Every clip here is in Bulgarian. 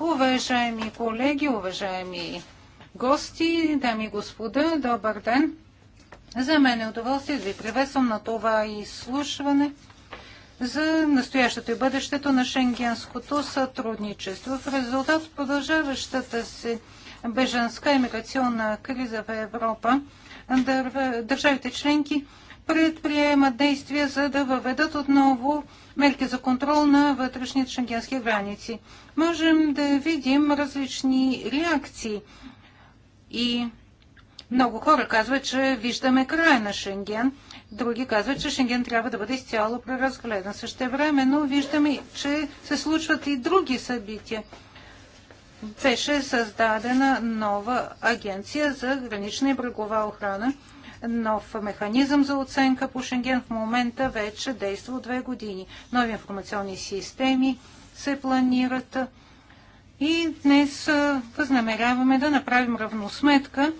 Уважаеми колеги, уважаеми гости, дами и господа, добър ден! За мен е удоволствие да ви приветствам на това изслушване за настоящето и бъдещето на шенгенското сътрудничество. В резултат от продължаващата се беженска иммиграционна криза в Европа, държавите членки предприемат действия, за да въведат отново мерки за контрол на вътрешните шенгенски граници. Можем да видим различни реакции и много хора казват, че виждаме края на Шенген. Други казват, че Шенген трябва да бъде изцяло преразгледан. Също време, но виждаме, че се случват и други събития. Беше създадена нова агенция за гранична и брегова охрана нов механизъм за оценка по Шенген в момента вече действа от две години. Нови информационни системи се планират и днес възнамеряваме да направим равносметка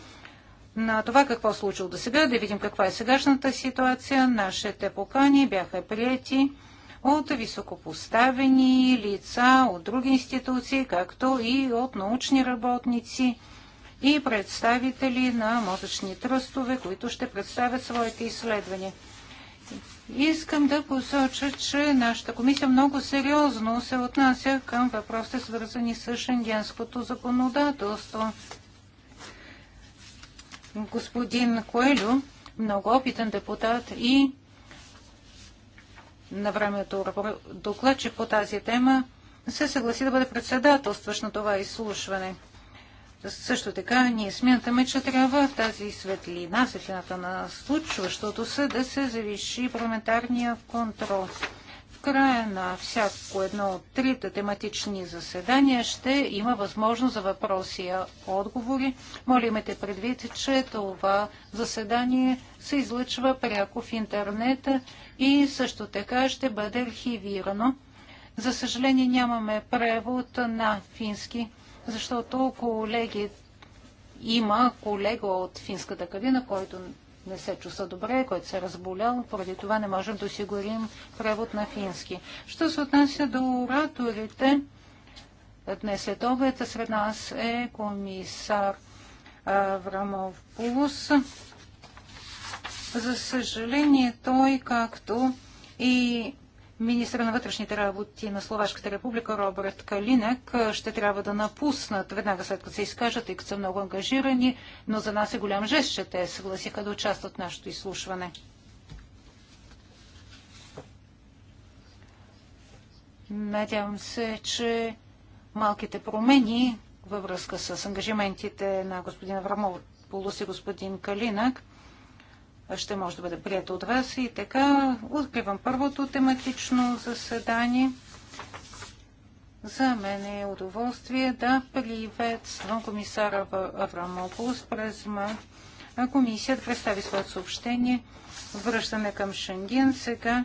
на това какво е случило до сега, да видим каква е сегашната ситуация. Нашите покани бяха прияти от високопоставени лица, от други институции, както и от научни работници – и представители на мозъчни тръстове, които ще представят своите изследвания. Искам да посоча, че нашата комисия много сериозно се отнася към въпросите, свързани с шенгенското законодателство. Господин Коелю, много опитен депутат и на времето докладчик по тази тема, се съгласи да бъде председателстващ на това изслушване. Също така ние смятаме, че трябва тази светлина, светлината на случващото се, да се завиши парламентарния контрол. В края на всяко едно от трите тематични заседания ще има възможност за въпроси и отговори. Моля имате предвид, че това заседание се излъчва пряко в интернета и също така ще бъде архивирано. За съжаление нямаме превод на фински защото колеги, има колега от финската кабина, който не се чувства добре, който се е разболял, поради това не можем да осигурим превод на фински. Що се отнася до ораторите, днес след обеда сред нас е комисар Аврамов Пулус. За съжаление, той, както и Министра на вътрешните работи на Словашката република Роберт Калинек ще трябва да напуснат веднага след като се изкажат, тъй като са много ангажирани, но за нас е голям жест, че те съгласиха да участват в нашето изслушване. Надявам се, че малките промени във връзка с ангажиментите на господин Аврамов и господин Калинак – ще може да бъде прието от вас. И така, откривам първото тематично заседание. За мен е удоволствие да приветствам комисара Аврамополос през ма. Комисията представи своето съобщение връщане към Шенген. Сега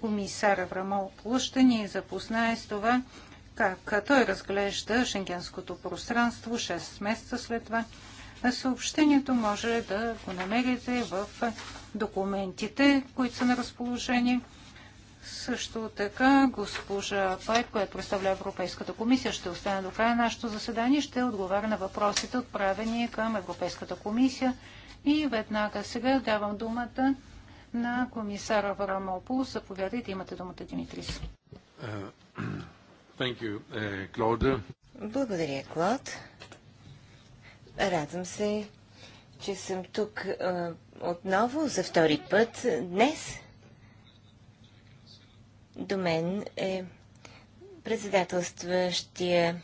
комисар Аврамополос ще ни запознае с това, как той разглежда шенгенското пространство 6 месеца след това Съобщението може да го намерите в документите, които са на разположение. Също така госпожа Пайк, която представлява Европейската комисия, ще остане до края нашето заседание, ще отговаря на въпросите, отправени към Европейската комисия. И веднага сега давам думата на комисара Варамопол. Заповядайте, имате думата, Димитрис. Uh, uh, Благодаря, Клод. Радвам се, че съм тук а, отново за втори път днес. До мен е председателстващия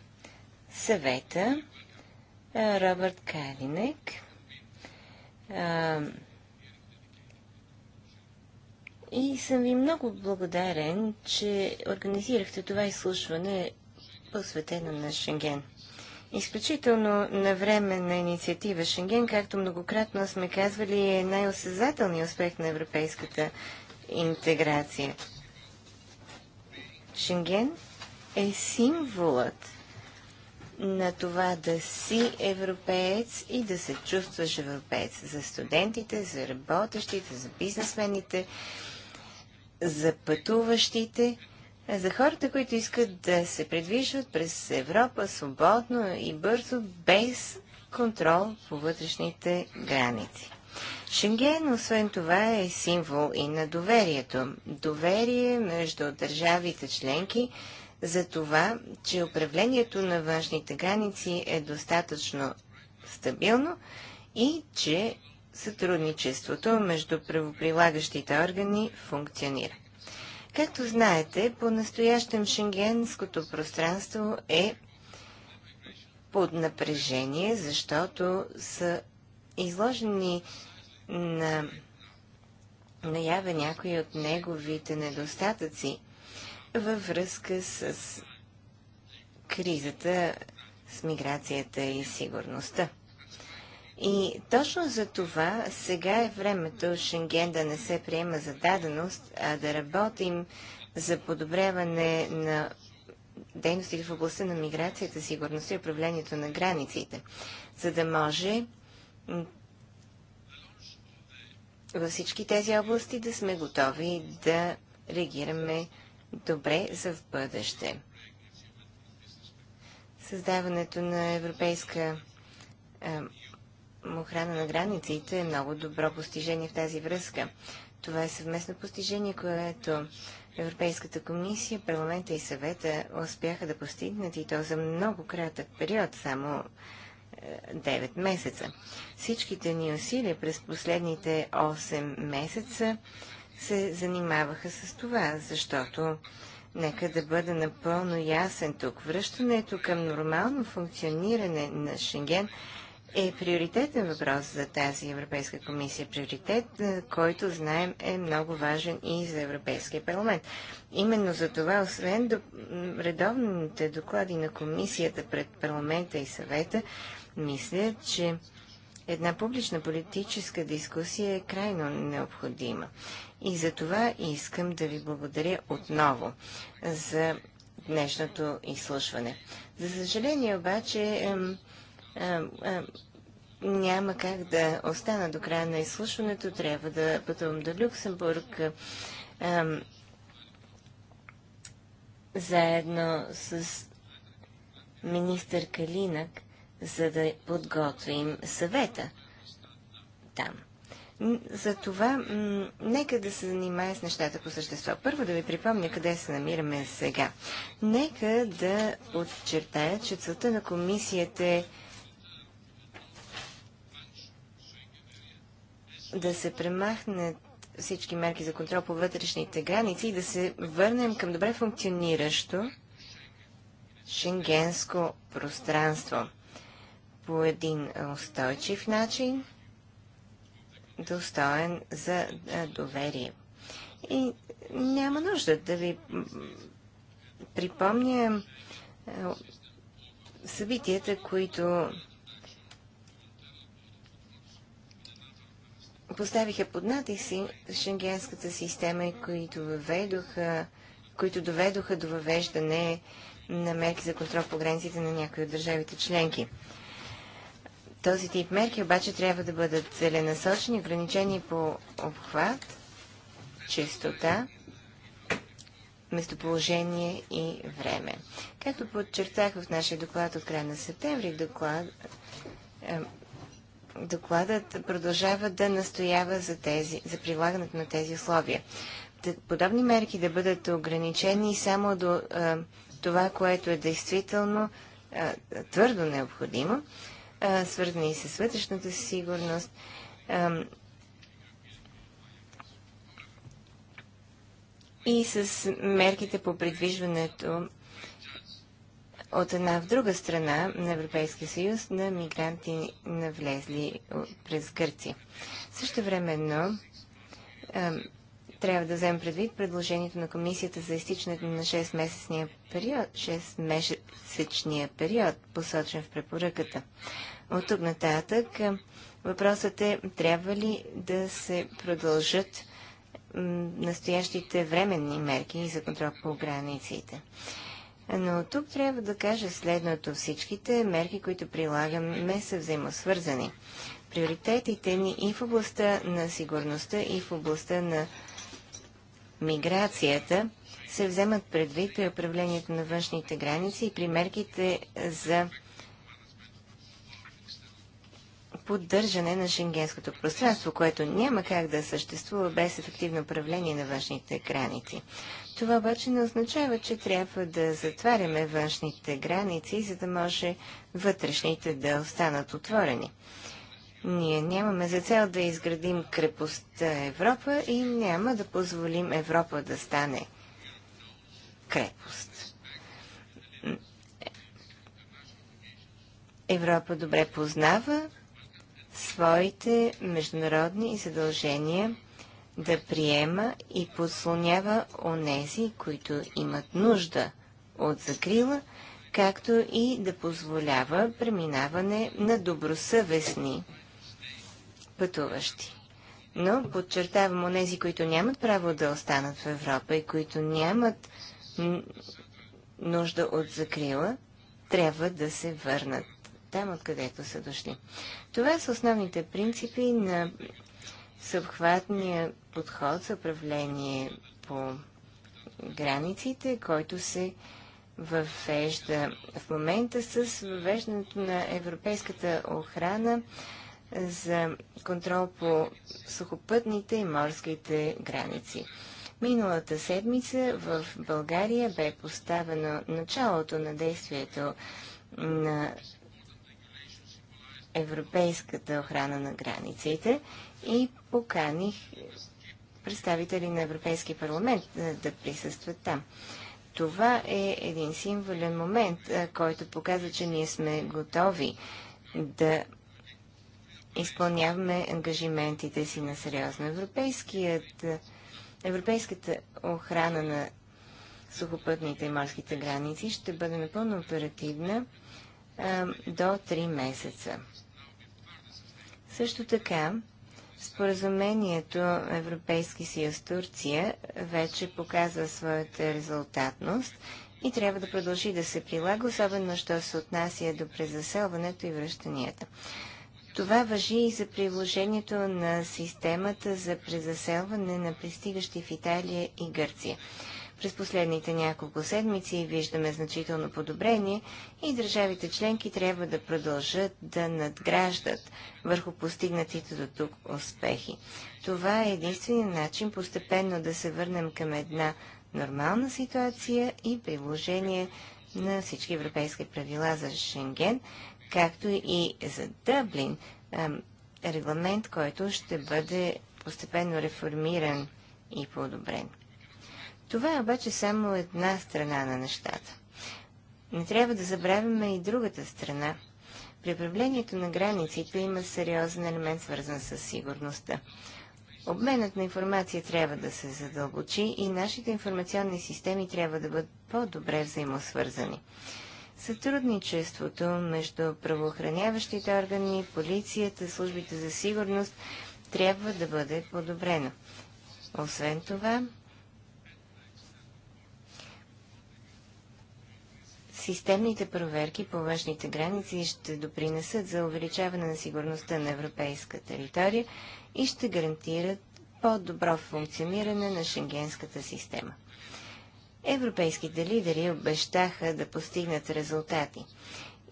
съвета Робърт Калинек. А, и съм ви много благодарен, че организирахте това изслушване посветено на Шенген. Изключително навременна инициатива Шенген, както многократно сме казвали, е най-осезателният успех на европейската интеграция. Шенген е символът на това да си европеец и да се чувстваш европеец. За студентите, за работещите, за бизнесмените, за пътуващите – е, за хората, които искат да се предвижват през Европа свободно и бързо, без контрол по вътрешните граници. Шенген, освен това, е символ и на доверието. Доверие между държавите членки за това, че управлението на външните граници е достатъчно стабилно и че сътрудничеството между правоприлагащите органи функционира. Както знаете, по-настоящем шенгенското пространство е под напрежение, защото са изложени на наява някои от неговите недостатъци във връзка с кризата с миграцията и сигурността. И точно за това сега е времето Шенген да не се приема за даденост, а да работим за подобряване на дейностите в областта на миграцията, сигурността и управлението на границите, за да може във всички тези области да сме готови да реагираме добре за в бъдеще. Създаването на европейска охрана на границите е много добро постижение в тази връзка. Това е съвместно постижение, което Европейската комисия, парламента и съвета успяха да постигнат и то за много кратък период, само 9 е, месеца. Всичките ни усилия през последните 8 месеца се занимаваха с това, защото нека да бъда напълно ясен тук. Връщането към нормално функциониране на Шенген е приоритетен въпрос за тази Европейска комисия. Приоритет, е, който знаем е много важен и за Европейския парламент. Именно за това, освен до редовните доклади на комисията пред парламента и съвета, мисля, че една публична политическа дискусия е крайно необходима. И за това искам да ви благодаря отново за днешното изслушване. За съжаление обаче, няма как да остана до края на изслушването. Трябва да пътувам до Люксембург заедно с министър Калинак, за да подготвим съвета там. Затова, нека да се занимая с нещата по същество. Първо да ви припомня къде се намираме сега. Нека да подчертая, че целта на комисията е да се премахнат всички мерки за контрол по вътрешните граници и да се върнем към добре функциониращо шенгенско пространство по един устойчив начин, достоен за доверие. И няма нужда да ви припомня събитията, които поставиха под натиск шенгенската система и които, въведоха, които доведоха до въвеждане на мерки за контрол по границите на някои от държавите членки. Този тип мерки обаче трябва да бъдат целенасочени, ограничени по обхват, честота, местоположение и време. Както подчертах в нашия доклад от края на септември, доклад, докладът продължава да настоява за, тези, за прилагането на тези условия. Подобни мерки да бъдат ограничени само до а, това, което е действително а, твърдо необходимо, а, свързани с вътрешната сигурност. А, и с мерките по предвижването от една в друга страна на Европейския съюз на мигранти навлезли през Гърция. Също времено трябва да вземем предвид предложението на комисията за изтичането на 6-месечния период, 6-месечния период, посочен в препоръката. От тук нататък въпросът е, трябва ли да се продължат настоящите временни мерки за контрол по границите. Но тук трябва да кажа следното. Всичките мерки, които прилагаме, са взаимосвързани. Приоритетите ни и в областта на сигурността, и в областта на миграцията се вземат предвид при управлението на външните граници и при мерките за поддържане на шенгенското пространство, което няма как да съществува без ефективно управление на външните граници. Това обаче не означава, че трябва да затваряме външните граници, за да може вътрешните да останат отворени. Ние нямаме за цел да изградим крепостта Европа и няма да позволим Европа да стане крепост. Европа добре познава своите международни задължения да приема и подслонява онези, които имат нужда от закрила, както и да позволява преминаване на добросъвестни пътуващи. Но подчертавам онези, които нямат право да останат в Европа и които нямат нужда от закрила, трябва да се върнат там, откъдето са дошли. Това са основните принципи на съобхватния подход за управление по границите, който се въвежда в момента с въвеждането на европейската охрана за контрол по сухопътните и морските граници. Миналата седмица в България бе поставено началото на действието на Европейската охрана на границите и поканих представители на Европейски парламент е, да присъстват там. Това е един символен момент, е, който показва, че ние сме готови да изпълняваме ангажиментите си на сериозно. Европейският, е, европейската охрана на сухопътните и морските граници ще бъде напълно оперативна а, до 3 месеца. Също така, Споразумението Европейски съюз Турция вече показва своята резултатност и трябва да продължи да се прилага, особено що се отнася до презаселването и връщанията. Това въжи и за приложението на системата за презаселване на пристигащи в Италия и Гърция. През последните няколко седмици виждаме значително подобрение и държавите членки трябва да продължат да надграждат върху постигнатите до тук успехи. Това е единственият начин постепенно да се върнем към една нормална ситуация и приложение на всички европейски правила за Шенген, както и за Дъблин, регламент, който ще бъде постепенно реформиран и подобрен. Това е обаче само една страна на нещата. Не трябва да забравяме и другата страна. При управлението на границите има сериозен елемент, свързан с сигурността. Обменът на информация трябва да се задълбочи и нашите информационни системи трябва да бъдат по-добре взаимосвързани. Сътрудничеството между правоохраняващите органи, полицията, службите за сигурност трябва да бъде подобрено. Освен това, Системните проверки по външните граници ще допринесат за увеличаване на сигурността на европейска територия и ще гарантират по-добро функциониране на шенгенската система. Европейските лидери обещаха да постигнат резултати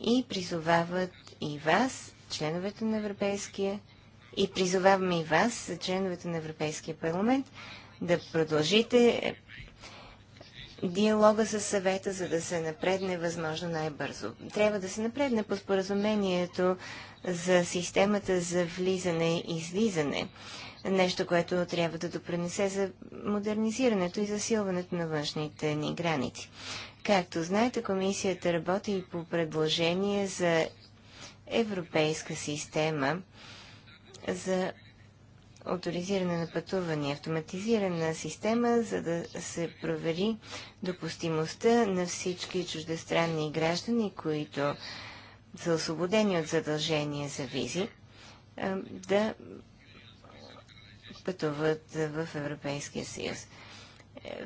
и призовават и вас, членовете на Европейския и призоваваме и вас, членовете на Европейския парламент, да продължите диалога с съвета, за да се напредне възможно най-бързо. Трябва да се напредне по споразумението за системата за влизане и излизане. Нещо, което трябва да допренесе за модернизирането и засилването на външните ни граници. Както знаете, комисията работи и по предложение за европейска система за авторизиране на пътуване, автоматизирана система, за да се провери допустимостта на всички чуждестранни граждани, които са освободени от задължения за визи, да пътуват в Европейския съюз. Е,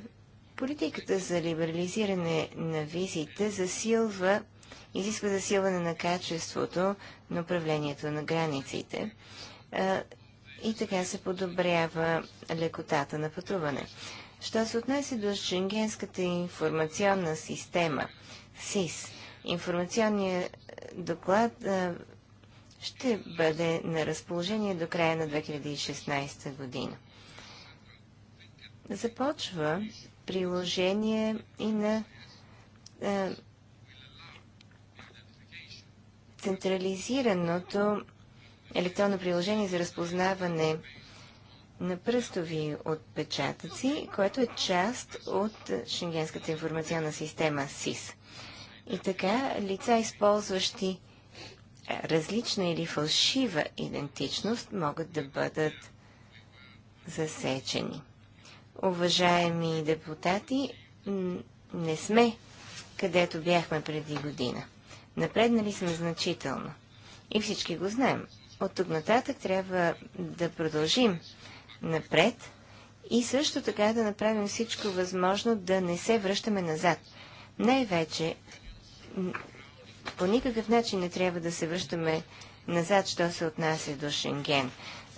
политиката за либерализиране на визите засилва, изисква засилване на качеството на управлението на границите е, и така се подобрява лекотата на пътуване. Що се отнася до Шенгенската информационна система, СИС, информационният е, доклад е, ще бъде на разположение до края на 2016 година. Започва приложение и на е, централизираното електронно приложение за разпознаване на пръстови отпечатъци, което е част от Шенгенската информационна система СИС. И така, лица, използващи различна или фалшива идентичност, могат да бъдат засечени. Уважаеми депутати, не сме където бяхме преди година. Напреднали сме значително. И всички го знаем. От тук нататък трябва да продължим напред и също така да направим всичко възможно да не се връщаме назад. Най-вече по никакъв начин не трябва да се връщаме назад, що се отнася до Шенген.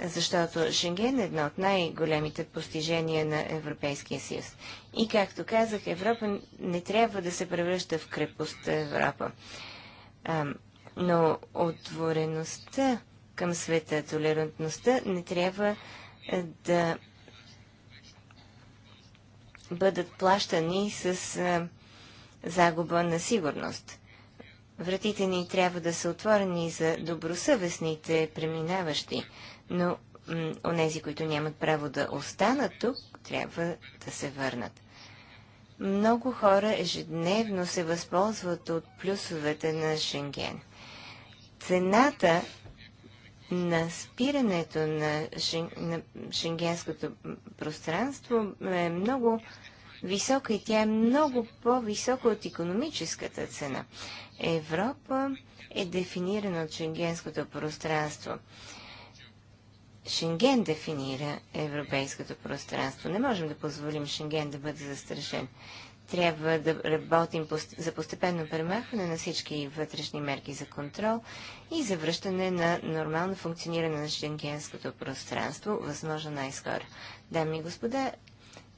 Защото Шенген е едно от най-големите постижения на Европейския съюз. И както казах, Европа не трябва да се превръща в крепост Европа. но отвореността към света. Толерантността не трябва е, да бъдат плащани с е, загуба на сигурност. Вратите ни трябва да са отворени за добросъвестните преминаващи, но онези, които нямат право да останат тук, трябва да се върнат. Много хора ежедневно се възползват от плюсовете на Шенген. Цената на спирането на, шен, на шенгенското пространство е много висока и тя е много по-висока от економическата цена. Европа е дефинирана от шенгенското пространство. Шенген дефинира европейското пространство. Не можем да позволим Шенген да бъде застрашен трябва да работим за постепенно премахване на всички вътрешни мерки за контрол и за връщане на нормално функциониране на шенгенското пространство, възможно най-скоро. Дами и господа,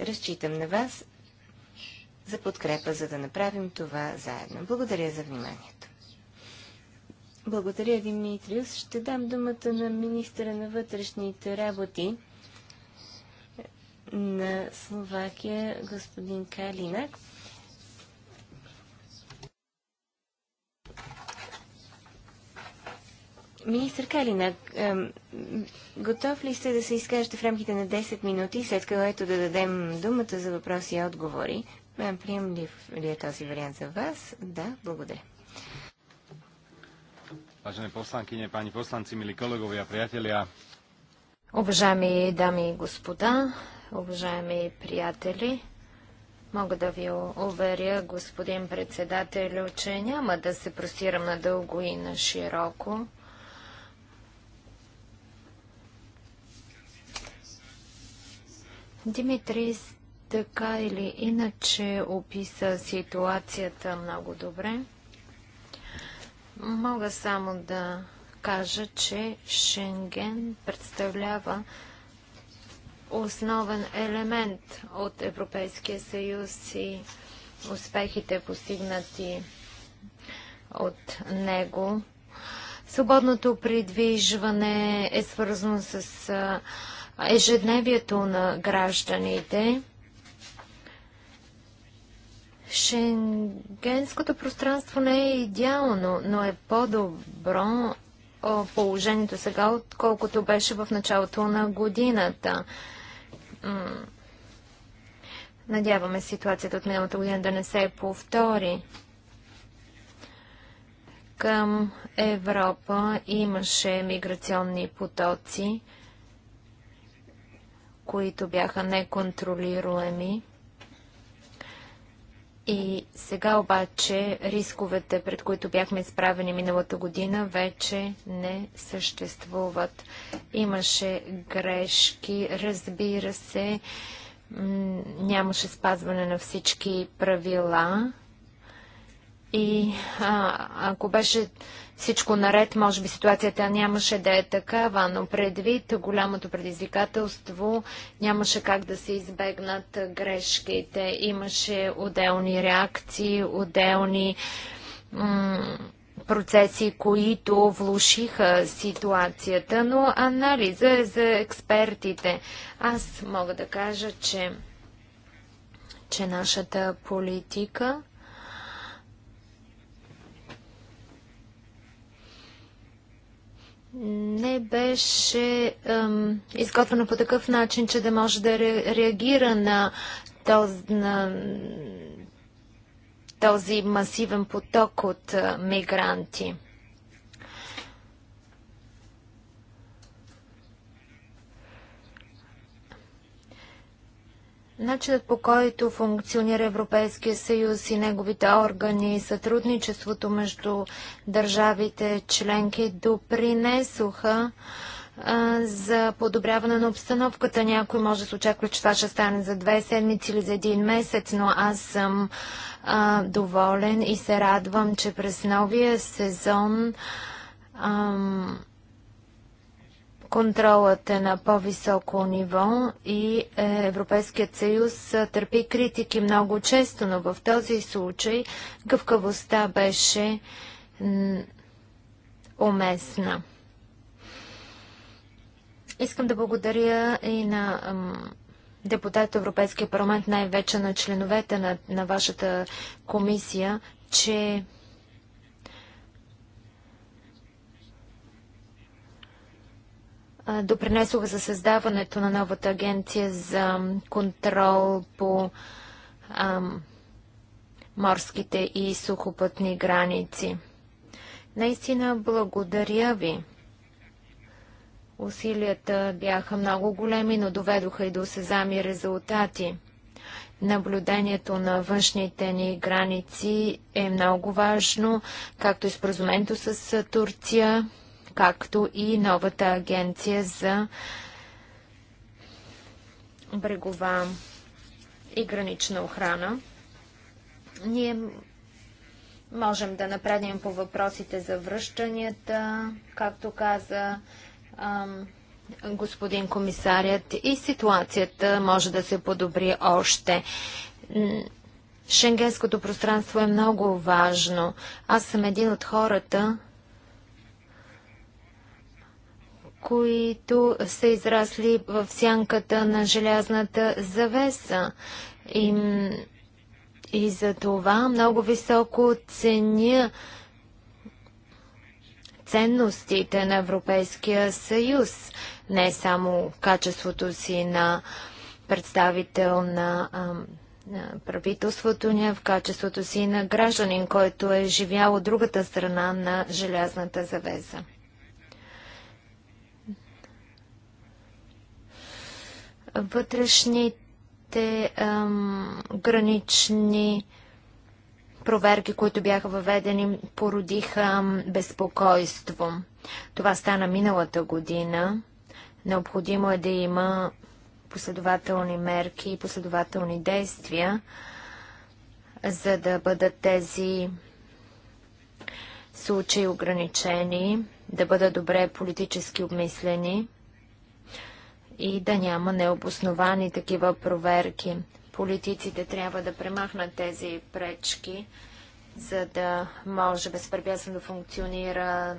разчитам на вас за подкрепа, за да направим това заедно. Благодаря за вниманието. Благодаря, Димитриус. Ще дам думата на министра на вътрешните работи на Словакия господин Калинак. Министър Калина, готов ли сте да се изкажете в рамките на 10 минути, след което да дадем думата за въпроси и отговори? Прием ли, ли е този вариант за вас? Да, благодаря. Vážené poslankyne, páni poslanci, milí kolegovia, priatelia. Уважаеми дами и господа, уважаеми приятели. Мога да ви уверя, господин председател, че няма да се простирам на дълго и на широко. Димитрис така или иначе описа ситуацията много добре. Мога само да кажа, че Шенген представлява основен елемент от Европейския съюз и успехите постигнати от него. Свободното придвижване е свързано с ежедневието на гражданите. Шенгенското пространство не е идеално, но е по-добро положението сега, отколкото беше в началото на годината. Надяваме ситуацията от миналата година да не се повтори. Към Европа имаше миграционни потоци, които бяха неконтролируеми. И сега обаче рисковете, пред които бяхме изправени миналата година, вече не съществуват. Имаше грешки, разбира се, нямаше спазване на всички правила, и а, ако беше всичко наред, може би ситуацията нямаше да е такава, но предвид голямото предизвикателство нямаше как да се избегнат грешките. Имаше отделни реакции, отделни процеси, които влушиха ситуацията, но анализа е за експертите. Аз мога да кажа, че, че нашата политика не беше изготвено по такъв начин, че да може да реагира на този, на този масивен поток от е, мигранти. Начинът по който функционира Европейския съюз и неговите органи, сътрудничеството между държавите членки допринесоха за подобряване на обстановката. Някой може да се очаква, че това ще стане за две седмици или за един месец, но аз съм а, доволен и се радвам, че през новия сезон ам, Контролът е на по-високо ниво и е, Европейският съюз търпи критики много често, но в този случай гъвкавостта беше уместна. Искам да благодаря и на депутат Европейския парламент, най-вече на членовете на, на вашата комисия, че допринесоха за създаването на новата агенция за контрол по ам, морските и сухопътни граници. Наистина благодаря ви. Усилията бяха много големи, но доведоха и до съзами резултати. Наблюдението на външните ни граници е много важно, както и споразумението с Турция както и новата агенция за брегова и гранична охрана. Ние можем да направим по въпросите за връщанията, както каза ам, господин комисарят, и ситуацията може да се подобри още. Шенгенското пространство е много важно. Аз съм един от хората, които са израсли в сянката на желязната завеса. И, и за това много високо ценя ценностите на Европейския съюз, не само качеството си на представител на, а, на правителството ни, в качеството си на гражданин, който е живял от другата страна на желязната завеса. вътрешните ам, гранични проверки, които бяха въведени, породиха безпокойство. Това стана миналата година. Необходимо е да има последователни мерки и последователни действия, за да бъдат тези случаи ограничени, да бъдат добре политически обмислени и да няма необосновани такива проверки. Политиците трябва да премахнат тези пречки, за да може безпрепятствено да функционира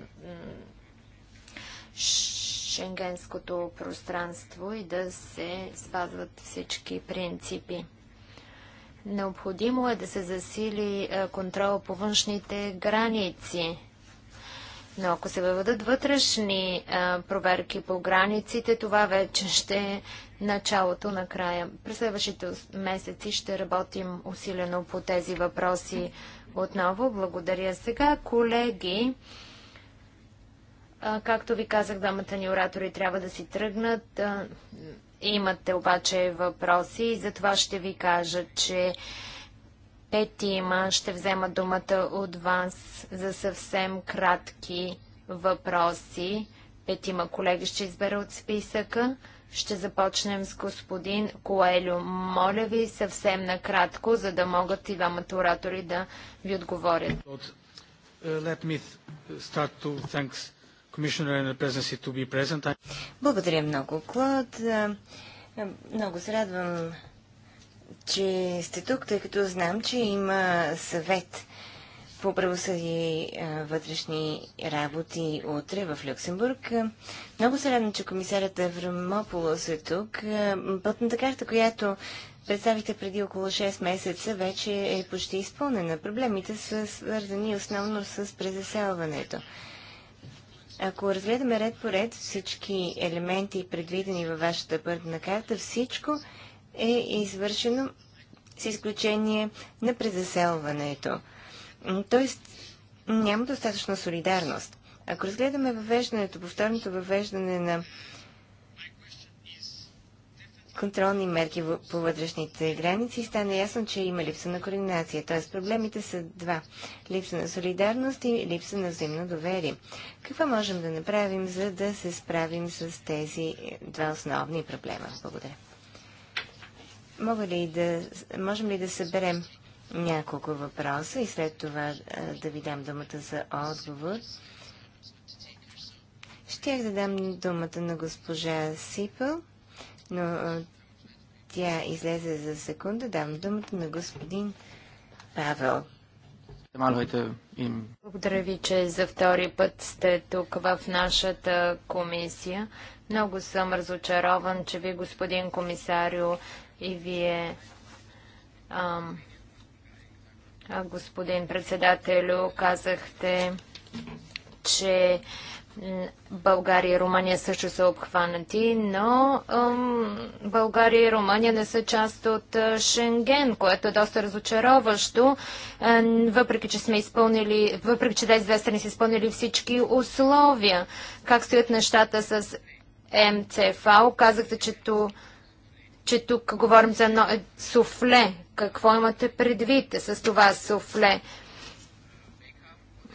шенгенското пространство и да се спазват всички принципи. Необходимо е да се засили е, контрол по външните граници но ако се въведат вътрешни а, проверки по границите, това вече ще е началото на края. През следващите месеци ще работим усилено по тези въпроси отново. Благодаря сега. Колеги, а, както ви казах, двамата ни оратори трябва да си тръгнат. А, имате обаче въпроси и затова ще ви кажа, че петима ще взема думата от вас за съвсем кратки въпроси. Петима колеги ще избера от списъка. Ще започнем с господин Коелю. Моля ви съвсем накратко, за да могат и двамата оратори да ви отговорят. Благодаря много, Клод. Е, е, много се радвам че сте тук, тъй като знам, че има съвет по правосъдие вътрешни работи утре в Люксембург. Много се радвам, че комисарът Еврамополос е тук. Пътната карта, която представихте преди около 6 месеца, вече е почти изпълнена. Проблемите са свързани основно с презаселването. Ако разгледаме ред по ред всички елементи, предвидени във вашата пътна карта, всичко е извършено с изключение на презаселването. Тоест, няма достатъчно солидарност. Ако разгледаме въвеждането, повторното въвеждане на контролни мерки по вътрешните граници, стана ясно, че има липса на координация. Т.е. проблемите са два. Липса на солидарност и липса на взаимно доверие. Какво можем да направим, за да се справим с тези е, два основни проблема? Благодаря мога ли да, можем ли да съберем няколко въпроса и след това да ви дам думата за отговор? Щях да дам думата на госпожа Сипъл, но тя излезе за секунда. Дам думата на господин Павел. Благодаря ви, че за втори път сте тук в нашата комисия. Много съм разочарован, че ви, господин комисарио, и вие, ам, господин председателю, казахте, че България и Румъния също са обхванати, но ам, България и Румъния не са част от Шенген, което е доста разочароващо, а, въпреки че сме изпълнили, въпреки че тези две страни са изпълнили всички условия. Как стоят нещата с МЦФАО? Казахте, че то, че тук говорим за едно е суфле. Какво имате предвид с това суфле?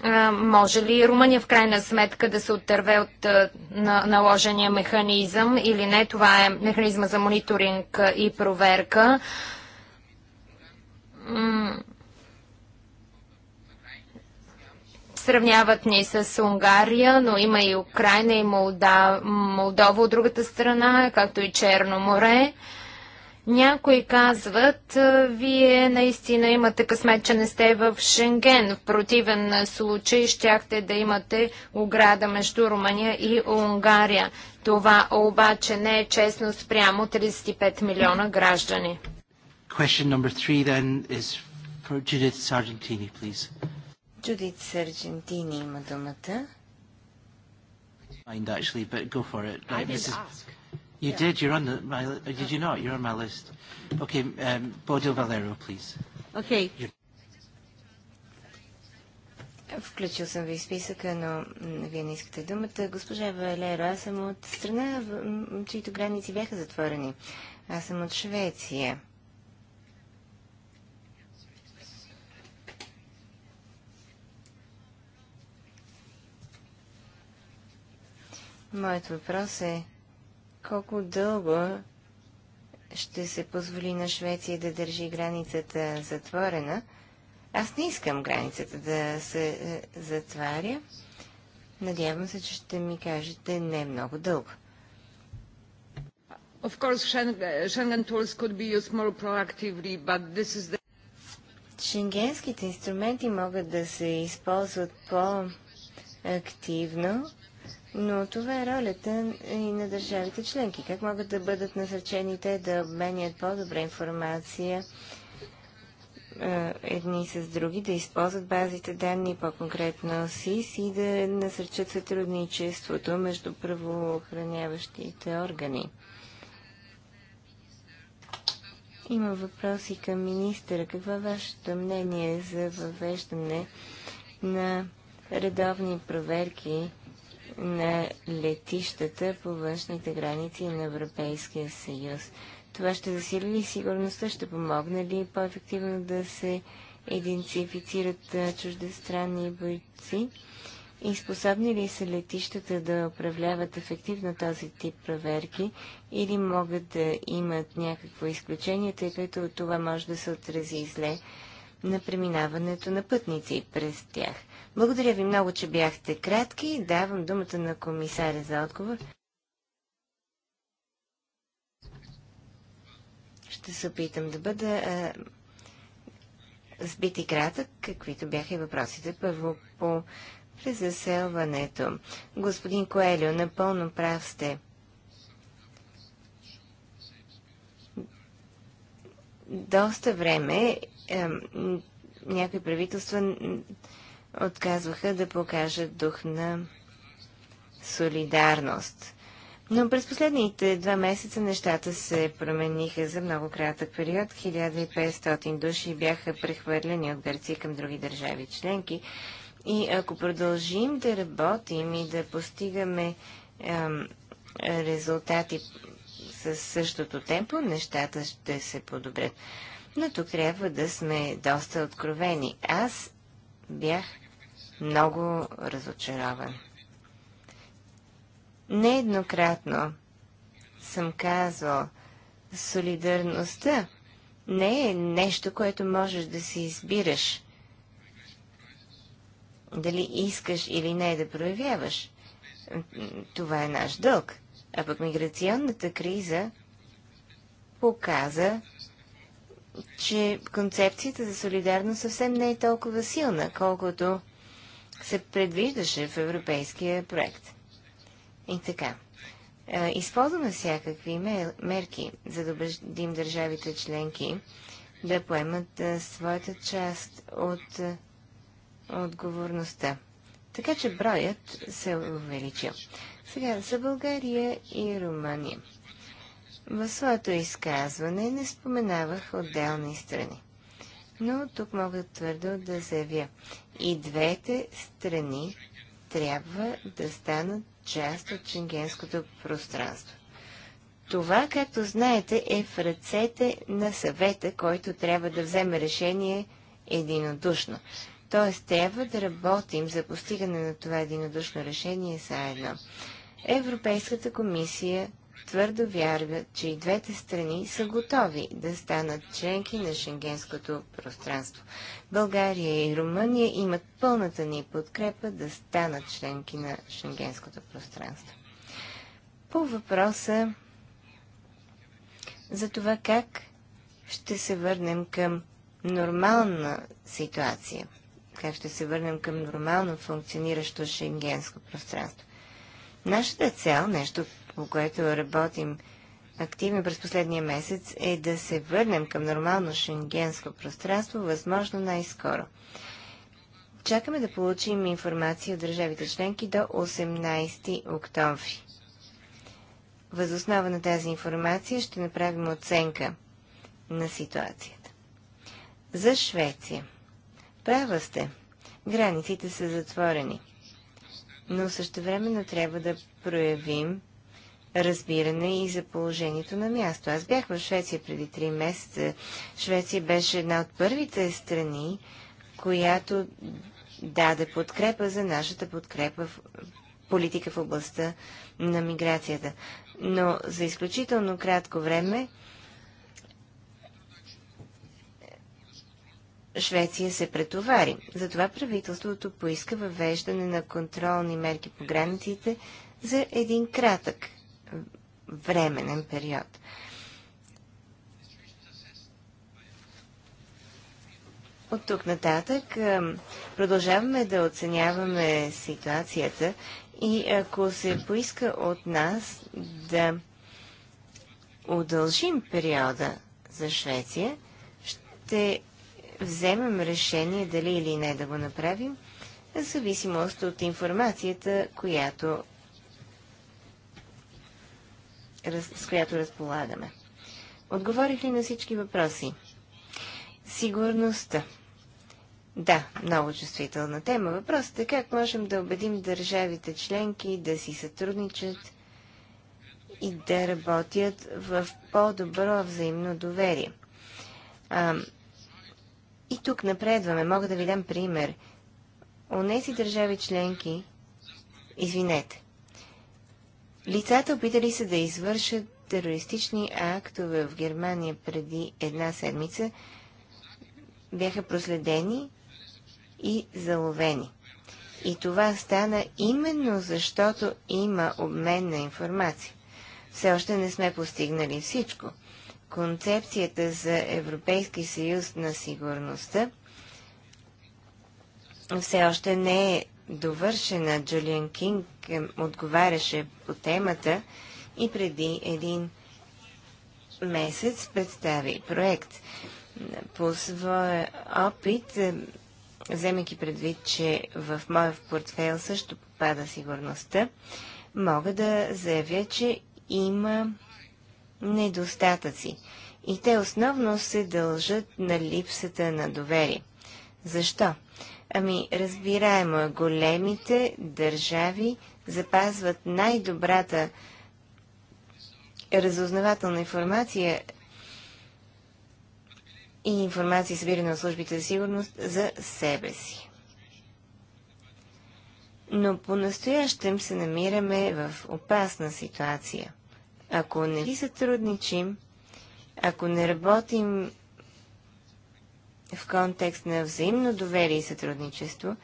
А, може ли Румъния в крайна сметка да се оттърве от а, на, наложения механизъм или не? Това е механизма за мониторинг и проверка. М сравняват ни с Унгария, но има и Украина и Молда... Молдова от другата страна, както и Черно море. Някои казват, вие наистина имате късмет, че не сте в Шенген. В противен случай щяхте да имате ограда между Румъния и Унгария. Това обаче не е честно спрямо 35 милиона граждани. Джудит Сарджентини има думата. Mind actually, but go for it. Right, Mrs. Ask. You yeah. did. You're on the, my. Did you not? You're on my list. Okay, um, Bodil Valero, please. Okay. You're... Включил съм ви в списъка, но вие не искате думата. Госпожа Валеро, аз съм от страна, чието граници бяха затворени. Аз съм от Швеция. Моят въпрос е колко дълго ще се позволи на Швеция да държи границата затворена. Аз не искам границата да се е, затваря. Надявам се, че ще ми кажете не много дълго. Of course, Schengen tools could be used more proactively, but this is the... Шенгенските инструменти могат да се използват по-активно, но това е ролята и на държавите членки. Как могат да бъдат насърчени те да обменят по-добра информация едни с други, да използват базите данни, по-конкретно СИС и да насърчат сътрудничеството между правоохраняващите органи. Има въпроси към министъра. Какво е вашето мнение за въвеждане на редовни проверки на летищата по външните граници на Европейския съюз. Това ще засили ли сигурността, ще помогне ли по-ефективно да се идентифицират чуждестранни бойци и способни ли са летищата да управляват ефективно този тип проверки или могат да имат някакво изключение, тъй като това може да се отрази зле на преминаването на пътници през тях. Благодаря ви много, че бяхте кратки. Давам думата на комисаря за отговор. Ще се опитам да бъда а, сбит и кратък, каквито бяха и въпросите. Първо по презаселването. Господин Коелио, напълно прав сте. Доста време е, някои правителства отказваха да покажат дух на солидарност. Но през последните два месеца нещата се промениха за много кратък период. 1500 души бяха прехвърлени от Гърция към други държави членки. И ако продължим да работим и да постигаме ем, резултати със същото темпо, нещата ще се подобрят. Но тук трябва да сме доста откровени. Аз бях много разочарован. Нееднократно съм казвал, солидарността не е нещо, което можеш да си избираш. Дали искаш или не да проявяваш. Това е наш дълг. А пък миграционната криза показа, че концепцията за солидарност съвсем не е толкова силна, колкото се предвиждаше в европейския проект. И така. Е, използваме всякакви мерки, за да убедим държавите членки да поемат е, своята част от е, отговорността. Така че броят се увеличил. Сега за България и Румъния. В своето изказване не споменавах отделни страни но тук мога твърдо да заявя. И двете страни трябва да станат част от шенгенското пространство. Това, както знаете, е в ръцете на съвета, който трябва да вземе решение единодушно. Тоест, трябва да работим за постигане на това единодушно решение заедно. Европейската комисия твърдо вярват, че и двете страни са готови да станат членки на шенгенското пространство. България и Румъния имат пълната ни подкрепа да станат членки на шенгенското пространство. По въпроса за това как ще се върнем към нормална ситуация, как ще се върнем към нормално функциониращо шенгенско пространство. Нашата цел, нещо, по което работим активно през последния месец, е да се върнем към нормално шенгенско пространство, възможно най-скоро. Чакаме да получим информация от държавите членки до 18 октомври. Възоснова на тази информация ще направим оценка на ситуацията. За Швеция. Права сте. Границите са затворени. Но също времено трябва да проявим разбиране и за положението на място. Аз бях в Швеция преди 3 месеца. Швеция беше една от първите страни, която даде подкрепа за нашата подкрепа в политика в областта на миграцията. Но за изключително кратко време Швеция се претовари. Затова правителството поиска въвеждане на контролни мерки по границите за един кратък временен период. От тук нататък продължаваме да оценяваме ситуацията и ако се поиска от нас да удължим периода за Швеция, ще вземем решение дали или не да го направим, в зависимост от информацията, която с която разполагаме. Отговорих ли на всички въпроси? Сигурността. Да, много чувствителна тема. Въпросът е как можем да убедим държавите членки да си сътрудничат и да работят в по-добро взаимно доверие. А, и тук напредваме. Мога да ви дам пример. Онези държави членки, извинете, Лицата опитали се да извършат терористични актове в Германия преди една седмица бяха проследени и заловени. И това стана именно защото има обмен на информация. Все още не сме постигнали всичко. Концепцията за Европейски съюз на сигурността все още не е довършена. Джулиан Кинг отговаряше по темата и преди един месец представи проект. По своя опит, вземайки предвид, че в моя портфейл също попада сигурността, мога да заявя, че има недостатъци. И те основно се дължат на липсата на доверие. Защо? Ами, разбираемо, е, големите държави запазват най-добрата разузнавателна информация и информация, събирана от службите за сигурност, за себе си. Но по-настоящем се намираме в опасна ситуация. Ако не си сътрудничим, ако не работим в контекст на взаимно доверие и сътрудничество,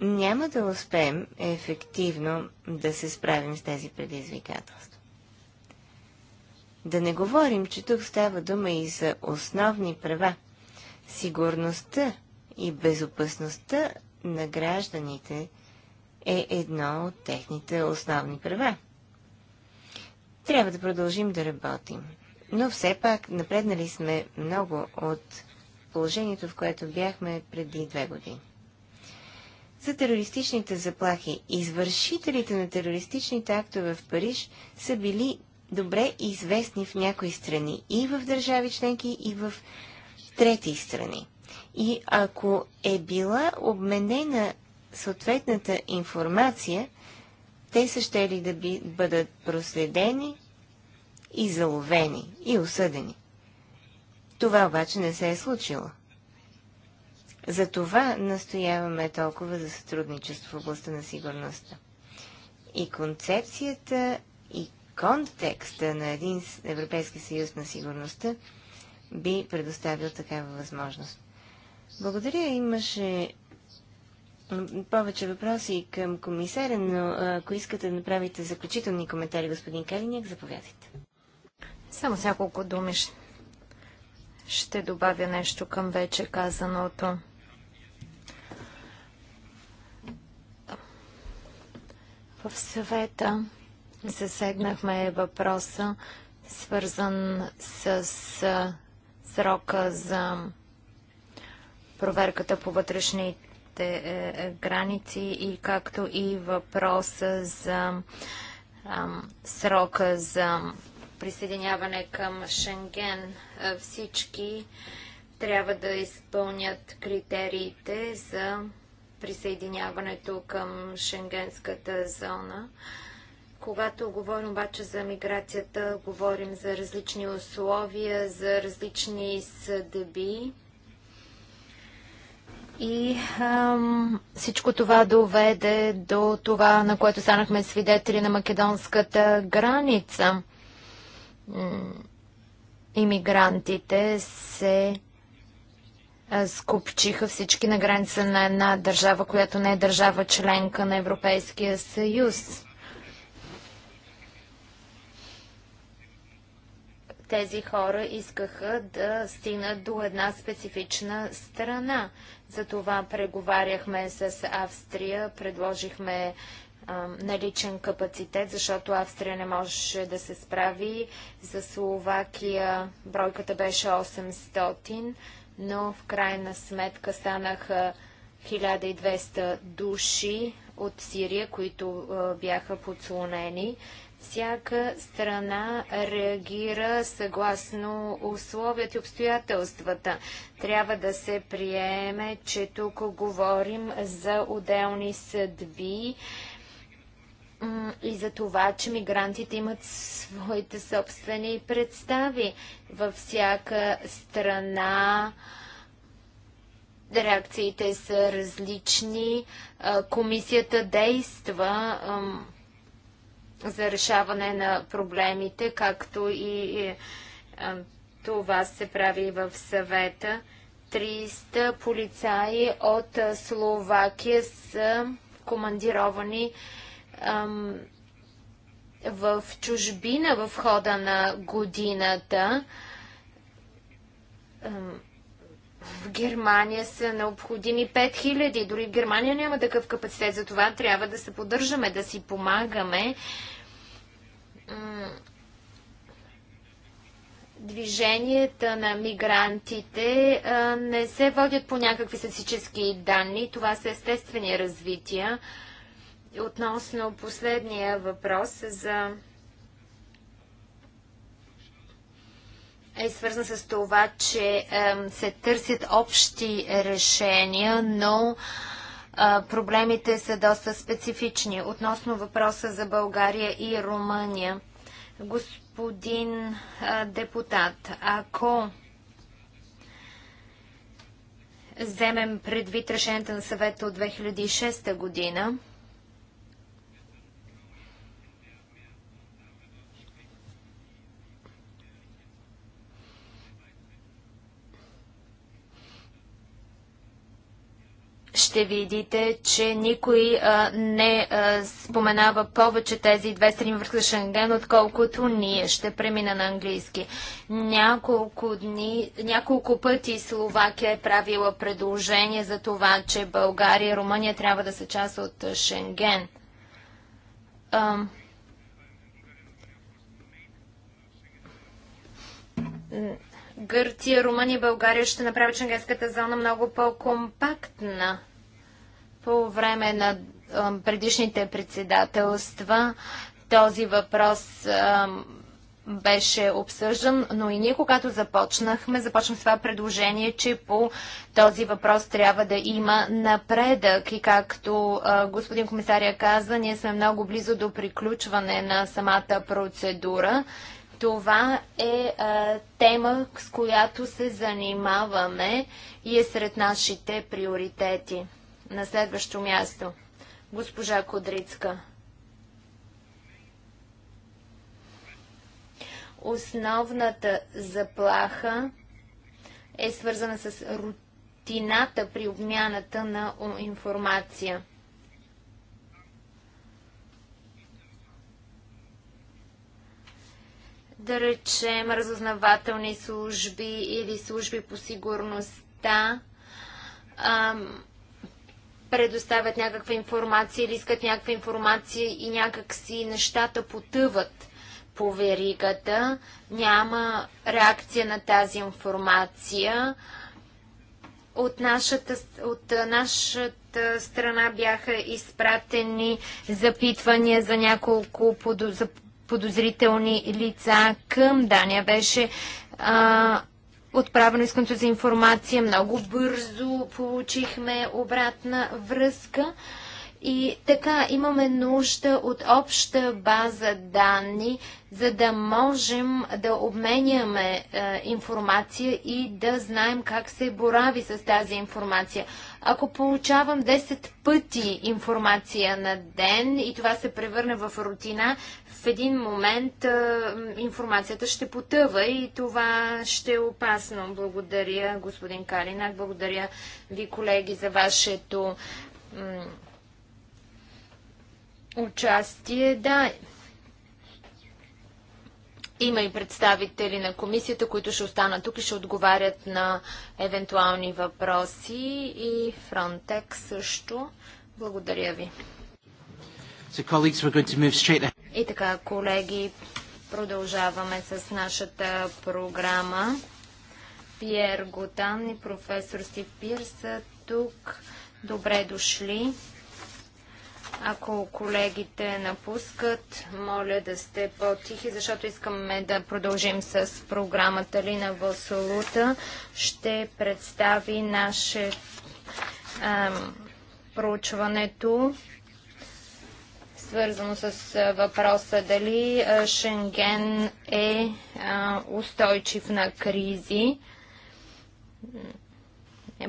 няма да успеем ефективно да се справим с тези предизвикателства. Да не говорим, че тук става дума и за основни права. Сигурността и безопасността на гражданите е едно от техните основни права. Трябва да продължим да работим. Но все пак напреднали сме много от положението, в което бяхме преди две години. За терористичните заплахи, извършителите на терористичните актове в Париж са били добре известни в някои страни, и в държави членки, и в трети страни. И ако е била обменена съответната информация, те са ще ли да би, бъдат проследени и заловени и осъдени. Това обаче не се е случило. Затова настояваме толкова за сътрудничество в областта на сигурността. И концепцията, и контекста на един Европейски съюз на сигурността би предоставил такава възможност. Благодаря. Имаше повече въпроси към комисаря, но ако искате да направите заключителни коментари, господин Калиняк, заповядайте. Само няколко думи ще ще добавя нещо към вече казаното. В съвета засегнахме въпроса, свързан с срока за проверката по вътрешните е, е, граници и както и въпроса за срока за присъединяване към Шенген. Всички трябва да изпълнят критериите за присъединяването към Шенгенската зона. Когато говорим обаче за миграцията, говорим за различни условия, за различни съдби. И ам, всичко това доведе до това, на което станахме свидетели на македонската граница иммигрантите се скупчиха всички на граница на една държава, която не е държава членка на Европейския съюз. Тези хора искаха да стигнат до една специфична страна. Затова преговаряхме с Австрия, предложихме наличен капацитет, защото Австрия не можеше да се справи. За Словакия бройката беше 800, но в крайна сметка станаха 1200 души от Сирия, които бяха подслонени. Всяка страна реагира съгласно условията и обстоятелствата. Трябва да се приеме, че тук говорим за отделни съдби и за това, че мигрантите имат своите собствени представи. Във всяка страна реакциите са различни. Комисията действа за решаване на проблемите, както и това се прави в съвета. 300 полицаи от Словакия са командировани ам, в чужбина в хода на годината. Ам, в Германия са необходими 5000. Дори в Германия няма такъв капацитет. За това трябва да се поддържаме, да си помагаме. Движенията на мигрантите не се водят по някакви статистически данни. Това са естествени развития. Относно последния въпрос за е свързан с това, че е, се търсят общи решения, но е, проблемите са доста специфични. Относно въпроса за България и Румъния, господин е, депутат, ако вземем предвид решението на съвета от 2006 година, ще видите, че никой а, не а, споменава повече тези две страни върху Шенген, отколкото ние. Ще премина на английски. Няколко, дни, няколко пъти Словакия е правила предложение за това, че България и Румъния трябва да са част от Шенген. А, Гърция, Румъния и България ще направят шенгенската зона много по-компактна. По време на предишните председателства този въпрос беше обсъждан, но и ние, когато започнахме, започнах това предложение, че по този въпрос трябва да има напредък. И както господин комисаря каза, ние сме много близо до приключване на самата процедура. Това е а, тема, с която се занимаваме и е сред нашите приоритети. На следващо място, госпожа Кодрицка. Основната заплаха е свързана с рутината при обмяната на информация. да речем, разузнавателни служби или служби по сигурността ам, предоставят някаква информация или искат някаква информация и някакси нещата потъват по веригата, няма реакция на тази информация. От нашата, от нашата страна бяха изпратени запитвания за няколко подозрителни лица към Дания. Беше а, Отправено искането за информация много бързо получихме обратна връзка. И така имаме нужда от обща база данни, за да можем да обменяме е, информация и да знаем как се борави с тази информация. Ако получавам 10 пъти информация на ден и това се превърне в рутина, в един момент а, информацията ще потъва и това ще е опасно. Благодаря, господин Калинак, благодаря ви, колеги, за вашето участие. Да, има и представители на комисията, които ще останат тук и ще отговарят на евентуални въпроси и Frontex също. Благодаря ви. So colleagues, we're going to move straight и така, колеги, продължаваме с нашата програма. Пьер Готан и професор Стив Пир са тук. Добре дошли. Ако колегите напускат, моля да сте по-тихи, защото искаме да продължим с програмата Лина Васолута. Ще представи наше ам, проучването свързано с въпроса дали Шенген е устойчив на кризи.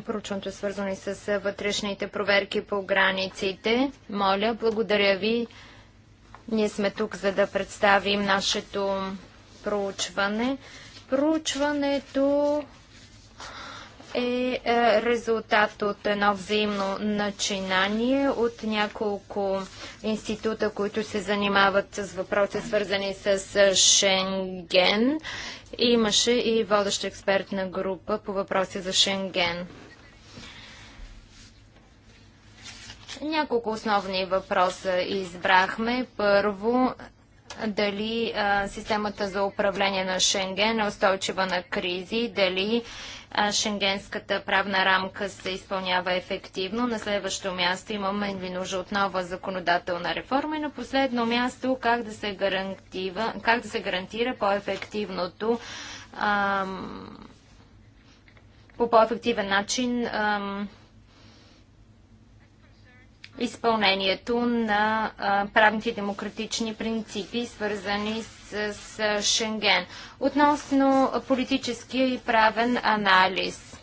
Проучването е свързано и с вътрешните проверки по границите. Моля, благодаря ви. Ние сме тук, за да представим нашето проучване. Проучването е, е резултат от едно взаимно начинание от няколко института, които се занимават с въпроси, свързани с е, Шенген. Имаше и водеща експертна група по въпроси за Шенген. Няколко основни въпроса избрахме. Първо, дали е, системата за управление на Шенген е устойчива на кризи, дали Шенгенската правна рамка се изпълнява ефективно. На следващо място имаме ли нужда от нова законодателна реформа и на последно място как да се, гарантира, как да се гарантира по-ефективното по по-ефективен начин ам, изпълнението на правните демократични принципи, свързани с, с Шенген. Относно политическия и правен анализ,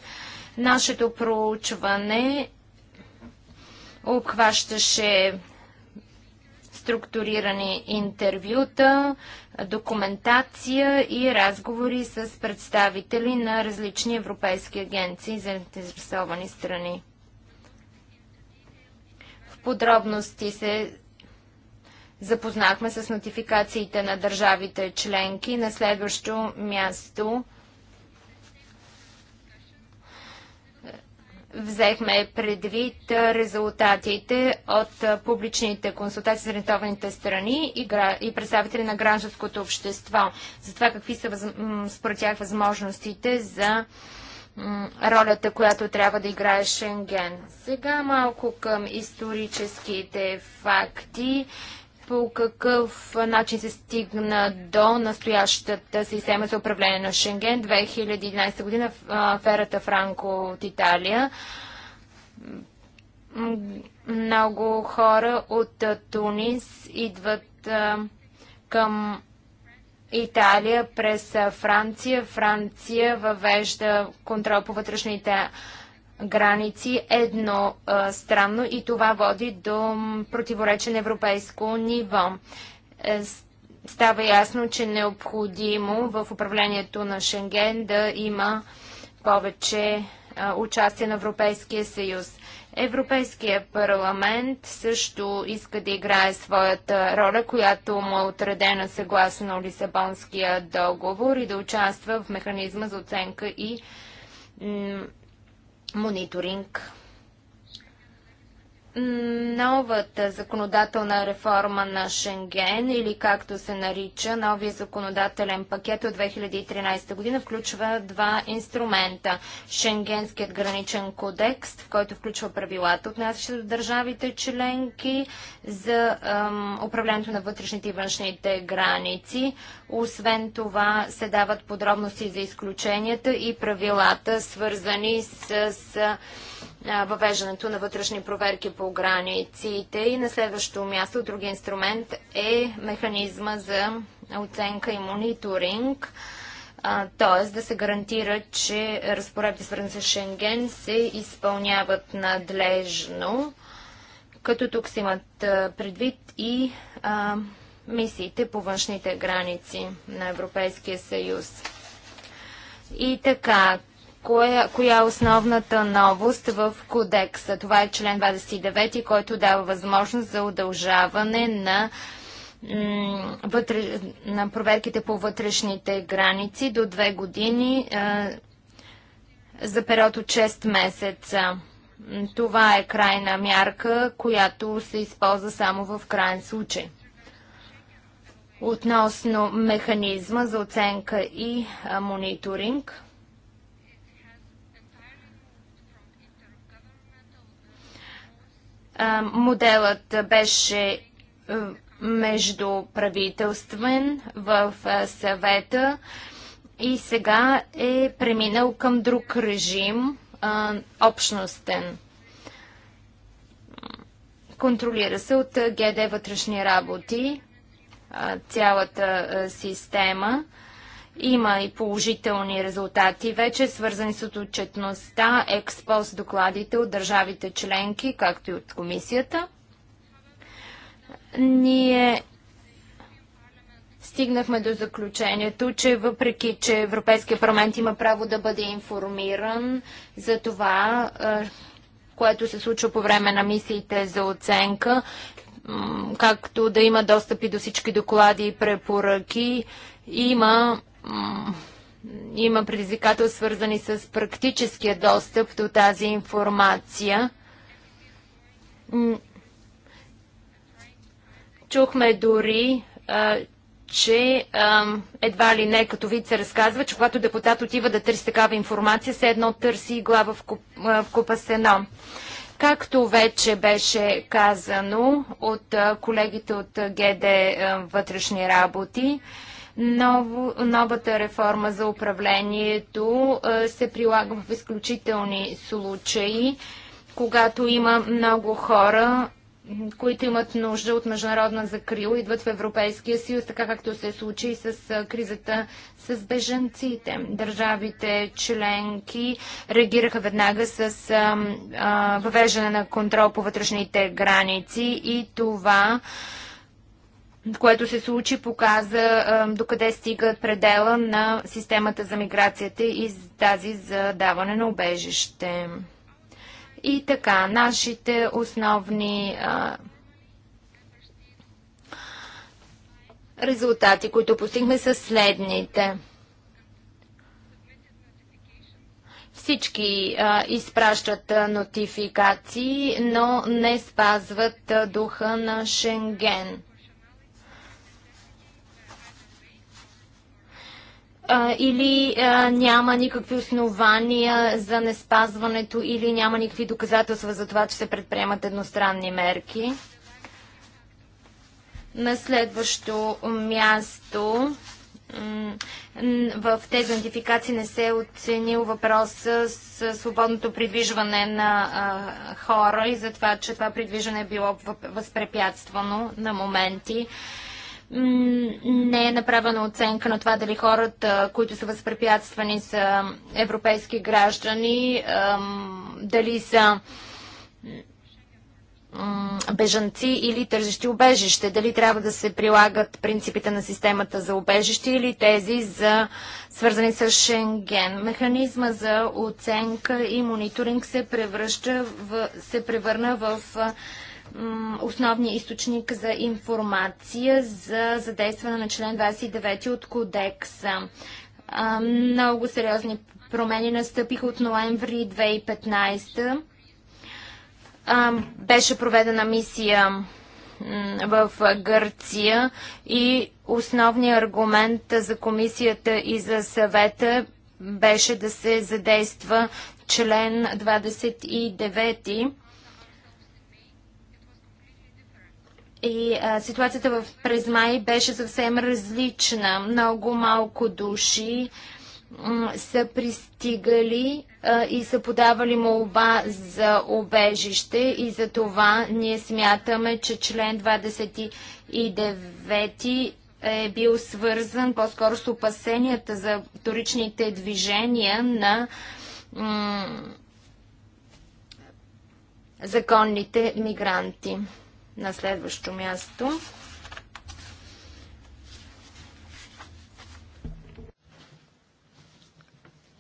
нашето проучване обхващаше структурирани интервюта, документация и разговори с представители на различни европейски агенции за заинтересовани страни подробности се запознахме с нотификациите на държавите членки. На следващо място взехме предвид резултатите от публичните консултации с рентованите страни и, представители на гражданското общество за това какви са според тях възможностите за ролята, която трябва да играе Шенген. Сега малко към историческите факти. По какъв начин се стигна до настоящата система за управление на Шенген 2011 година в аферата Франко от Италия. Много хора от Тунис идват към Италия през Франция. Франция въвежда контрол по вътрешните граници едно а, странно и това води до противоречен европейско ниво. Е, става ясно, че необходимо в управлението на Шенген да има повече а, участие на Европейския съюз. Европейския парламент също иска да играе своята роля, която му е отредена съгласно Лисабонския договор и да участва в механизма за оценка и мониторинг новата законодателна реформа на Шенген или както се нарича новия законодателен пакет от 2013 година включва два инструмента. Шенгенският граничен кодекс, в който включва правилата, отнасящи до държавите членки за ем, управлението на вътрешните и външните граници. Освен това се дават подробности за изключенията и правилата, свързани с, с въвеждането на вътрешни проверки по границите. И на следващото място, други инструмент е механизма за оценка и мониторинг, т.е. да се гарантира, че разпоредби свързани с Шенген се изпълняват надлежно, като тук се имат предвид и а, мисиите по външните граници на Европейския съюз. И така, коя, коя е основната новост в кодекса. Това е член 29, който дава възможност за удължаване на, вътре, на проверките по вътрешните граници до две години за период от 6 месеца. Това е крайна мярка, която се използва само в крайен случай. Относно механизма за оценка и а, мониторинг – Моделът беше е, междуправителствен в е, съвета и сега е преминал към друг режим, е, общностен. Контролира се от ГД вътрешни работи цялата система. Има и положителни резултати вече, свързани с отчетността, експос докладите от държавите членки, както и от комисията. Ние стигнахме до заключението, че въпреки, че Европейския парламент има право да бъде информиран за това, е, което се случва по време на мисиите за оценка, както да има достъпи до всички доклади и препоръки, има има предизвикателства, свързани с практическия достъп до тази информация. Чухме дори, че едва ли не като вид се разказва, че когато депутат отива да търси такава информация, се едно търси игла в, куп, в купа сено. Както вече беше казано от колегите от ГД Вътрешни работи, Ново, новата реформа за управлението се прилага в изключителни случаи, когато има много хора, които имат нужда от международна закрила, идват в Европейския съюз, така както се случи и с кризата с беженците. Държавите членки реагираха веднага с а, а, въвеждане на контрол по вътрешните граници и това което се случи, показа докъде стигат предела на системата за миграцията и тази за даване на убежище. И така, нашите основни резултати, които постигме, са следните. Всички а, изпращат а, нотификации, но не спазват а, духа на Шенген. а, или а, няма никакви основания за неспазването, или няма никакви доказателства за това, че се предприемат едностранни мерки. На следващо място в тези идентификации не се е оценил въпрос с свободното придвижване на хора и за това, че това придвижване е било възпрепятствано на моменти не е направена оценка на това дали хората, които са възпрепятствани са европейски граждани, дали са бежанци или тържещи обежище, дали трябва да се прилагат принципите на системата за обежище или тези за свързани с Шенген. Механизма за оценка и мониторинг се превръща в, се превърна в основния източник за информация за задействане на член 29 от кодекса. Много сериозни промени настъпиха от ноември 2015. Беше проведена мисия в Гърция и основният аргумент за комисията и за съвета беше да се задейства член 29 И а, ситуацията в, през май беше съвсем различна. Много малко души са пристигали а, и са подавали молба за обежище и за това ние смятаме, че член 29 е бил свързан по-скоро с опасенията за вторичните движения на законните мигранти. На следващо място.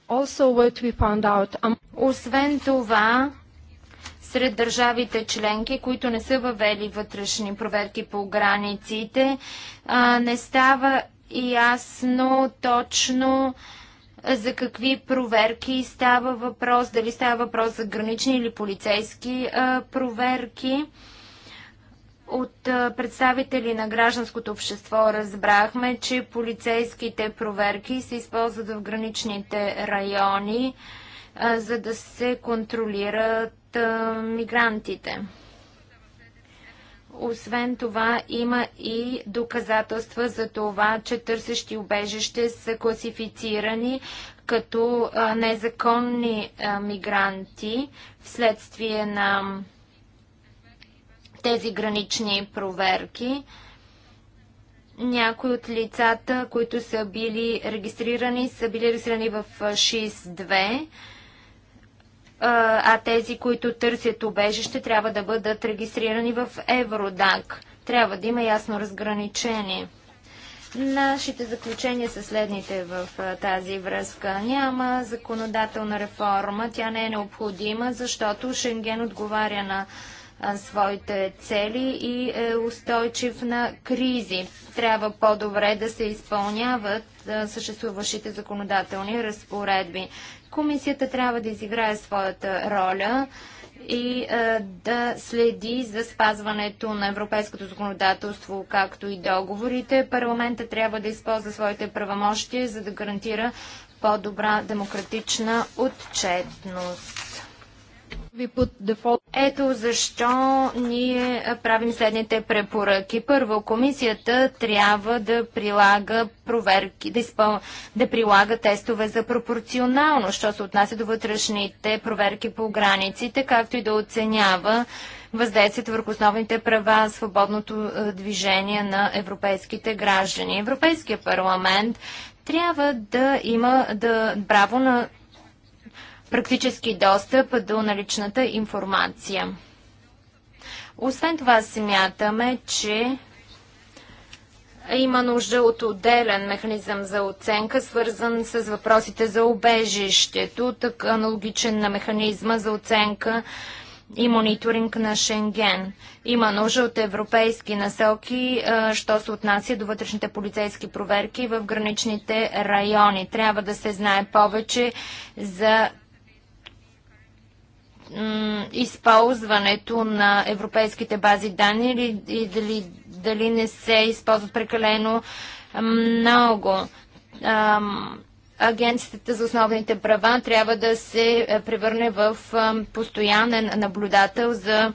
Out... Um, Освен това, сред държавите членки, които не са въвели вътрешни проверки по границите, а, не става ясно точно за какви проверки става въпрос, дали става въпрос за гранични или полицейски а, проверки. От представители на гражданското общество разбрахме, че полицейските проверки се използват в граничните райони, за да се контролират мигрантите. Освен това, има и доказателства за това, че търсещи убежище са класифицирани като незаконни мигранти вследствие на тези гранични проверки. Някои от лицата, които са били регистрирани, са били регистрирани в 6.2, а тези, които търсят убежище, трябва да бъдат регистрирани в Евродак. Трябва да има ясно разграничение. Нашите заключения са следните в тази връзка. Няма законодателна реформа, тя не е необходима, защото Шенген отговаря на своите цели и е устойчив на кризи. Трябва по-добре да се изпълняват съществуващите законодателни разпоредби. Комисията трябва да изиграе своята роля и да следи за спазването на европейското законодателство, както и договорите. Парламента трябва да използва своите правомощия, за да гарантира по-добра демократична отчетност. Ето защо ние правим следните препоръки. Първо, комисията трябва да прилага проверки, да, изпъл... да прилага тестове за пропорционално, що се отнася до вътрешните проверки по границите, както и да оценява въздействието върху основните права, свободното е, движение на европейските граждани. Европейския парламент трябва да има да, право на практически достъп до наличната информация. Освен това смятаме, че има нужда от отделен механизъм за оценка, свързан с въпросите за обежището, така аналогичен на механизма за оценка и мониторинг на Шенген. Има нужда от европейски насоки, що се отнася до вътрешните полицейски проверки в граничните райони. Трябва да се знае повече за използването на европейските бази данни или, и дали, дали не се използват прекалено много. Агенцията за основните права трябва да се е, превърне в постоянен наблюдател за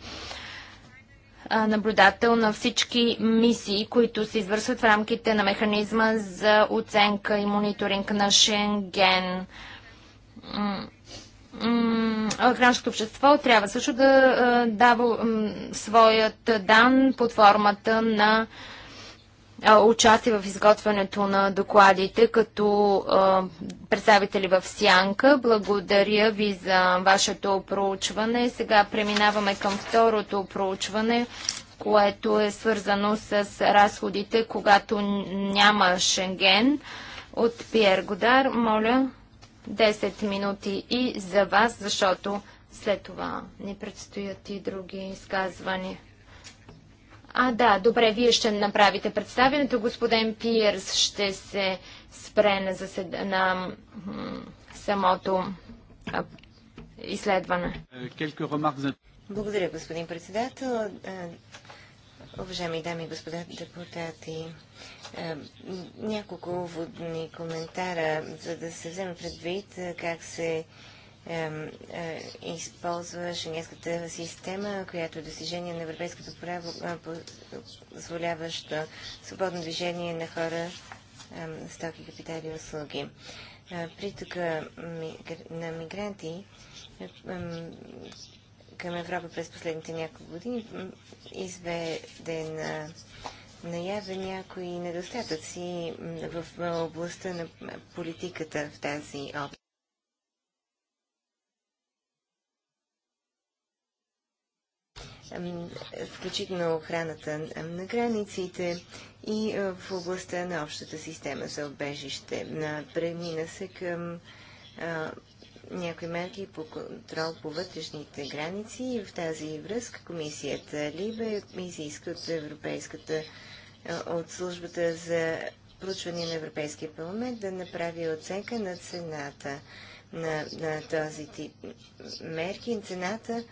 наблюдател на всички мисии, които се извършват в рамките на механизма за оценка и мониторинг на Шенген гражданското общество трябва също да е, дава своят дан под формата на е, участие в изготвянето на докладите като е, представители в Сянка. Благодаря ви за вашето проучване. Сега преминаваме към второто проучване, което е свързано с разходите, когато няма Шенген от Пьер Годар. Моля 10 минути и за вас, защото след това ни предстоят и други изказвания. А, да, добре, вие ще направите представянето. Господин Пиерс ще се спре на, засед... на самото а, изследване. Благодаря, господин председател. Уважаеми дами и господа депутати, е, няколко водни коментара, за да се вземе предвид е, как се е, използва шенгенската система, която е достижение на европейското право, позволяващо свободно движение на хора, стоки, капитали и услуги. Притока на мигранти към Европа през последните няколко години изведе на наяве някои недостатъци в областта на политиката в тази област. включително охраната на границите и в областта на общата система за обежище. Премина се към а, някои мерки по контрол по вътрешните граници и в тази връзка комисията Либе изиска от Европейската от службата за проучване на Европейския парламент да направи оценка на цената на, на този тип мерки, цената,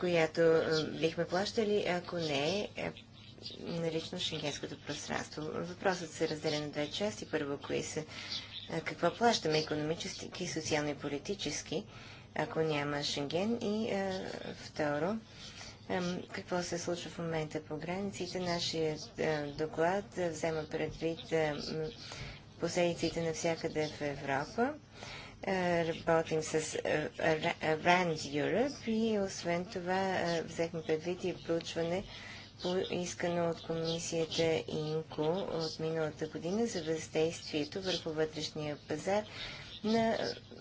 която е, бихме плащали, ако не е, е налично шенгенското пространство. Въпросът се разделя на две части. Първо, кои са, е, какво плащаме економически, социално и политически, ако няма Шенген. И второ, какво се случва в момента по границите. Нашият е, доклад е, взема предвид е, последиците навсякъде в Европа. Работим с Rand Europe и освен това взехме предвид и проучване поискано от комисията ИНКО от миналата година за въздействието върху вътрешния пазар на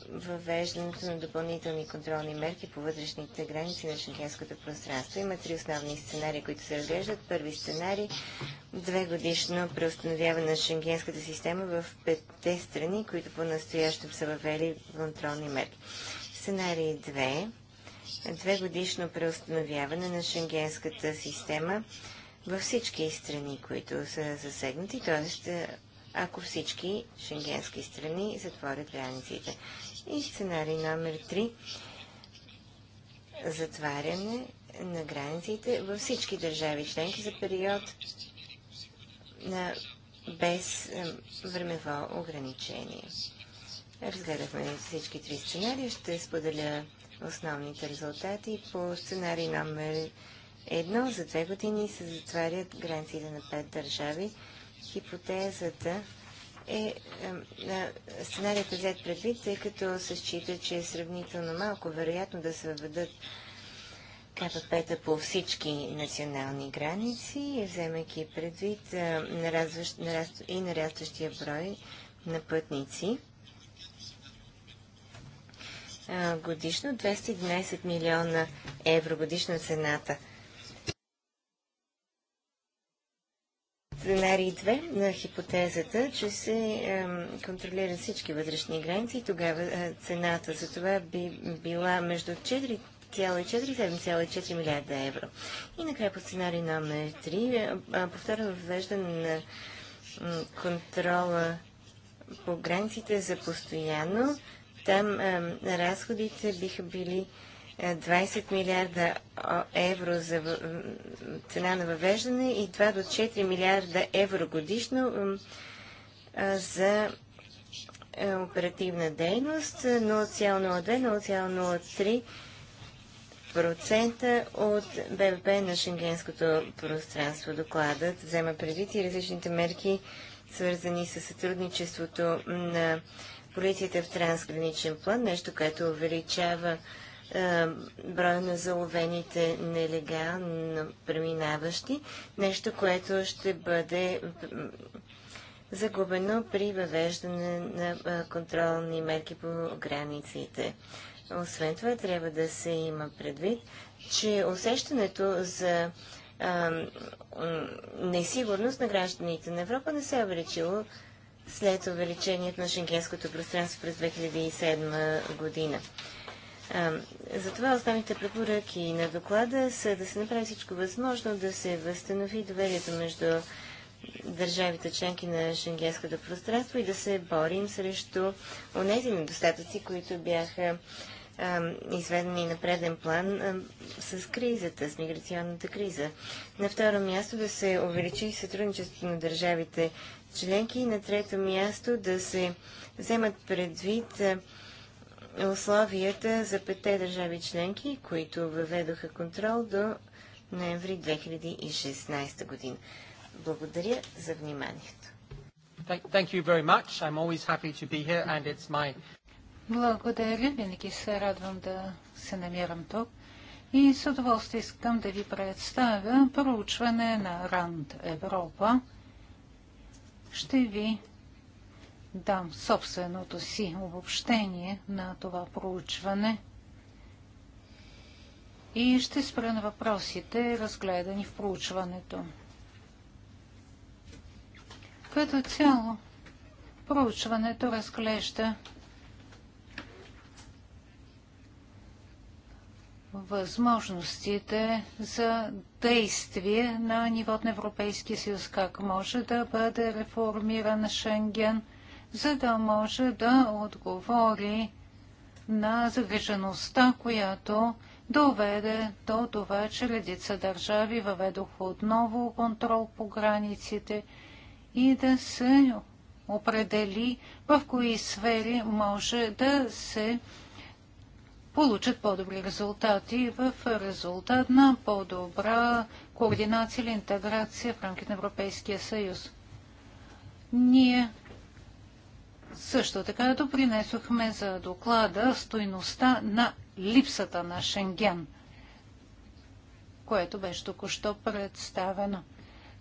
въвеждането на допълнителни контролни мерки по вътрешните граници на шенгенското пространство. Има три основни сценарии, които се разглеждат. Първи сценарий – две годишно преустановяване на шенгенската система в петте страни, които по-настоящем са въвели контролни мерки. Сценарий 2 две годишно преустановяване на шенгенската система във всички страни, които са засегнати, т.е ако всички шенгенски страни затворят границите. И сценарий номер 3 затваряне на границите във всички държави членки за период на без е, времево ограничение. Разгледахме всички три сценария. Ще споделя основните резултати. По сценарий номер едно за две години се затварят границите на пет държави хипотезата е, сценарията взет предвид, тъй като се счита, че е сравнително малко вероятно да се въведат КПП-та по всички национални граници, вземайки предвид и нарастващия брой на пътници. Е, годишно 211 милиона евро годишна цената сценарий 2 на хипотезата, че се е, контролират всички вътрешни граници и тогава е, цената за това би била между 4,4 и 7,4 милиарда евро. И накрая по сценарий номер 3, е, е повторно въвеждане на контрола по границите за постоянно, там разходите биха били 20 милиарда евро за цена на въвеждане и 2 до 4 милиарда евро годишно за е, оперативна дейност 0,02-0,03% от БВП на шенгенското пространство. Докладът взема предвид и различните мерки, свързани с сътрудничеството на полицията в трансграничен план, нещо, което увеличава е, броя на заловените нелегално преминаващи, нещо, което ще бъде загубено при въвеждане на е, контролни мерки по границите. Освен това, трябва да се има предвид, че усещането за е, несигурност на гражданите на Европа не се е увеличило след увеличението на шенгенското пространство през 2007 година. Затова останите препоръки на доклада са да се направи всичко възможно да се възстанови доверието между държавите членки на шенгенското пространство и да се борим срещу онези недостатъци, които бяха изведени на преден план с кризата, с миграционната криза. На второ място да се увеличи сътрудничеството на държавите членки и на трето място да се вземат предвид а, условията за петте държави членки, които въведоха контрол до ноември 2016 година. Благодаря за вниманието. My... Благодаря. Винаги се радвам да се намирам тук. И с удоволствие искам да ви представя проучване на Ранд Европа. Ще ви дам собственото си обобщение на това проучване и ще спра на въпросите, разгледани в проучването. Като цяло, проучването разглежда възможностите за действие на нивото на Европейския съюз, как може да бъде реформиран Шенген – за да може да отговори на загрижеността, която доведе до това, че редица държави въведоха отново контрол по границите и да се определи в кои сфери може да се получат по-добри резултати в резултат на по-добра координация или интеграция в рамките на Европейския съюз. Ние също така допринесохме за доклада стойността на липсата на Шенген, което беше току-що представено.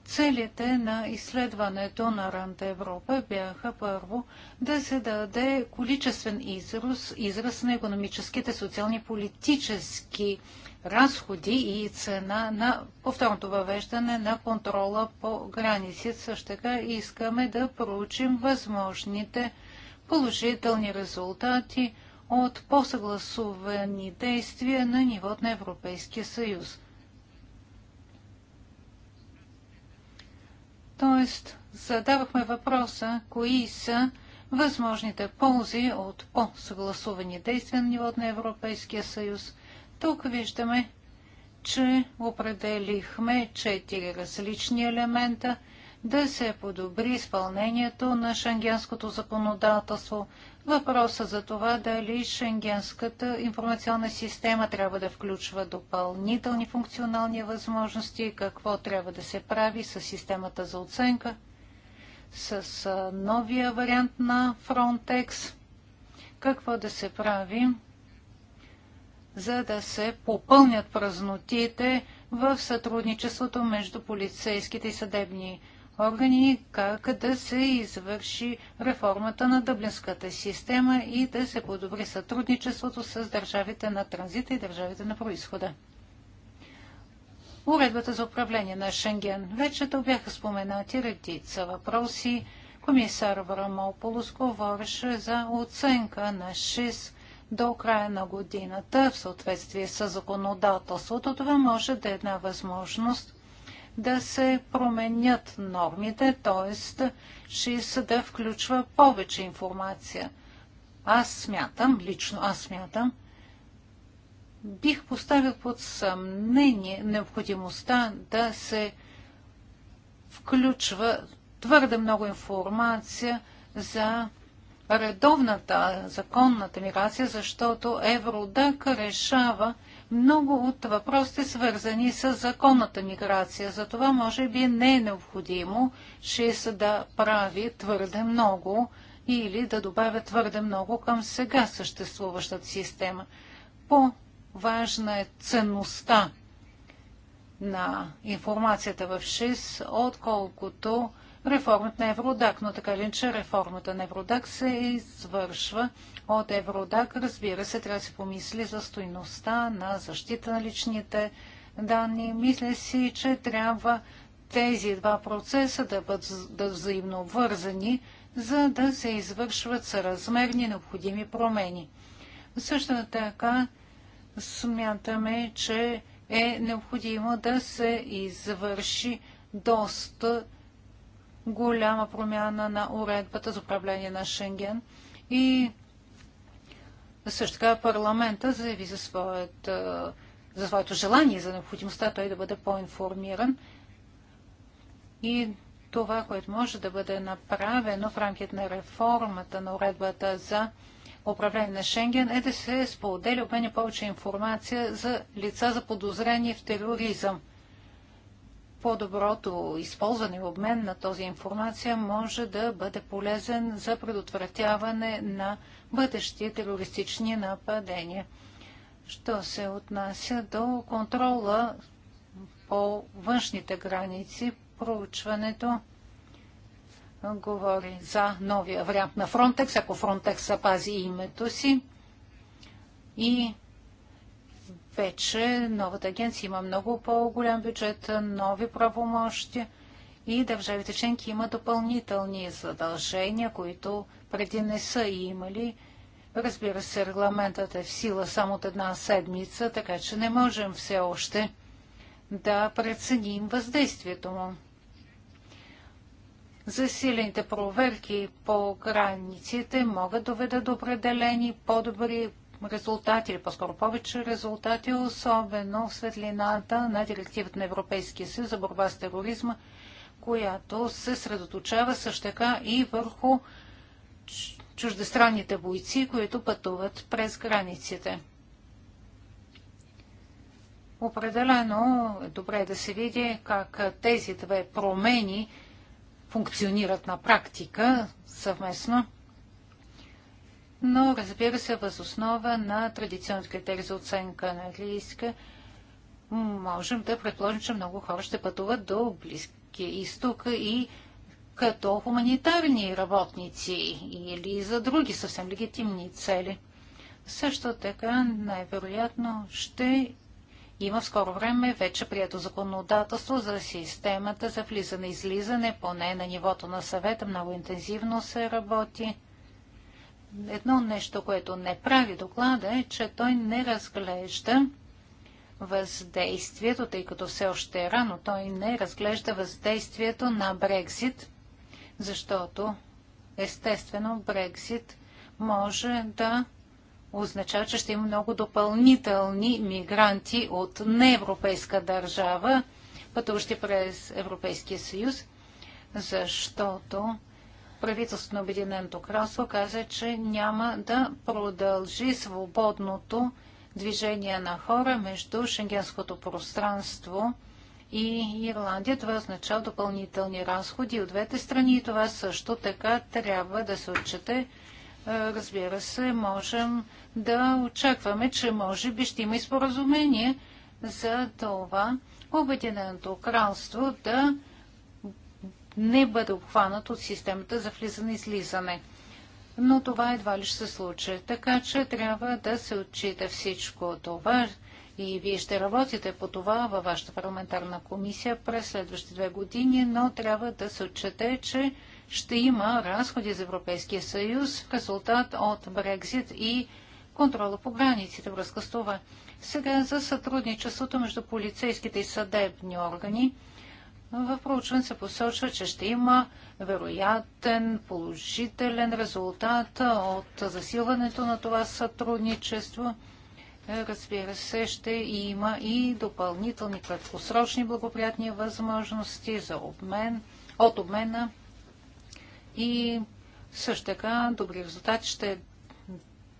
Целите на изследването на Ранта Европа бяха първо да се даде количествен израз, израз на економическите, социални, политически разходи и цена на повторното въвеждане на контрола по граници. Също така искаме да проучим възможните положителни резултати от по-съгласувани действия на нивото на Европейския съюз. Тоест, задавахме въпроса, кои са възможните ползи от по-съгласувани действия на нивото на Европейския съюз – тук виждаме, че определихме четири различни елемента да се подобри изпълнението на шенгенското законодателство. Въпроса за това дали шенгенската информационна система трябва да включва допълнителни функционални възможности, какво трябва да се прави с системата за оценка, с новия вариант на Frontex, какво да се прави за да се попълнят празнотите в сътрудничеството между полицейските и съдебни органи, как да се извърши реформата на дъблинската система и да се подобри сътрудничеството с държавите на транзита и държавите на происхода. Уредбата за управление на Шенген. Вече да бяха споменати редица въпроси. Комисар Врамополос говореше за оценка на 6 до края на годината в съответствие с законодателството. Това може да е една възможност да се променят нормите, т.е. ШИС да включва повече информация. Аз смятам, лично аз смятам, бих поставил под съмнение необходимостта да се включва твърде много информация за редовната законната миграция, защото Евродък решава много от въпросите, свързани с законната миграция. Затова, може би, не е необходимо се да прави твърде много или да добавя твърде много към сега съществуващата система. По-важна е ценността на информацията в ШИС, отколкото реформата на Евродак, но така ли, че реформата на Евродак се извършва от Евродак. Разбира се, трябва да се помисли за стойността на защита на личните данни. Мисля си, че трябва тези два процеса да бъдат да взаимно вързани, за да се извършват съразмерни необходими промени. Също така смятаме, че е необходимо да се извърши доста голяма промяна на уредбата за управление на Шенген и също така парламента заяви за, своят, за своето желание, за необходимостта той да бъде по-информиран и това, което може да бъде направено в рамките на реформата на уредбата за управление на Шенген е да се споделя обменя повече информация за лица за подозрение в тероризъм по-доброто използване и обмен на този информация може да бъде полезен за предотвратяване на бъдещи терористични нападения. Що се отнася до контрола по външните граници, проучването говори за новия вариант на Фронтекс, ако Фронтекс запази името си и вече новата агенция има много по-голям бюджет, нови правомощи и държавите членки има допълнителни задължения, които преди не са имали. Разбира се, регламентът е в сила само от една седмица, така че не можем все още да преценим въздействието му. Засилените проверки по границите могат доведат до определени по-добри резултати или по-скоро повече резултати, особено в светлината на директивата на Европейския съюз за борба с тероризма, която се средоточава също така и върху чуждестранните бойци, които пътуват през границите. Определено е добре да се види как тези две промени функционират на практика съвместно но разбира се, възоснова на традиционните критерии за оценка на риска, можем да предположим, че много хора ще пътуват до Близкия изток и като хуманитарни работници или за други съвсем легитимни цели. Също така, най-вероятно, ще има в скоро време вече прието законодателство за системата за влизане-излизане, поне на нивото на съвета много интензивно се работи едно нещо, което не прави доклада, е, че той не разглежда въздействието, тъй като все още е рано, той не разглежда въздействието на Брекзит, защото естествено Брекзит може да означава, че ще има много допълнителни мигранти от неевропейска държава, пътуващи през Европейския съюз, защото правителството на Обединеното кралство каза, че няма да продължи свободното движение на хора между шенгенското пространство и Ирландия. Това означава допълнителни разходи от двете страни и това също така трябва да се отчете. Е, разбира се, можем да очакваме, че може би ще има и споразумение за това Обединеното кралство да не бъде обхванат от системата за влизане и излизане. Но това едва ли ще се случи. Така че трябва да се отчита всичко това и вие ще работите по това във вашата парламентарна комисия през следващите две години, но трябва да се отчете, че ще има разходи за Европейския съюз в резултат от Брекзит и контрола по границите връзка с това. Сега за сътрудничеството между полицейските и съдебни органи. В проучване се посочва, че ще има вероятен положителен резултат от засилването на това сътрудничество. Е, разбира се, ще има и допълнителни краткосрочни благоприятни възможности за обмен, от обмена и също така добри резултати ще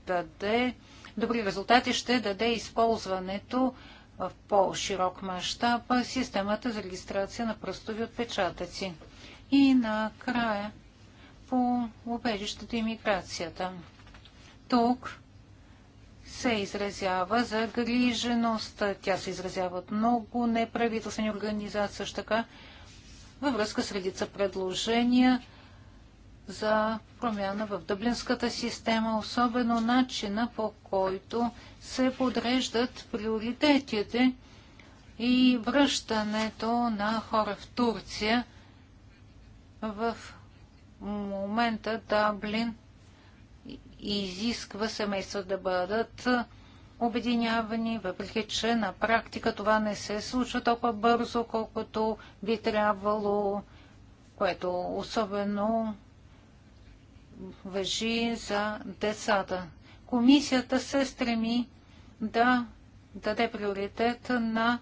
даде добри резултати ще даде използването в по-широк мащаб системата за регистрация на пръстови отпечатъци. И накрая по убежището и миграцията. Тук се изразява загриженост. Тя се изразява от много неправителствени организации, също така във връзка с редица предложения за промяна в дъблинската система, особено начина по който се подреждат приоритетите и връщането на хора в Турция. В момента Даблин изисква семейства да бъдат обединявани, въпреки че на практика това не се случва толкова бързо, колкото би трябвало, което особено въжи за децата. Комисията се стреми да даде приоритет на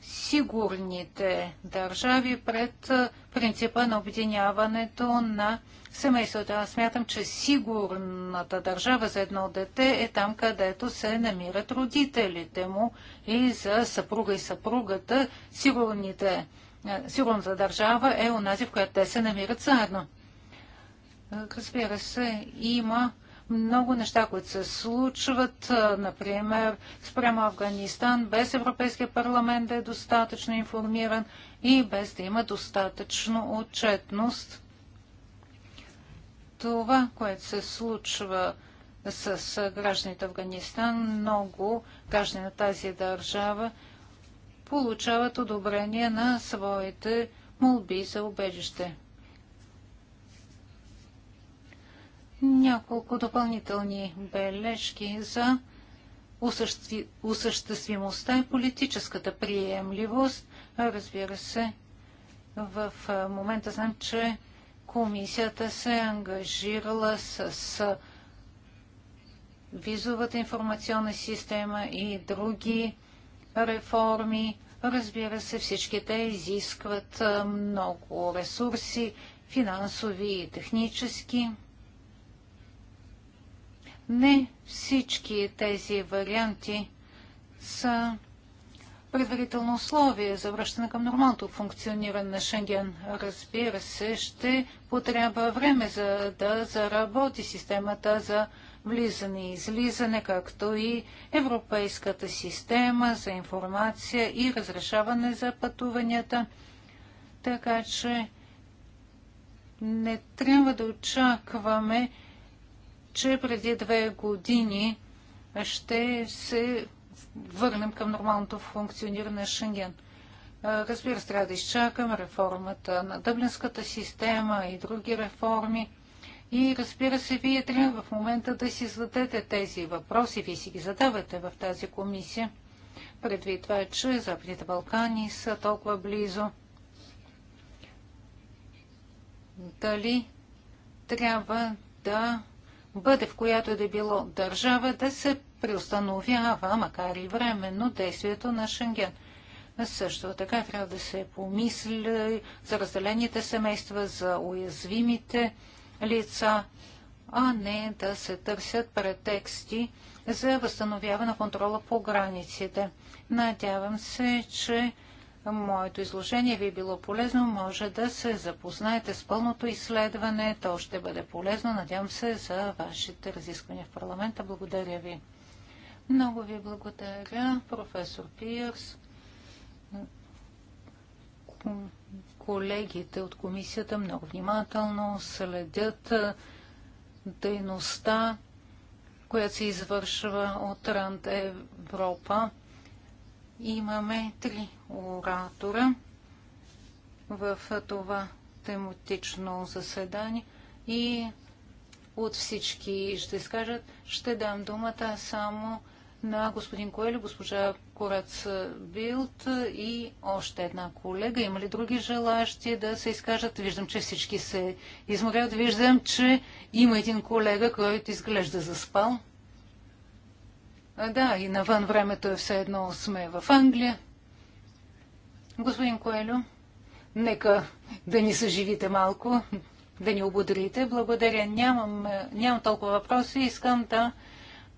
сигурните държави пред принципа на обединяването на семейството. Аз смятам, че сигурната държава за едно дете е там, където се намират родителите му и за съпруга и съпругата сигурните, сигурната държава е унази, в която те се намират заедно. Е, разбира се, има много неща, които се случват, е, например, спрямо Афганистан, без Европейския парламент да е достатъчно информиран и без да има достатъчно отчетност. Това, което се случва с гражданите Афганистан, много граждани на тази държава получават одобрение на своите молби за убежище. Няколко допълнителни бележки за осъществимостта и политическата приемливост. Разбира се, в момента знам, че комисията се е ангажирала с, с визовата информационна система и други реформи. Разбира се, всички те изискват много ресурси, финансови и технически. Не всички тези варианти са предварително условие за връщане към нормалното функциониране на Шенген. Разбира се, ще потрябва време за да заработи системата за влизане и излизане, както и Европейската система за информация и разрешаване за пътуванията. Така че не трябва да очакваме че преди две години ще се върнем към нормалното функциониране на Шенген. Разбира се, трябва да изчакаме реформата на дъблинската система и други реформи. И разбира се, вие трябва в момента да си зададете тези въпроси, вие си ги задавате в тази комисия, предвид това, че Западните Балкани са толкова близо. Дали трябва да бъде в която е да било държава, да се преустановява, макар и временно, действието на Шенген. Също така трябва да се помисли за разделените семейства, за уязвимите лица, а не да се търсят претексти за възстановяване на контрола по границите. Надявам се, че моето изложение ви е било полезно, може да се запознаете с пълното изследване. То ще бъде полезно, надявам се, за вашите разисквания в парламента. Благодаря ви. Много ви благодаря, професор Пиърс. Колегите от комисията много внимателно следят дейността, която се извършва от Ранд Европа. Имаме три оратора в това тематично заседание и от всички ще изкажат. Ще дам думата само на господин Коели, госпожа Корац Билт и още една колега. Има ли други желащи да се изкажат? Виждам, че всички се изморят. Виждам, че има един колега, който изглежда заспал. А, да, и навън времето е все едно сме в Англия. Господин Коелю, нека да ни съживите малко, да ни ободрите. Благодаря. Нямам, нямам толкова въпроси. Искам да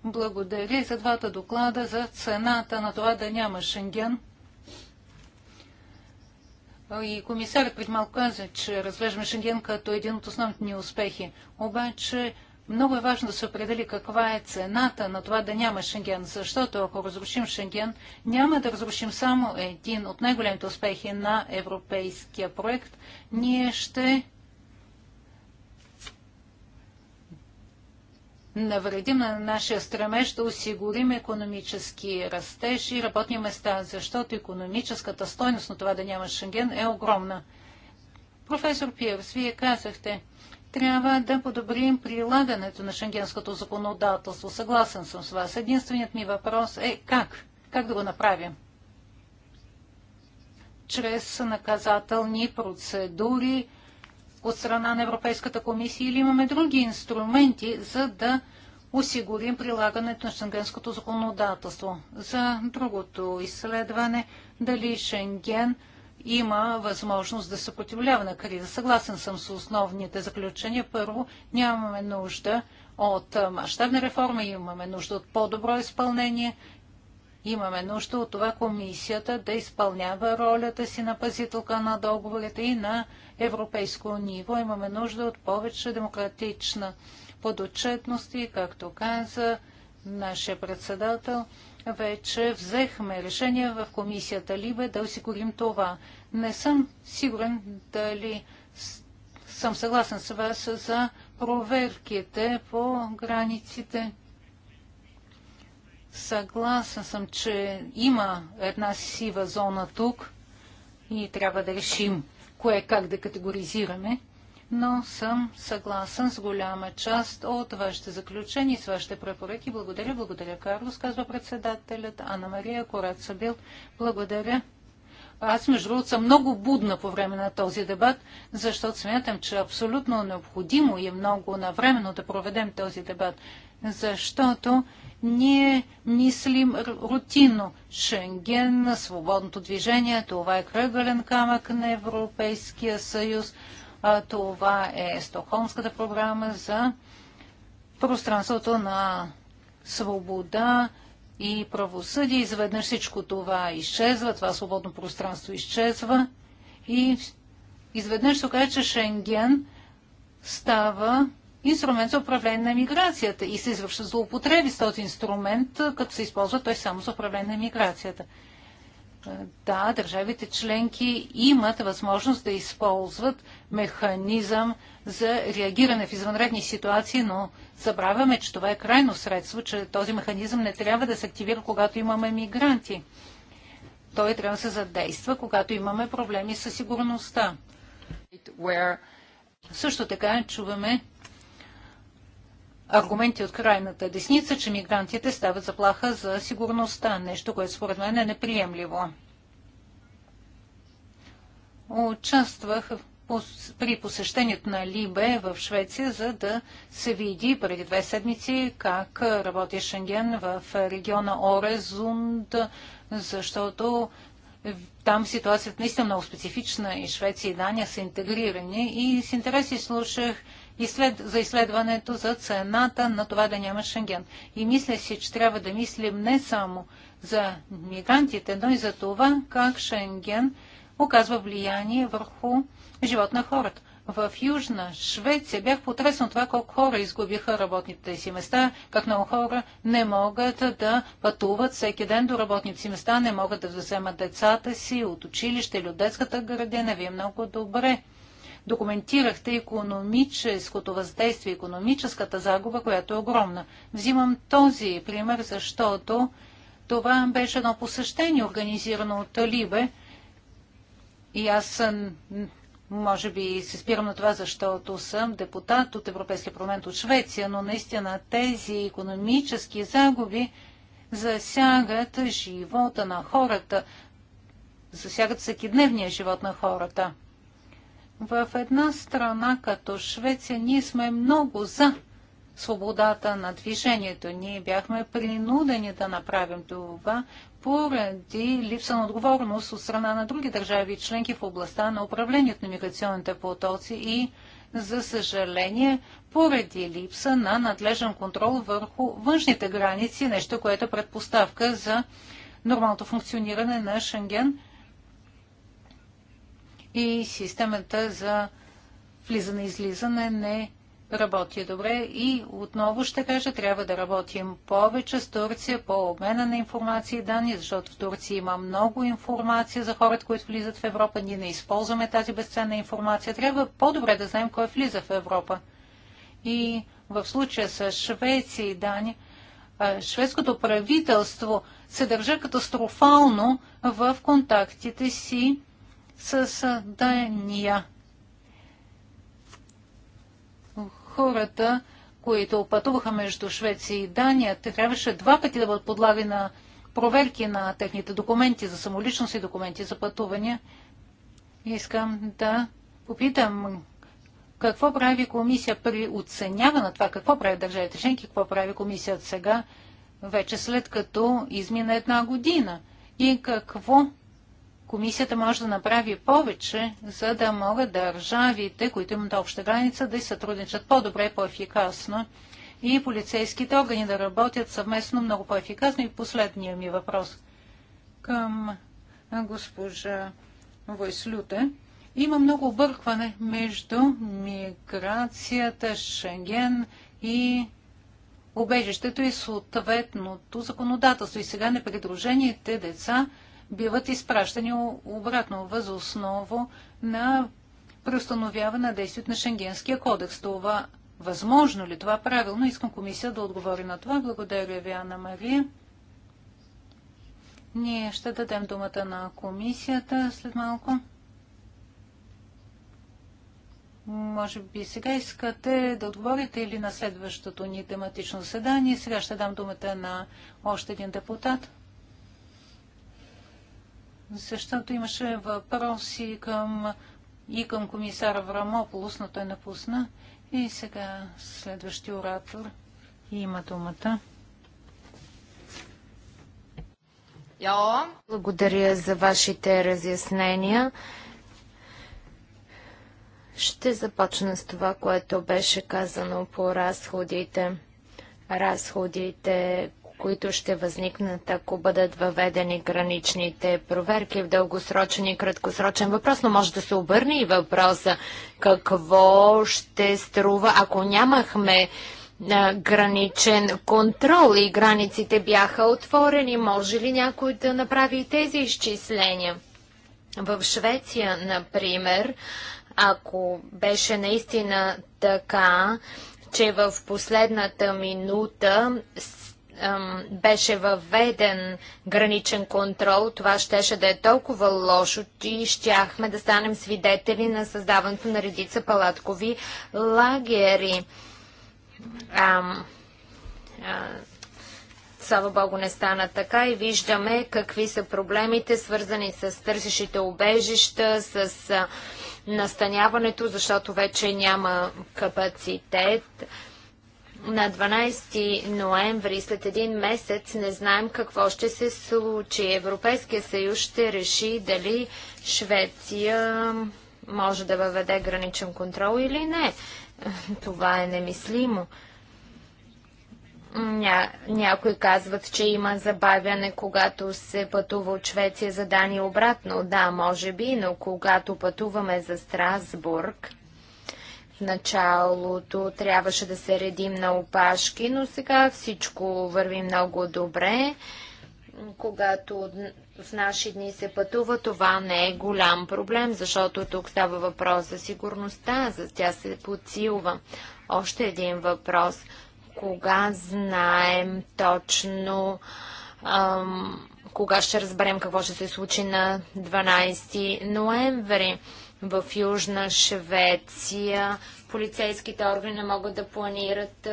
благодаря за двата доклада, за цената на това да няма Шенген. И комисарът пред малко каза, че разглеждаме Шенген като един от основните ни успехи. Обаче много е важно да се определи каква е цената на това да няма Шенген, защото ако разрушим Шенген, няма да разрушим само един от най-големите успехи на европейския проект. Ние ще навредим на нашия стремеж да осигурим економически растеж и работни места, защото економическата стойност на това да няма Шенген е огромна. Професор Пиерс, вие казахте, трябва да подобрим прилагането на шенгенското законодателство. Съгласен съм с вас. Единственият ми въпрос е как? Как да го направим? Чрез наказателни процедури от страна на Европейската комисия или имаме други инструменти, за да осигурим прилагането на шенгенското законодателство. За другото изследване, дали Шенген – има възможност да съпротивлява на криза. Съгласен съм с основните заключения. Първо, нямаме нужда от мащабна реформа, имаме нужда от по-добро изпълнение, имаме нужда от това комисията да изпълнява ролята си на пазителка на договорите и на европейско ниво. Имаме нужда от повече демократична подотчетност и, както каза нашия председател, вече взехме решение в комисията Либе да осигурим това. Не съм сигурен дали съм съгласен с вас за проверките по границите. Съгласен съм, че има една сива зона тук и трябва да решим кое как да категоризираме но съм съгласен с голяма част от вашите заключения и с вашите препоръки. Благодаря, благодаря, Карлос, казва председателят Анна Мария Кораца бил. Благодаря. Аз, между другото, съм много будна по време на този дебат, защото смятам, че е абсолютно необходимо и е много навременно да проведем този дебат, защото ние мислим рутинно. Шенген, свободното движение, това е кръгален камък на Европейския съюз – това е Стокхолмската програма за пространството на свобода и правосъдие. Изведнъж всичко това изчезва, това свободно пространство изчезва и изведнъж се казва, че Шенген става инструмент за управление на миграцията и се извършва злоупотреби с този инструмент, като се използва той само за управление на миграцията. Да, държавите членки имат възможност да използват механизъм за реагиране в извънредни ситуации, но забравяме, че това е крайно средство, че този механизъм не трябва да се активира, когато имаме мигранти. Той трябва да се задейства, когато имаме проблеми със сигурността. Where... Също така чуваме, аргументи от крайната десница, че мигрантите стават заплаха за сигурността, нещо, което според мен е неприемливо. Участвах при посещението на Либе в Швеция, за да се види преди две седмици как работи Шенген в региона Орезунд, защото там ситуацията наистина е много специфична и Швеция и Дания са интегрирани и с интереси слушах изслед... за изследването за цената на това да няма Шенген. И мисля си, че трябва да мислим не само за мигрантите, но и за това как Шенген оказва влияние върху живот на хората. В Южна Швеция бях потресен това колко хора изгубиха работните си места, как много хора не могат да пътуват всеки ден до работните си места, не могат да вземат децата си от училище или от детската градина. Вие много добре документирахте економическото въздействие, економическата загуба, която е огромна. Взимам този пример, защото това беше едно посещение, организирано от Талибе, И аз съм, може би се спирам на това, защото съм депутат от Европейския парламент от Швеция, но наистина тези економически загуби засягат живота на хората, засягат всекидневния живот на хората. В една страна като Швеция ние сме много за свободата на движението. Ние бяхме принудени да направим това поради липса на отговорност от страна на други държави и членки в областта на управлението на миграционните потоци и, за съжаление, поради липса на надлежен контрол върху външните граници, нещо, което е предпоставка за нормалното функциониране на Шенген – и системата за влизане-излизане и не работи добре и отново ще кажа, трябва да работим повече с Турция по обмена на информация и данни, защото в Турция има много информация за хората, които влизат в Европа. Ние не използваме тази безценна информация. Трябва по-добре да знаем кой влиза в Европа. И в случая с Швеция и Дания, шведското правителство се държа катастрофално в контактите си Създания. Хората, които пътуваха между Швеция и Дания, те трябваше два пъти да бъдат подлагани на проверки на техните документи за самоличност и документи за пътувания. Искам да попитам какво прави комисия при оценяване на това, какво прави държавите членки, какво прави комисията сега, вече след като измина една година и какво комисията може да направи повече, за да могат държавите, които имат обща граница, да сътрудничат по-добре, по-ефикасно и полицейските органи да работят съвместно много по-ефикасно. И последния ми въпрос към госпожа Войслюте. Има много объркване между миграцията, Шенген и убежището и съответното законодателство. И сега непридружените деца – биват изпращани обратно възосново на преустановяване на действието на Шенгенския кодекс. Това възможно ли? Това правилно? Искам комисия да отговори на това. Благодаря ви, Анна Мария. Ние ще дадем думата на комисията след малко. Може би сега искате да отговорите или на следващото ни тематично заседание. Сега ще дам думата на още един депутат защото имаше въпроси към, и към комисар Врамополос, но той напусна. И сега следващия оратор има думата. Благодаря за вашите разяснения. Ще започна с това, което беше казано по разходите. Разходите, които ще възникнат, ако бъдат въведени граничните проверки в дългосрочен и краткосрочен въпрос, но може да се обърне и въпроса какво ще струва, ако нямахме граничен контрол и границите бяха отворени. Може ли някой да направи тези изчисления? В Швеция, например, ако беше наистина така, че в последната минута беше въведен граничен контрол, това щеше да е толкова лошо, че щяхме да станем свидетели на създаването на редица палаткови лагери. Ам, а, слава Богу, не стана така и виждаме какви са проблемите, свързани с търсещите убежища, с а, настаняването, защото вече няма капацитет. А, на 12 ноември, след един месец, не знаем какво ще се случи. Европейския съюз ще реши дали Швеция може да въведе граничен контрол или не. Това е немислимо. Ня, някои казват, че има забавяне, когато се пътува от Швеция за Дани обратно. Да, може би, но когато пътуваме за Страсбург, началото трябваше да се редим на опашки, но сега всичко върви много добре. Когато в наши дни се пътува, това не е голям проблем, защото тук става въпрос за сигурността, за тя се подсилва. Още един въпрос. Кога знаем точно, ам, кога ще разберем какво ще се случи на 12 ноември? в Южна Швеция полицейските органи могат да планират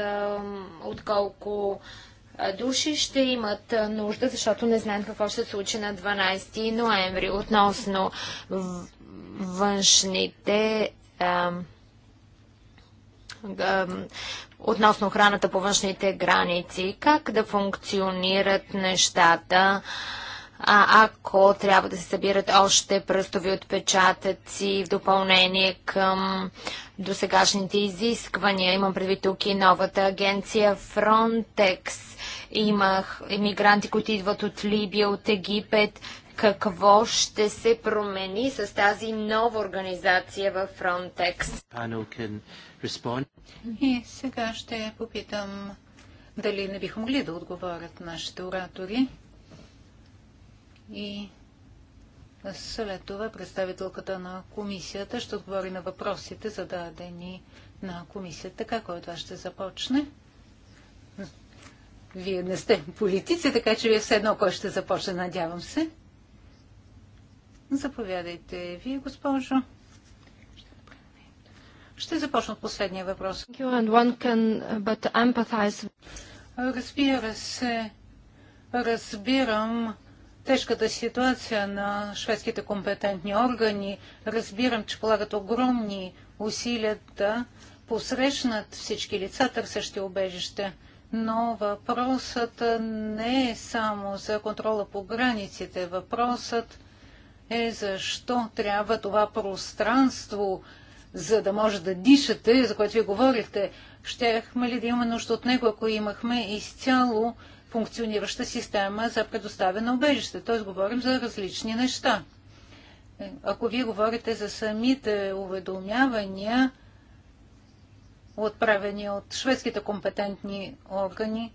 отколко души ще имат нужда, защото не знаем какво ще се случи на 12 ноември относно външните относно охраната по външните граници, как да функционират нещата, а ако трябва да се събират още пръстови отпечатъци в допълнение към досегашните изисквания. Имам предвид тук и новата агенция Frontex. Имах иммигранти, които идват от Либия, от Египет. Какво ще се промени с тази нова организация в Frontex? И сега ще попитам дали не биха могли да отговорят нашите оратори и след това представителката на комисията ще отговори на въпросите, зададени на комисията. Така, кой от вас ще започне? Вие не сте политици, така че вие все едно кой ще започне, надявам се. Заповядайте вие, госпожо. Ще започна от последния въпрос. Uh, Разбира се, разбирам тежката ситуация на шведските компетентни органи. Разбирам, че полагат огромни усилия да посрещнат всички лица, търсещи убежище. Но въпросът не е само за контрола по границите. Въпросът е защо трябва това пространство, за да може да дишате, за което ви говорихте. Щехме ли да имаме нужда от него, ако имахме изцяло функционираща система за предоставяне убежище. Т.е. говорим за различни неща. Ако вие говорите за самите уведомявания, отправени от шведските компетентни органи,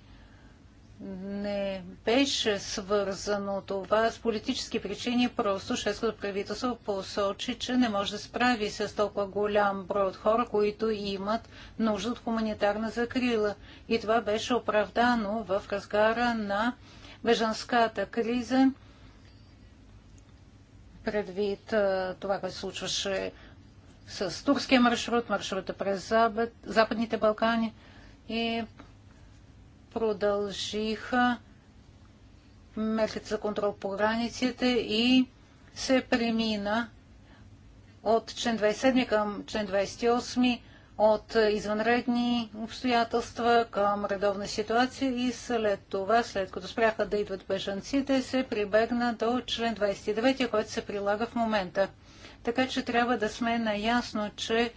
не беше свързано това с политически причини, просто шведското правителство посочи, че не може да справи с толкова голям брой от хора, които имат нужда от хуманитарна закрила. И това беше оправдано в разгара на бежанската криза, предвид това, което случваше с турския маршрут, маршрута през Запад, Западните Балкани и продължиха мерките за контрол по границите и се премина от член 27 към член 28 от извънредни обстоятелства към редовна ситуация и след това, след като спряха да идват бежанците, се прибегна до член 29, който се прилага в момента. Така че трябва да сме наясно, че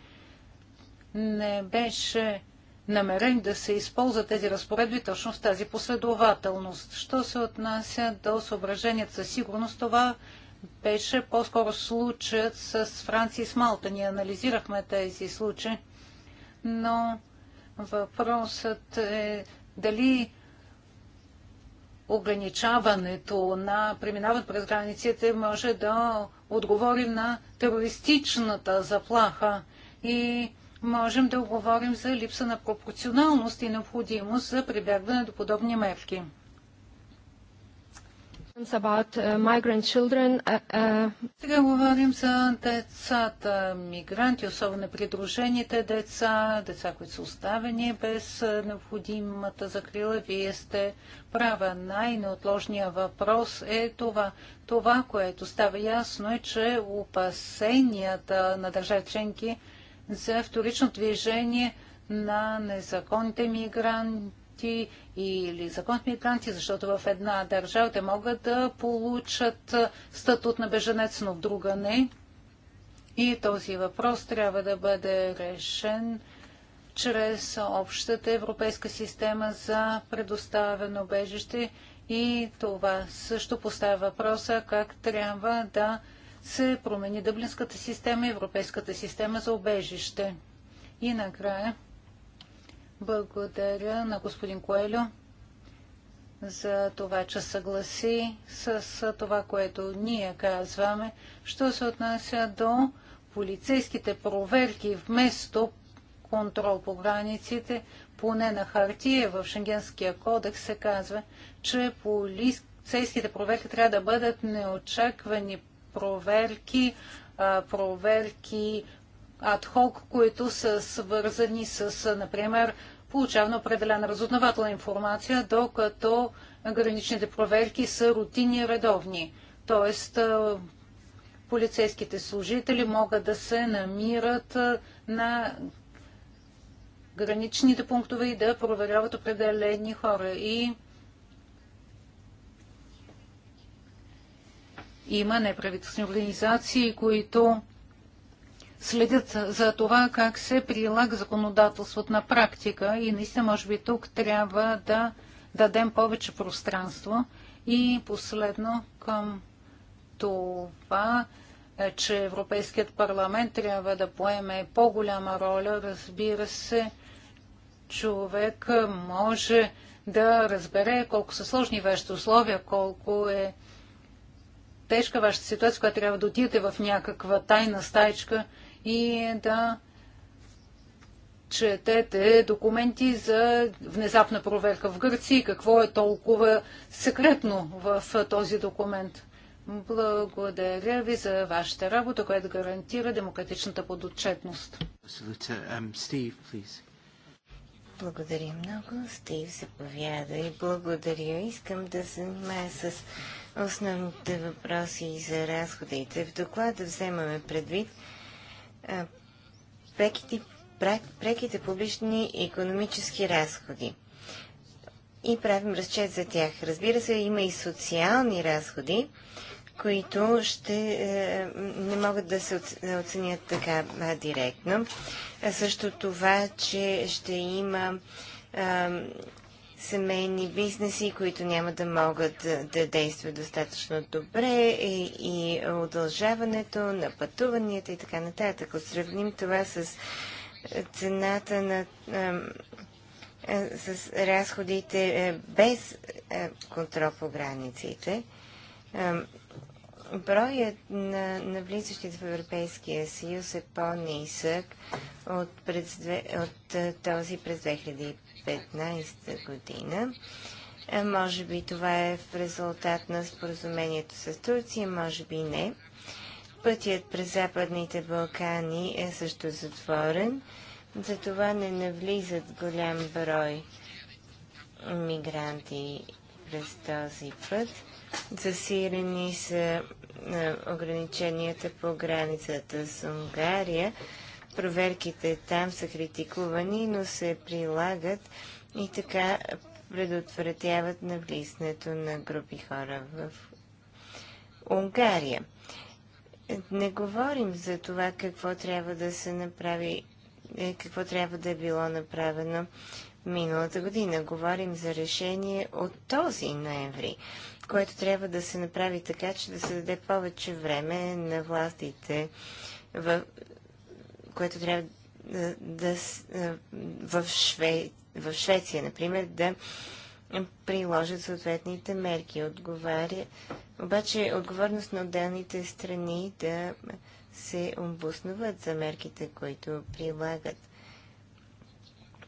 не беше намерен да се използват тези разпоредби точно в тази последователност. Що се отнася до съображенията за сигурност, това беше по-скоро случаят с Франция и с Малта. Ние анализирахме тези случаи, но въпросът е дали ограничаването на преминават през границите може да отговорим на терористичната заплаха и можем да оговорим за липса на пропорционалност и необходимост за прибягване до подобни мерки. Uh, uh, uh, Сега говорим за децата мигранти, особено придружените деца, деца, които са оставени без необходимата закрила. Вие сте права. Най-неотложният въпрос е това. Това, което става ясно е, че опасенията на държави членки – за вторично движение на незаконните мигранти или законните мигранти, защото в една държава те могат да получат статут на беженец, но в друга не. И този въпрос трябва да бъде решен чрез общата европейска система за предоставено бежище и това също поставя въпроса как трябва да се промени дъблинската система и европейската система за обежище. И накрая благодаря на господин Коелю за това, че съгласи с това, което ние казваме, що се отнася до полицейските проверки вместо контрол по границите, поне на хартия в Шенгенския кодекс се казва, че полицейските проверки трябва да бъдат неочаквани проверки, проверки адхок, които са свързани с, например, получаване определена разузнавателна информация, докато граничните проверки са рутинни и редовни. Тоест, полицейските служители могат да се намират на граничните пунктове и да проверяват определени хора. И Има неправителствени организации, които следят за това как се прилага законодателството на практика и наистина, може би, тук трябва да дадем повече пространство. И последно към това, е, че Европейският парламент трябва да поеме по-голяма роля. Разбира се, човек може да разбере колко са сложни вещи условия, колко е тежка вашата ситуация, която трябва да отидете в някаква тайна стайчка и да четете документи за внезапна проверка в Гърция. и Какво е толкова секретно в този документ? Благодаря ви за вашата работа, която гарантира демократичната подотчетност. Благодаря много. Стив, заповядай. Благодаря. Искам да се занимая с основните въпроси за разходите. В доклада вземаме предвид преките, преките публични и економически разходи и правим разчет за тях. Разбира се, има и социални разходи, които ще е, не могат да се оценят така директно. А също това, че ще има семейни бизнеси, които няма да могат да, действат достатъчно добре и, и удължаването на пътуванията и така нататък. Ако сравним това с е, цената на е, е, с разходите без контрол по границите, броят на, на влизащите в Европейския съюз е по-нисък от, от този през 2005 2015 година. Е, може би това е в резултат на споразумението с Турция, може би не. Пътят през Западните Балкани е също затворен, затова не навлизат голям брой мигранти през този път. Засирени са е, ограниченията по границата с Унгария, проверките там са критикувани, но се прилагат и така предотвратяват навлизането на групи хора в Унгария. Не говорим за това какво трябва да се направи, е, какво трябва да е било направено миналата година. Говорим за решение от този ноември, което трябва да се направи така, че да се даде повече време на властите в което трябва да, да в, Шве, в Швеция, например, да приложат съответните мерки. Отговаря, обаче е отговорност на отделните страни да се обосноват за мерките, които прилагат.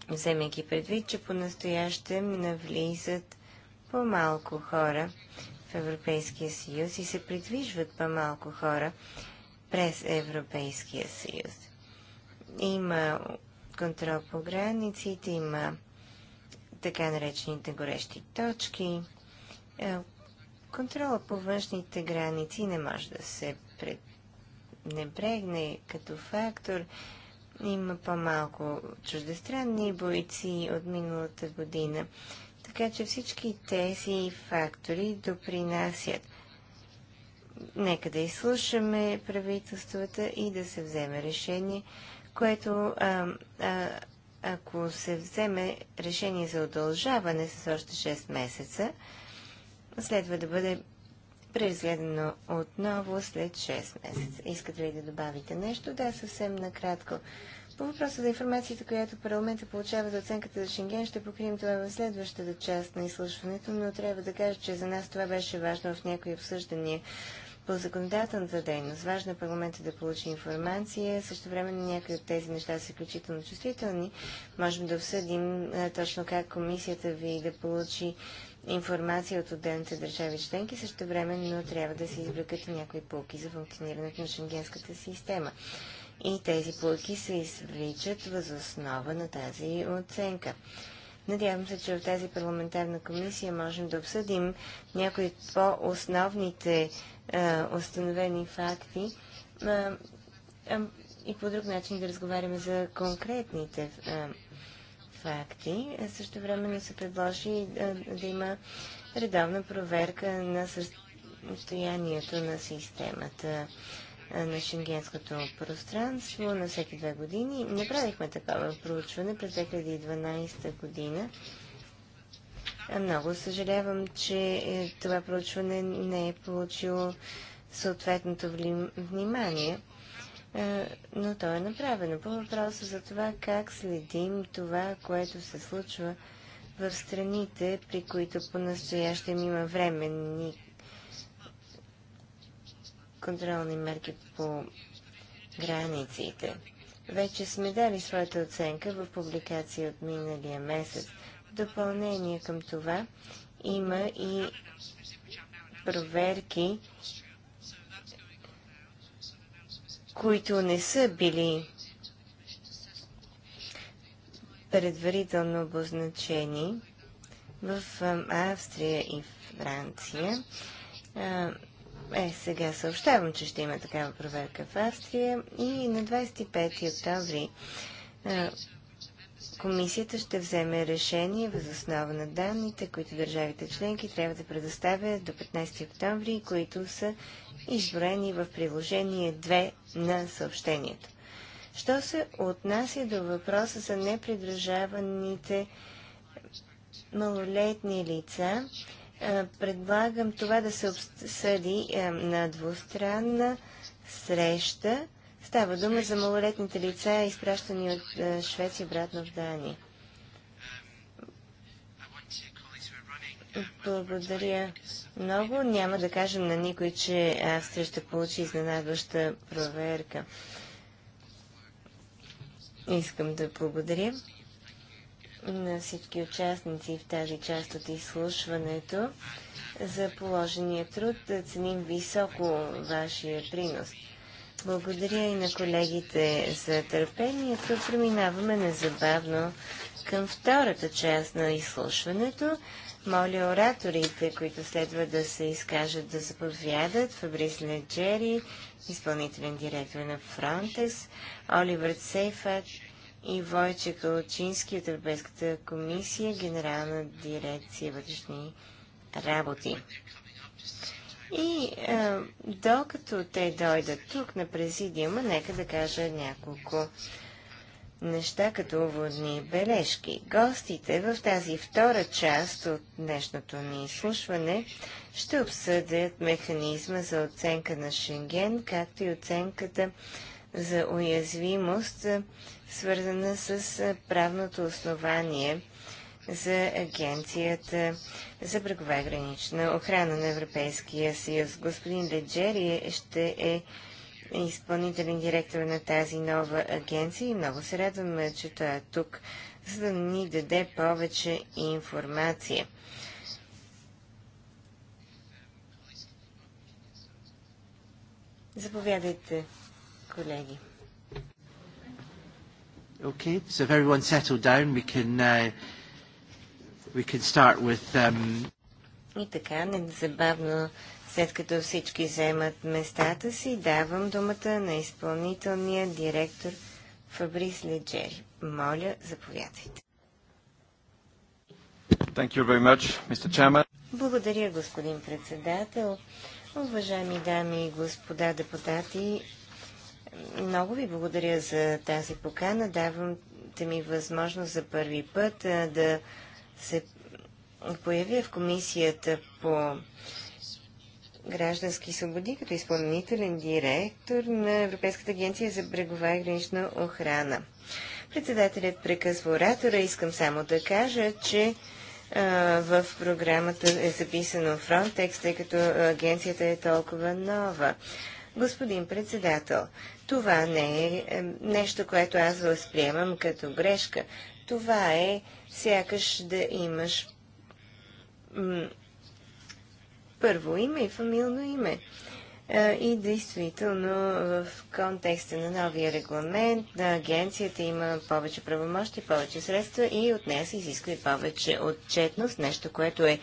Вземайки предвид, че по-настоящем навлизат по-малко хора в Европейския съюз и се придвижват по-малко хора през Европейския съюз. Има контрол по границите, има така наречените горещи точки. Е, контрола по външните граници не може да се пренебрегне като фактор. Има по-малко чуждестранни бойци от миналата година. Така че всички тези фактори допринасят. Нека да изслушаме правителствата и да се вземе решение което а, а, ако се вземе решение за удължаване с още 6 месеца, следва да бъде преразгледано отново след 6 месеца. Искате ли да добавите нещо? Да, съвсем накратко. По въпроса за информацията, която парламента получава за оценката за Шенген, ще покрием това в следващата част на изслушването, но трябва да кажа, че за нас това беше важно в някои обсъждания по законодателната дейност. Важно е парламентът да получи информация. Също време на някои от тези неща са изключително чувствителни. Можем да обсъдим точно как комисията ви да получи информация от отделните държави членки. Също време, но трябва да се извлекат и някои полки за функционирането на шенгенската система. И тези полки се извличат възоснова на тази оценка. Надявам се, че в тази парламентарна комисия можем да обсъдим някои от по-основните установени факти а, а, и по друг начин да разговаряме за конкретните а, факти. Също времено се предложи да има редовна проверка на състоянието на системата е, на шенгенското пространство на всеки две години. Направихме такова проучване през 2012 година. Е, много съжалявам, че е, това проучване не е получило съответното внимание, но то е направено. По въпроса за това как следим това, което се случва в страните, при които по-настоящем има временни контролни мерки по границите. Вече сме дали своята оценка в публикация от миналия месец. В допълнение към това има и проверки, които не са били предварително обозначени в Австрия и Франция. Е, сега съобщавам, че ще има такава проверка в Австрия и на 25 октомври комисията ще вземе решение въз основа на данните, които държавите членки трябва да предоставят до 15 октомври, които са изброени в приложение 2 на съобщението. Що се отнася до въпроса за непридържаваните малолетни лица, е, предлагам това да се обсъди е, на двустранна среща. Става дума за малолетните лица, изпращани от е, Швеция обратно в Дания. Благодаря много. Няма да кажем на никой, че Австрия ще получи изненадваща проверка. Искам да благодаря на всички участници в тази част от изслушването за положения труд. Да ценим високо вашия принос. Благодаря и на колегите за търпението. Преминаваме незабавно към втората част на изслушването. Моля ораторите, които следва да се изкажат, да заповядат. Фабрис Леджери, изпълнителен директор на Фронтес, Оливер Сейфът, и Войче Калчински от Европейската комисия, Генерална дирекция вътрешни работи. И а, докато те дойдат тук на президиума, нека да кажа няколко неща като водни бележки. Гостите в тази втора част от днешното ни изслушване ще обсъдят механизма за оценка на Шенген, както и оценката за уязвимост свързана с правното основание за Агенцията за брегова гранична охрана на Европейския съюз. Господин Леджери ще е изпълнителен директор на тази нова агенция и много се радваме, че той е тук, за да ни даде повече информация. Заповядайте, колеги. Okay, so if everyone settled down, we can, uh, we can start with... Um... И така, незабавно, след като всички вземат местата си, давам думата на изпълнителния директор Фабрис Леджери. Моля, заповядайте. Thank you very much, Mr. Chairman. Благодаря, господин председател. Уважаеми дами и господа депутати, много ви благодаря за тази покана. Давате ми възможност за първи път да се появя в комисията по граждански свободи като изпълнителен директор на Европейската агенция за брегова и гранична охрана. Председателят прекъсва оратора. Искам само да кажа, че в програмата е записано Frontex, тъй като агенцията е толкова нова. Господин председател, това не е, е нещо, което аз възприемам като грешка. Това е сякаш да имаш първо име и фамилно име. Е, и действително в контекста на новия регламент на агенцията има повече правомощи, повече средства и от нея се изисква и повече отчетност, нещо, което е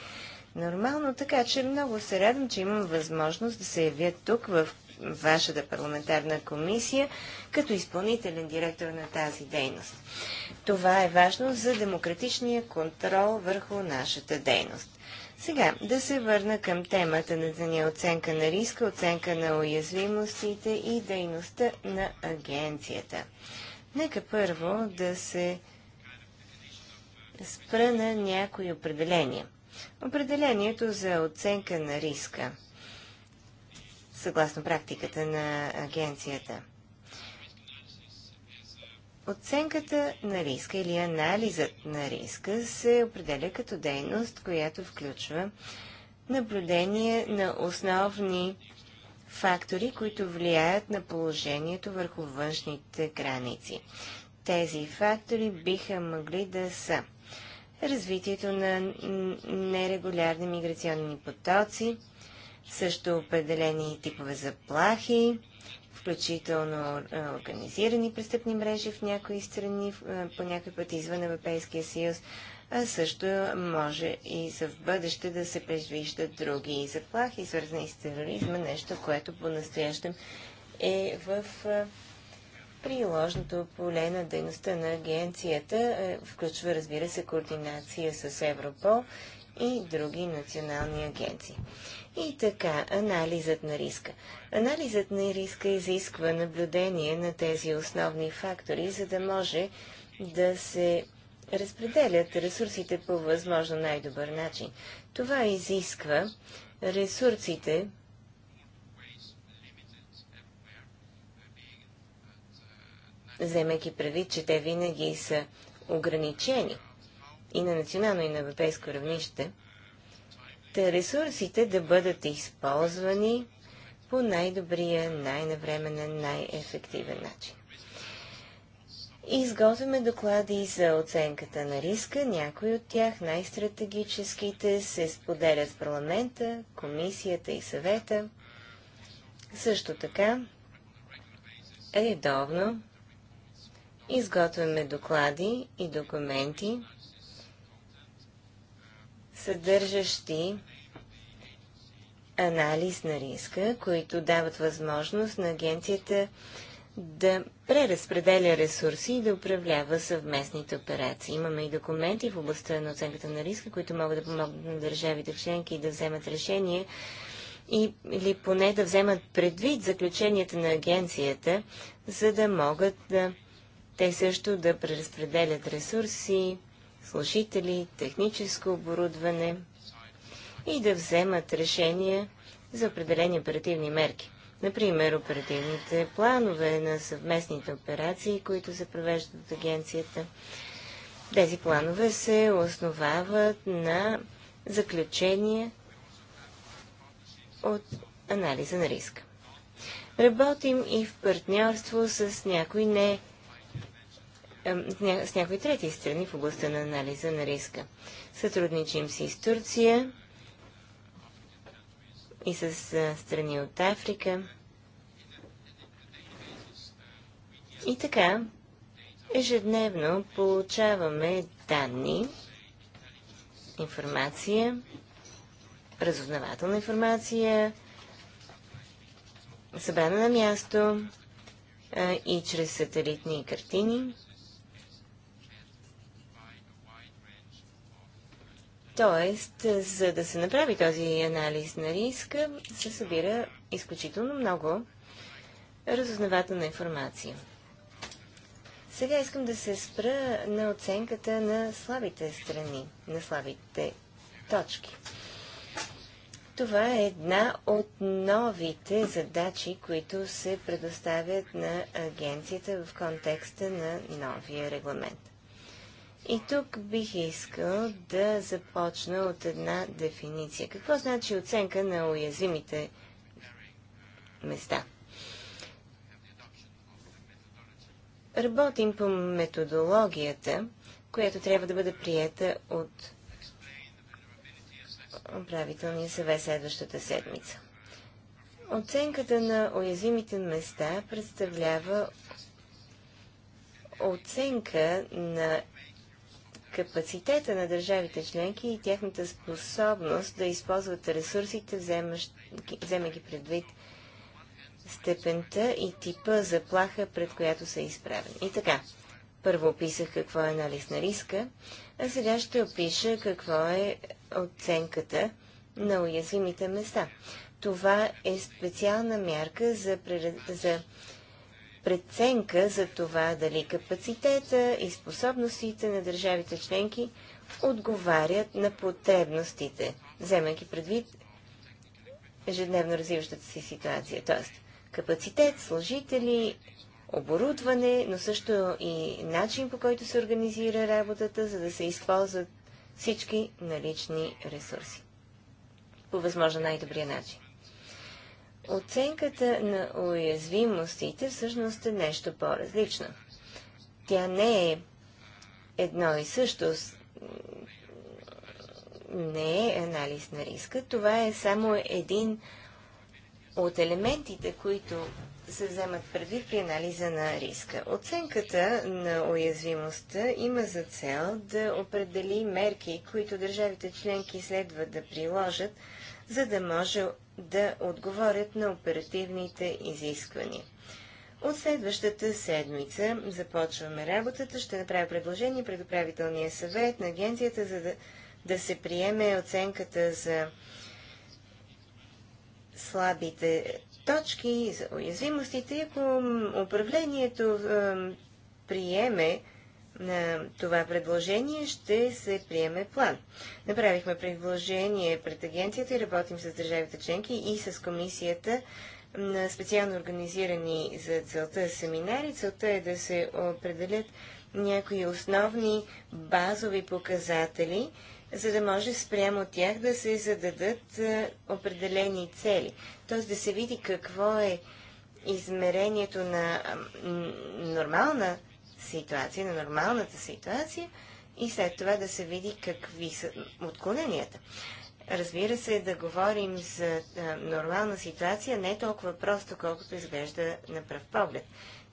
нормално. Така че много се радвам, че имам възможност да се явя тук в вашата парламентарна комисия като изпълнителен директор на тази дейност. Това е важно за демократичния контрол върху нашата дейност. Сега да се върна към темата на деня оценка на риска, оценка на уязвимостите и дейността на агенцията. Нека първо да се спра на някои определения. Определението за оценка на риска – съгласно практиката на агенцията. Оценката на риска или анализът на риска се определя като дейност, която включва наблюдение на основни фактори, които влияят на положението върху външните граници. Тези фактори биха могли да са развитието на нерегулярни миграционни потоци, също определени типове заплахи, включително е, организирани престъпни мрежи в някои страни, е, по някой път извън Европейския съюз, а също може и за в бъдеще да се предвиждат други заплахи, свързани с тероризма, нещо, което по-настоящем е в е, приложното поле на дейността на агенцията, включва, разбира се, координация с Европол и други национални агенции. И така, анализът на риска. Анализът на риска изисква наблюдение на тези основни фактори, за да може да се разпределят ресурсите по възможно най-добър начин. Това изисква ресурсите вземайки предвид, че те винаги са ограничени и на национално и на европейско равнище – ресурсите да бъдат използвани по най-добрия, най-навременен, най-ефективен начин. Изготвяме доклади за оценката на риска. Някои от тях, най-стратегическите, се споделят в парламента, комисията и съвета. Също така, редовно изготвяме доклади и документи съдържащи анализ на риска, които дават възможност на агенцията да преразпределя ресурси и да управлява съвместните операции. Имаме и документи в областта на оценката на риска, които могат да помогнат на държавите членки да вземат решение и, или поне да вземат предвид заключенията на агенцията, за да могат да, те също да преразпределят ресурси, служители, техническо оборудване и да вземат решения за определени оперативни мерки. Например, оперативните планове на съвместните операции, които се провеждат от агенцията. Тези планове се основават на заключения от анализа на риска. Работим и в партньорство с някои не е, с някои трети страни в областта на анализа на риска. Сътрудничим си с Турция и с е, страни от Африка. И така, ежедневно получаваме данни, информация, разузнавателна информация, събрана на място е, и чрез сателитни картини. Тоест, за да се направи този анализ на риска, се събира изключително много разузнавателна информация. Сега искам да се спра на оценката на слабите страни, на слабите точки. Това е една от новите задачи, които се предоставят на агенцията в контекста на новия регламент. И тук бих искал да започна от една дефиниция. Какво значи оценка на уязвимите места? Работим по методологията, която трябва да бъде приета от управителния съвет следващата седмица. Оценката на уязвимите места представлява оценка на капацитета на държавите членки и тяхната способност да използват ресурсите, вземайки предвид степента и типа заплаха, пред която са изправени. И така, първо описах какво е анализ на риска, а сега ще опиша какво е оценката на уязвимите места. Това е специална мярка за, за Предценка за това дали капацитета и способностите на държавите членки отговарят на потребностите, вземайки предвид ежедневно развиващата си ситуация. Тоест, капацитет, служители, оборудване, но също и начин по който се организира работата, за да се използват всички налични ресурси. По възможно най-добрия начин. Оценката на уязвимостите всъщност е нещо по-различно. Тя не е едно и също, не е анализ на риска. Това е само един от елементите, които се вземат преди при анализа на риска. Оценката на уязвимостта има за цел да определи мерки, които държавите членки следва да приложат, за да може да отговорят на оперативните изисквания. От следващата седмица започваме работата. Ще направя предложение пред управителния съвет на агенцията, за да, да се приеме оценката за слабите точки, за уязвимостите. Ако управлението приеме на това предложение ще се приеме план. Направихме предложение пред агенцията и работим с държавите членки и с комисията на специално организирани за целта семинари. Целта е да се определят някои основни базови показатели, за да може спрямо тях да се зададат е, определени цели. Т.е. да се види какво е измерението на нормална ситуация, на нормалната ситуация и след това да се види какви са отклоненията. Разбира се, да говорим за а, нормална ситуация не е толкова просто, колкото изглежда на пръв поглед.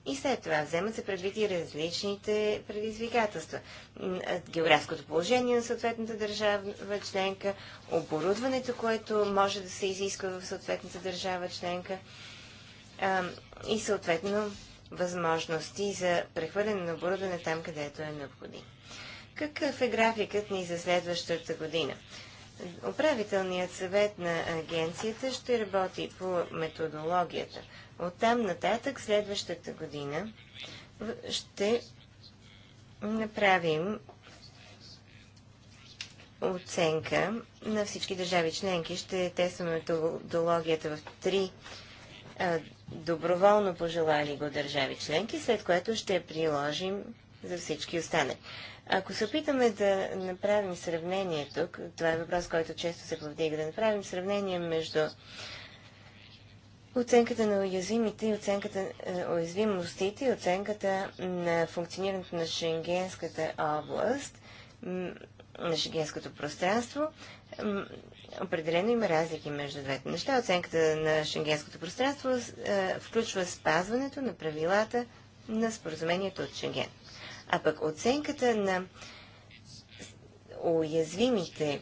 И след това вземат се предвид и различните предизвикателства. Географското положение на съответната държава членка, оборудването, което може да се изисква в съответната държава членка а, и съответно възможности за прехвърляне на оборудване там, където е необходимо. Какъв е графикът ни за следващата година? Управителният съвет на агенцията ще работи по методологията. От там нататък следващата година ще направим оценка на всички държави членки. Ще тестваме методологията в три доброволно пожелали го държави членки, след което ще приложим за всички останали. Ако се опитаме да направим сравнение тук, това е въпрос, който често се повдига, да направим сравнение между оценката на уязвимите и оценката на е, уязвимостите и оценката на функционирането на Шенгенската област, на шенгенското пространство, Определено има разлики между двете неща. Оценката на шенгенското пространство е, включва спазването на правилата на споразумението от Шенген. А пък оценката на уязвимите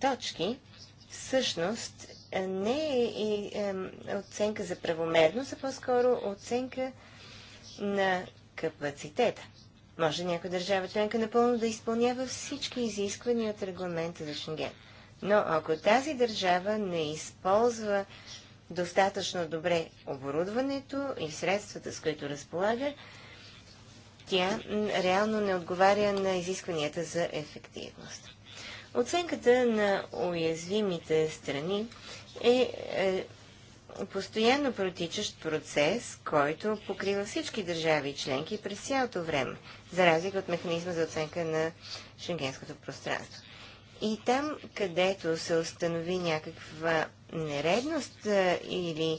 точки всъщност е, не е и е, оценка за правомерност, а по-скоро оценка на капацитета. Може някоя държава членка напълно да изпълнява всички изисквания от регламента за Шенген. Но ако тази държава не използва достатъчно добре оборудването и средствата, с които разполага, тя реално не отговаря на изискванията за ефективност. Оценката на уязвимите страни е, е постоянно протичащ процес, който покрива всички държави и членки през цялото време, за разлика от механизма за оценка на шенгенското пространство. И там, където се установи някаква нередност или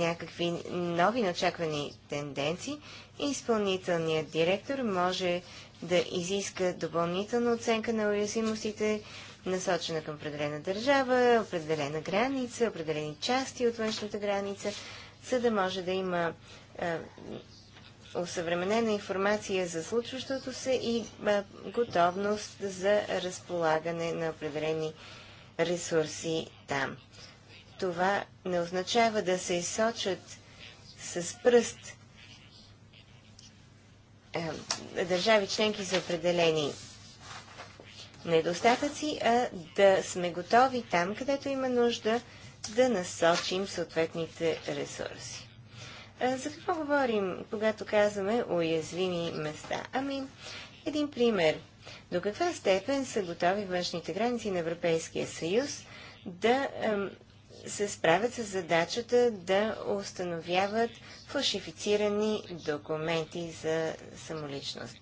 някакви нови неочаквани тенденции, изпълнителният директор може да изиска допълнителна оценка на уязвимостите, насочена към определена държава, определена граница, определени части от външната граница, за да може да има осъвременена информация за случващото се и готовност за разполагане на определени ресурси там. Това не означава да се изсочат с пръст държави членки за определени недостатъци, а да сме готови там, където има нужда да насочим съответните ресурси. Е, за какво говорим, когато казваме уязвими места? Ами, един пример. До каква степен са готови външните граници на Европейския съюз да ем, се справят с задачата да установяват фалшифицирани документи за самоличност?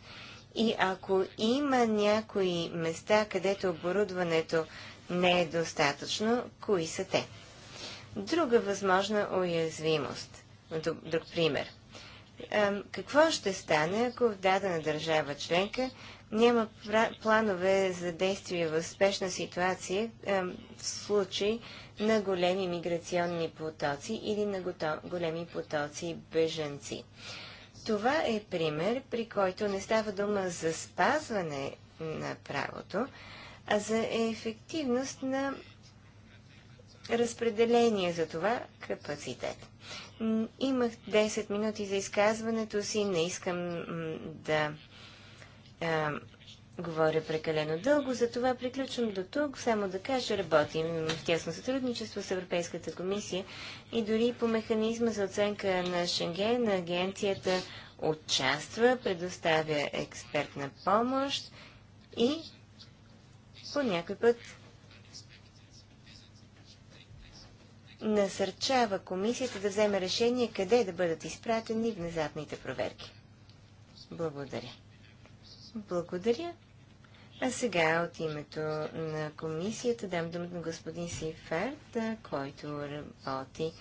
И ако има някои места, където оборудването не е достатъчно, кои са те? Друга възможна уязвимост друг пример. Какво ще стане, ако в дадена държава членка няма планове за действие в спешна ситуация в случай на големи миграционни потоци или на големи потоци бежанци. Това е пример, при който не става дума за спазване на правото, а за ефективност на разпределение за това капацитет. Имах 10 минути за изказването си. Не искам да а, говоря прекалено дълго, затова приключвам до тук. Само да кажа, работим в тясно сътрудничество с Европейската комисия и дори по механизма за оценка на Шенген агенцията участва, предоставя експертна помощ и по някой път насърчава комисията да вземе решение къде да бъдат изпратени внезапните проверки. Благодаря. Благодаря. А сега от името на комисията дам думата на господин Сейферт, който работи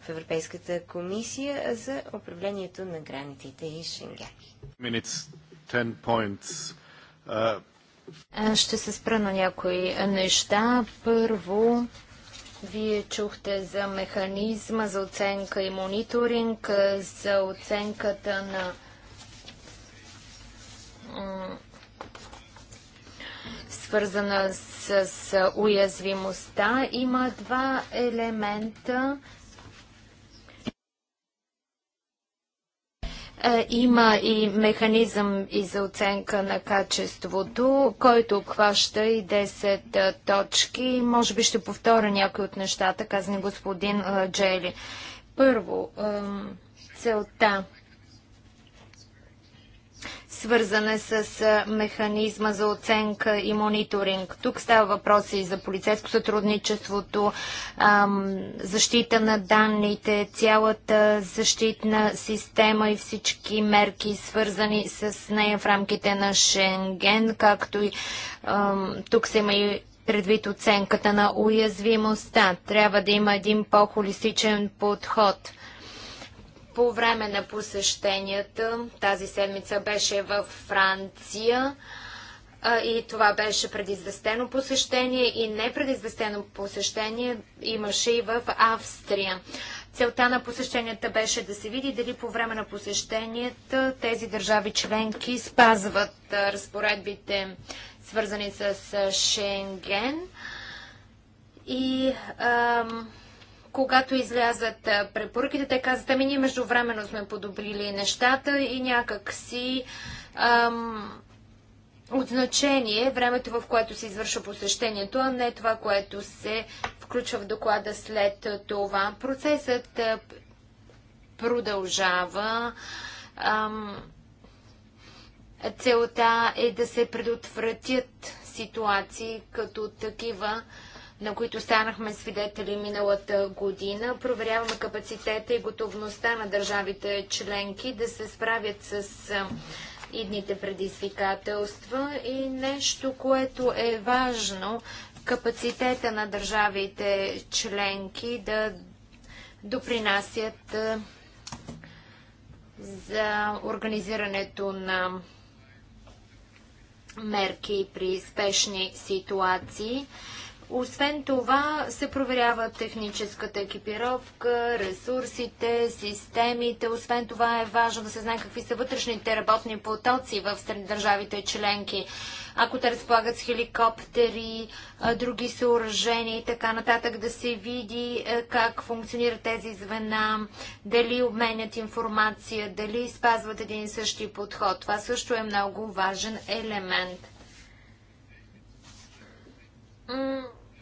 в Европейската комисия за управлението на границите и Шенген. Uh, Ще се спра на някои неща. Първо, вие чухте за механизма за оценка и мониторинг, за оценката на свързана с, уязвимостта. Има два елемента Е, има и механизъм и за оценка на качеството, който обхваща и 10 е, точки. Може би ще повторя някои от нещата, казани господин е, Джели. Първо, целта Свързане с механизма за оценка и мониторинг. Тук става въпрос и за полицейско сътрудничеството, защита на данните, цялата защитна система и всички мерки, свързани с нея в рамките на Шенген, както и тук се има и предвид оценката на уязвимостта. Трябва да има един по-холистичен подход – по време на посещенията. Тази седмица беше в Франция и това беше предизвестено посещение и непредизвестено посещение имаше и в Австрия. Целта на посещенията беше да се види дали по време на посещенията тези държави членки спазват разпоредбите, свързани с Шенген. И ам, когато излязат препоръките, те казват, ами ние междувременно сме подобрили нещата и някак си ам, от значение е времето, в което се извършва посещението, а не това, което се включва в доклада след това. Процесът продължава. Ам, целта е да се предотвратят ситуации като такива, на които станахме свидетели миналата година. Проверяваме капацитета и готовността на държавите членки да се справят с идните предизвикателства и нещо, което е важно, капацитета на държавите членки да допринасят за организирането на мерки при спешни ситуации. Освен това се проверява техническата екипировка, ресурсите, системите. Освен това е важно да се знае какви са вътрешните работни потоци в държавите членки. Ако те разполагат с хеликоптери, други съоръжения и така нататък, да се види е, как функционират тези звена, дали обменят информация, дали спазват един и същи подход. Това също е много важен елемент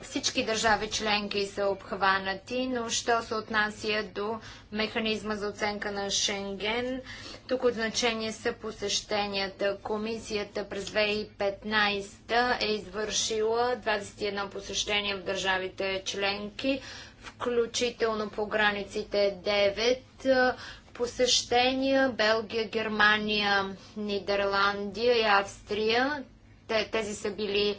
всички държави членки са обхванати, но що се отнася до механизма за оценка на Шенген, тук от значение са посещенията. Комисията през 2015 е извършила 21 посещения в държавите членки, включително по границите 9 посещения Белгия, Германия, Нидерландия и Австрия. Те, тези са били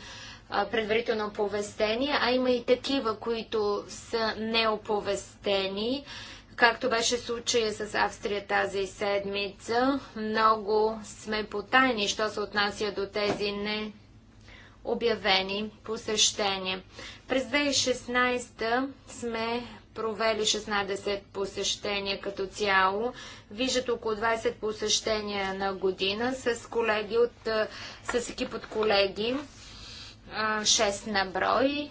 предварително оповестени, а има и такива, които са неоповестени, както беше случая с Австрия тази седмица. Много сме потайни, що се отнася до тези не обявени посещения. През 2016 сме провели 16 посещения като цяло. Виждат около 20 посещения на година с колеги от, с екип от колеги 6 на брой.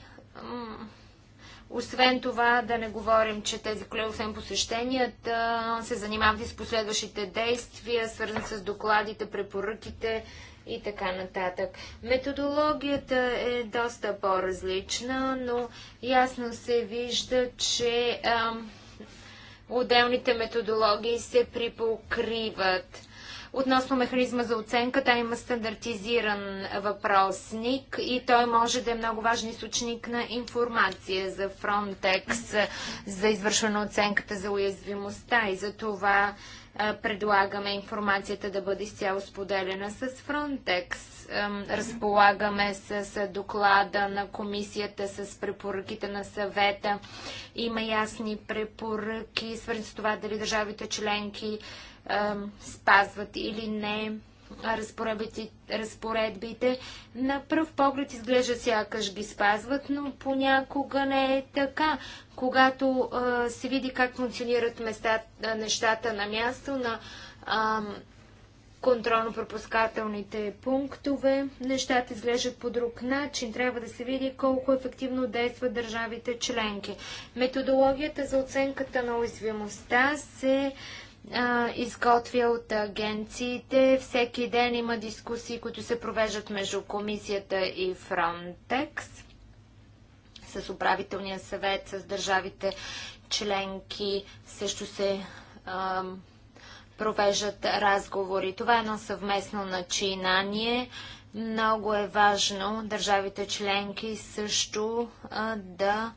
Освен това, да не говорим, че тези колеги, освен посещенията, се занимават и с последващите действия, свързани с докладите, препоръките и така нататък. Методологията е доста по-различна, но ясно се вижда, че а, отделните методологии се припокриват. Относно механизма за оценка, там има стандартизиран въпросник и той може да е много важен източник на информация за Frontex, за извършване оценката за уязвимостта и за това предлагаме информацията да бъде изцяло споделена с Frontex. Разполагаме с доклада на комисията, с препоръките на съвета. Има ясни препоръки, свързани с това дали държавите членки спазват или не разпоредбите, разпоредбите. На пръв поглед изглежда сякаш ги спазват, но понякога не е така. Когато се види как функционират места, нещата на място, на контролно-пропускателните пунктове, нещата изглеждат по друг начин. Трябва да се види колко ефективно действат държавите членки. Методологията за оценката на уязвимостта се а, а, изготвя от агенциите. Всеки ден има дискусии, които се провеждат между комисията и Frontex с управителния съвет, с държавите членки. Също се а, провеждат разговори. Това е едно съвместно начинание. Много е важно държавите членки също а, да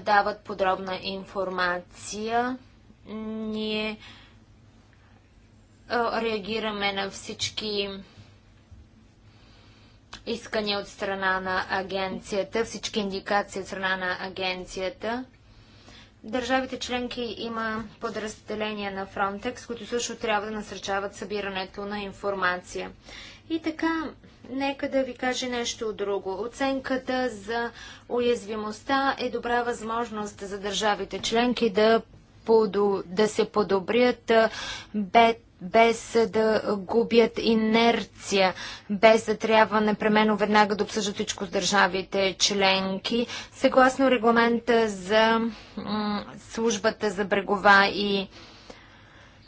дават подробна информация ние реагираме на всички искания от страна на агенцията, всички индикации от страна на агенцията. Държавите членки има подразделения на Frontex, които също трябва да насърчават събирането на информация. И така, нека да ви кажа нещо друго. Оценката за уязвимостта е добра възможност за държавите членки да да се подобрят без без да губят инерция, без да трябва непременно веднага да обсъждат всичко с държавите членки. Съгласно регламента за службата за брегова и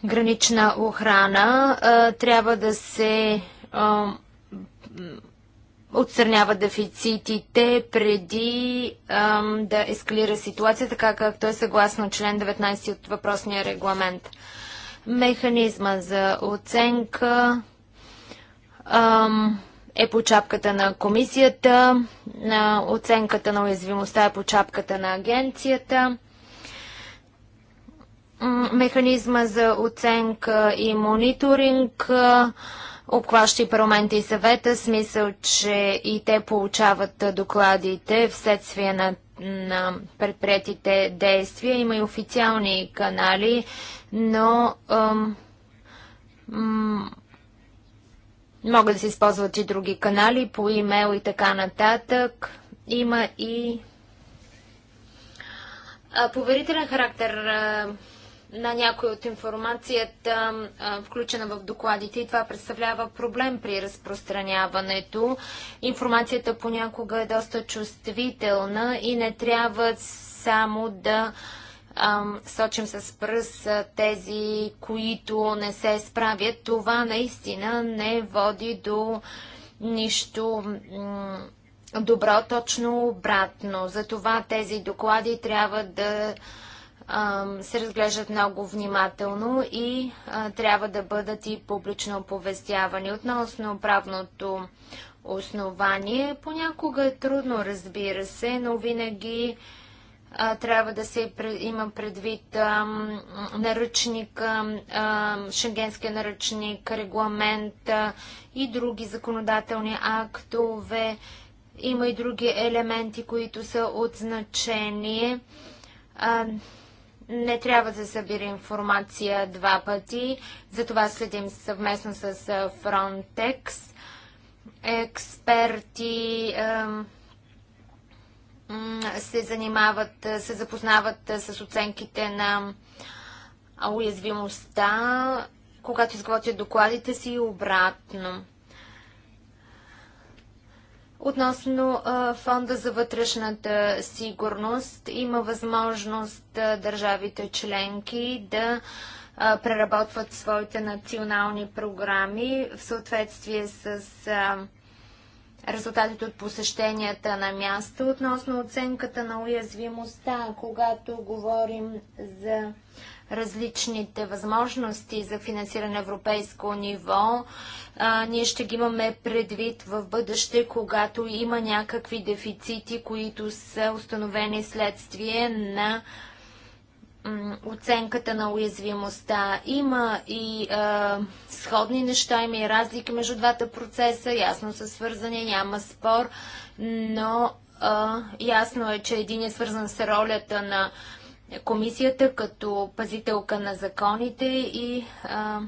гранична охрана, трябва да се отстранява дефицитите преди ам, да ескалира ситуация, така както е съгласно член 19 от въпросния регламент. Механизма за оценка ам, е по чапката на комисията, на оценката на уязвимостта е по чапката на агенцията. Механизма за оценка и мониторинг а, обхваща и парламента и съвета, смисъл, че и те получават докладите вследствие на, на предприятите действия. Има и официални канали, но ам, ам, могат да се използват и други канали по имейл и така нататък. Има и а, поверителен характер. А, на някои от информацията, включена в докладите и това представлява проблем при разпространяването. Информацията понякога е доста чувствителна и не трябва само да сочим с пръст тези, които не се справят. Това наистина не води до нищо добро, точно обратно. Затова тези доклади трябва да се разглеждат много внимателно и трябва да бъдат и публично оповестявани. Относно правното основание, понякога е трудно, разбира се, но винаги трябва да се има предвид наръчник, шенгенския наръчник, регламент и други законодателни актове. Има и други елементи, които са от значение не трябва да събира информация два пъти, затова следим съвместно с Frontex, експерти, се занимават, се запознават с оценките на уязвимостта, когато изготвят докладите си и обратно. Относно фонда за вътрешната сигурност, има възможност държавите членки да преработват своите национални програми в съответствие с резултатите от посещенията на място. Относно оценката на уязвимостта, когато говорим за различните възможности за финансиране на европейско ниво, а, ние ще ги имаме предвид в бъдеще, когато има някакви дефицити, които са установени следствие на оценката на уязвимостта. Има и а, сходни неща, има и разлики между двата процеса, ясно са свързани, няма спор, но а, ясно е, че един е свързан с ролята на комисията като пазителка на законите и а,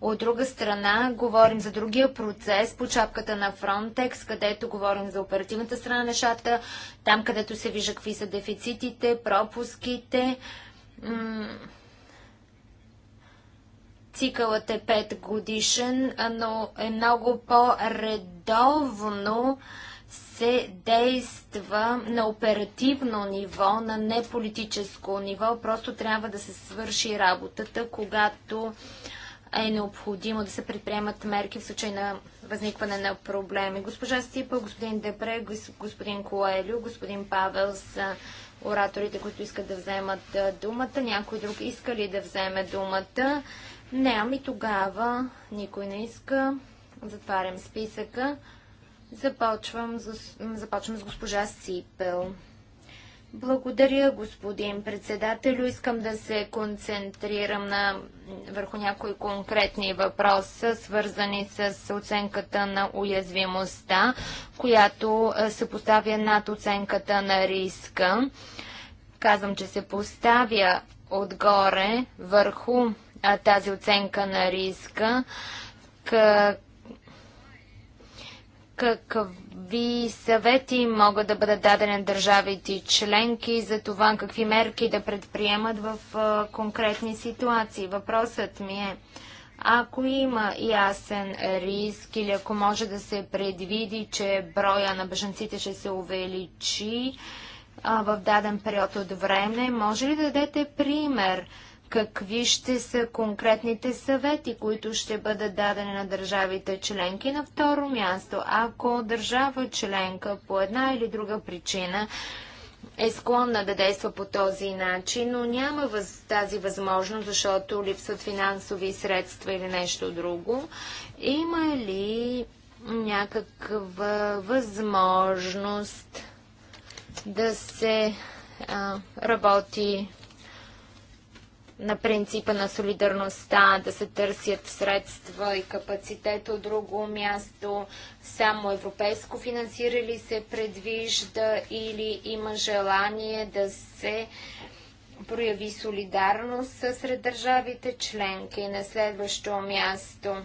от друга страна говорим за другия процес по чапката на Frontex, където говорим за оперативната страна на нещата, там където се вижда какви са дефицитите, пропуските. Цикълът е 5 годишен, но е много по-редовно се действа на оперативно ниво, на неполитическо ниво. Просто трябва да се свърши работата, когато е необходимо да се предприемат мерки в случай на възникване на проблеми. Госпожа Стипа, господин Депре, господин Коелю, господин Павел са ораторите, които искат да вземат думата. Някой друг иска ли да вземе думата? Не, ами тогава никой не иска. Затварям списъка. Започвам, започвам с госпожа Сипел. Благодаря, господин председател, Искам да се концентрирам на, върху някои конкретни въпроса, свързани с оценката на уязвимостта, която се поставя над оценката на риска. Казвам, че се поставя отгоре върху тази оценка на риска, как какви съвети могат да бъдат дадени на държавите членки за това какви мерки да предприемат в а, конкретни ситуации. Въпросът ми е, ако има ясен риск или ако може да се предвиди, че броя на бежанците ще се увеличи а, в даден период от време, може ли да дадете пример? какви ще са конкретните съвети, които ще бъдат дадени на държавите членки. На второ място, ако държава членка по една или друга причина е склонна да действа по този начин, но няма въз, тази възможност, защото липсват финансови средства или нещо друго. Има ли някаква възможност да се а, работи на принципа на солидарността, да се търсят средства и капацитет от друго място, само европейско финансиране ли се предвижда или има желание да се прояви солидарност сред държавите членки. На следващо място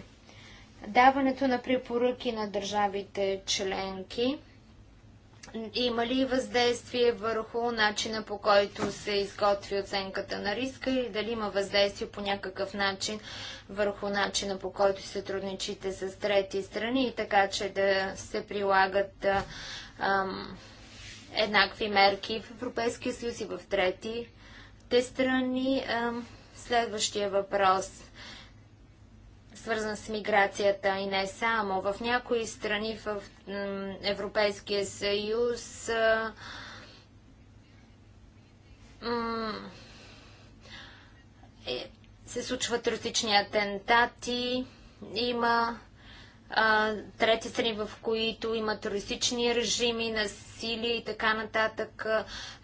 даването на препоръки на държавите членки – има ли въздействие върху начина по който се изготви оценката на риска и дали има въздействие по някакъв начин върху начина по който се трудничите с трети страни, и така че да се прилагат ам, еднакви мерки в Европейския съюз и в трети страни. Ам, следващия въпрос – свързан с миграцията и не само. В някои страни в Европейския съюз е, се случват различни атентати, има трети страни, в които има туристични режими, насилие и така нататък.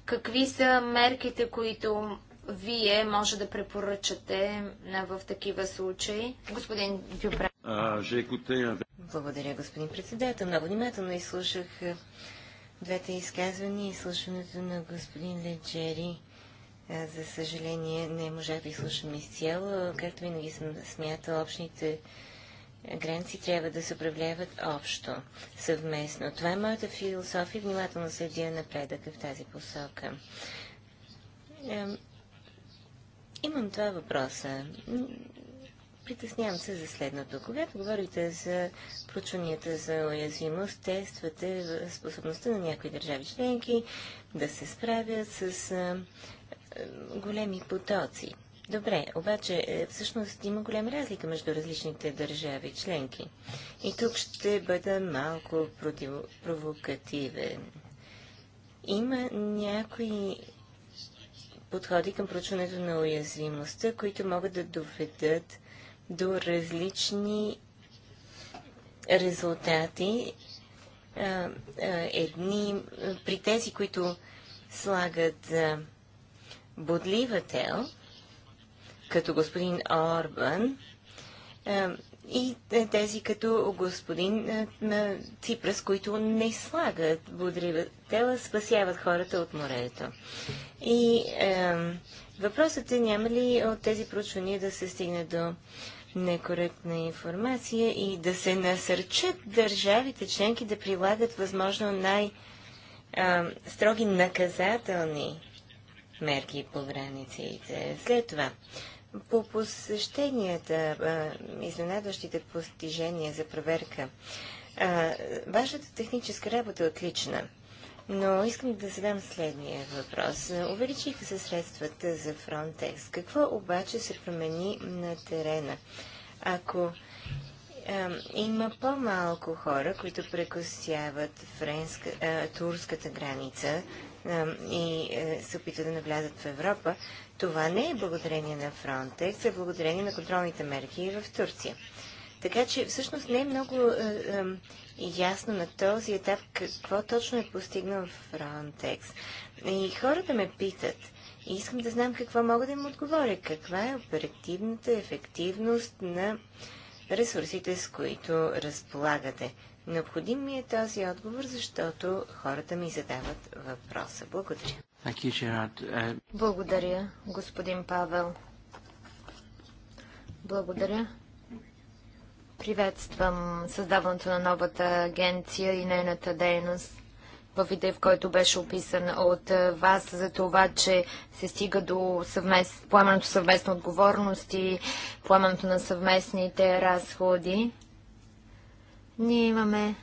Какви са мерките, които вие може да препоръчате в такива случаи? Господин Дюбре. Благодаря, господин председател. Много внимателно изслушах е, двете изказвания и изслушването на господин Леджери. Е, за съжаление, не можах да изслушам изцяло. Както винаги съм смятал, общните граници трябва да се управляват общо, съвместно. Това е моята философия. Внимателно следя напредъка в тази посока. Имам това въпроса. Притеснявам се за следното. Когато говорите за проучванията за уязвимост, тествате способността на някои държави членки да се справят с а, големи потоци. Добре, обаче е, всъщност има голяма разлика между различните държави членки. И тук ще бъда малко противопровокативен. провокативен. Има някои подходи към проучването на уязвимостта, които могат да доведат до различни резултати. Едни, при тези, които слагат бодлива тел, като господин Орбан, и е, тези като господин е, Ципрас, които не слагат будрива тела, спасяват хората от морето. И е, въпросът е няма ли от тези проучвания да се стигне до некоректна информация и да се насърчат държавите членки да прилагат възможно най-строги наказателни мерки по границите. След това, по посещенията, изненадващите постижения за проверка, вашата техническа работа е отлична. Но искам да задам следния въпрос. Увеличиха се средствата за Frontex. Какво обаче се промени на терена? Ако има по-малко хора, които прекосяват турската граница и е, се опитват да навлязат в Европа, това не е благодарение на Frontex, а благодарение на контролните мерки в Турция. Така че всъщност не е много е, е, ясно на този етап какво точно е постигнал Frontex. И хората ме питат и искам да знам какво мога да им отговоря. Каква е оперативната ефективност на ресурсите, с които разполагате? Необходим ми е този отговор, защото хората ми задават въпроса. Благодаря. Uh, Благодаря, господин Павел. Благодаря. Приветствам създаването на новата агенция и нейната дейност в вида, в който беше описан от вас за това, че се стига до съвмест... поемането съвместна отговорност и поемането на съвместните разходи. Ние имаме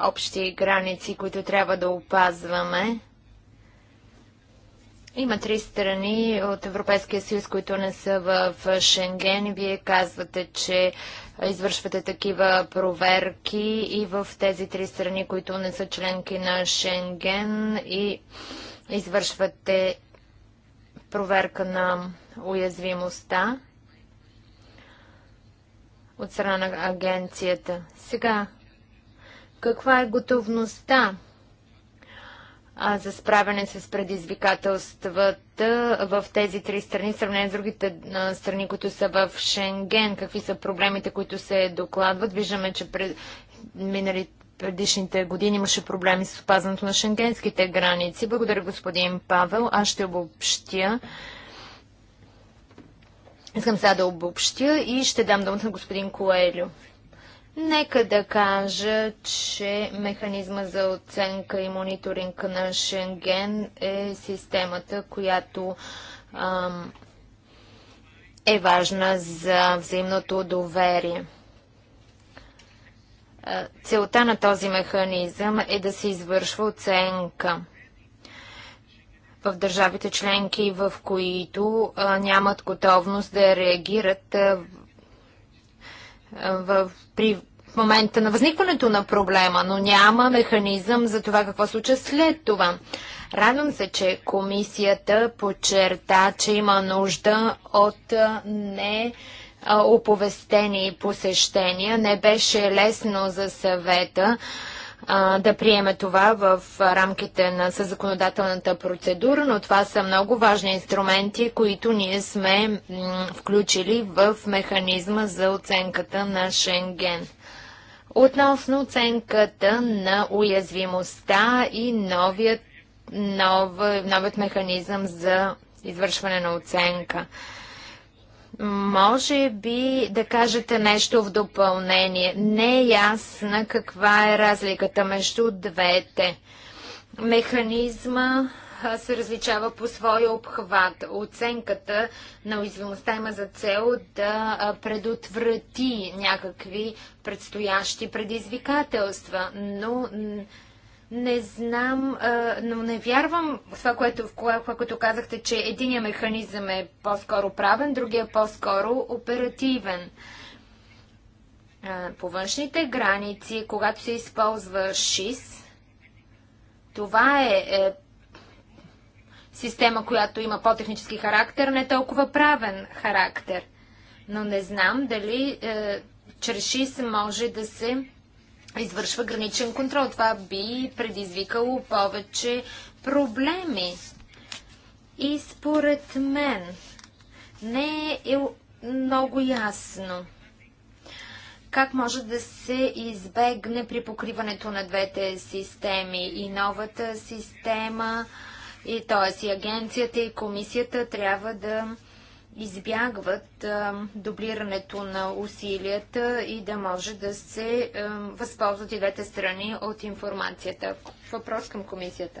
общи граници, които трябва да опазваме. Има три страни от Европейския съюз, които не са в Шенген и вие казвате, че извършвате такива проверки и в тези три страни, които не са членки на Шенген и извършвате проверка на уязвимостта от страна на агенцията. Сега, каква е готовността а, за справяне с предизвикателствата в тези три страни, сравнение с другите а, страни, които са в Шенген? Какви са проблемите, които се докладват? Виждаме, че пред, минали, предишните години имаше проблеми с опазването на шенгенските граници. Благодаря, господин Павел. Аз ще обобщя. Искам сега да обобщя и ще дам думата на господин Коелю. Нека да кажа, че механизма за оценка и мониторинг на Шенген е системата, която ам, е важна за взаимното доверие. Е, целта на този механизъм е да се извършва оценка в държавите членки, в които а, нямат готовност да реагират а, в, при в момента на възникването на проблема, но няма механизъм за това какво случва след това. Радвам се, че комисията подчерта, че има нужда от не оповестени посещения. Не беше лесно за съвета да приеме това в рамките на съзаконодателната процедура, но това са много важни инструменти, които ние сме включили в механизма за оценката на Шенген. Относно оценката на уязвимостта и новият, нов, новият механизъм за извършване на оценка. Може би да кажете нещо в допълнение. Не е ясна каква е разликата между двете. Механизма се различава по своя обхват. Оценката на уязвимостта има за цел да предотврати някакви предстоящи предизвикателства, но не знам, но не вярвам в това, което, в което казахте, че единия механизъм е по-скоро правен, другия е по-скоро оперативен. По външните граници, когато се използва ШИС, това е, е система, която има по-технически характер, не толкова правен характер. Но не знам дали е, чрез ШИС може да се извършва граничен контрол. Това би предизвикало повече проблеми. И според мен не е много ясно как може да се избегне при покриването на двете системи и новата система, и т.е. и агенцията и комисията трябва да избягват дублирането на усилията и да може да се възползват и двете страни от информацията. Въпрос към комисията.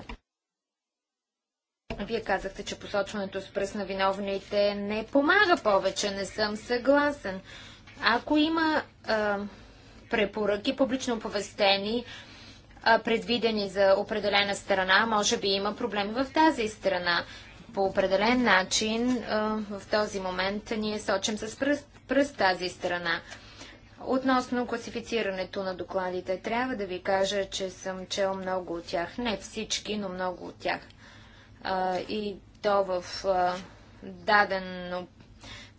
Вие казахте, че посочването с пръст на виновните не помага повече. Не съм съгласен. Ако има а, препоръки, публично оповестени, предвидени за определена страна, може би има проблеми в тази страна по определен начин в този момент ние сочим с пръст, пръст тази страна. Относно класифицирането на докладите, трябва да ви кажа, че съм чел много от тях. Не всички, но много от тях. И то в дадено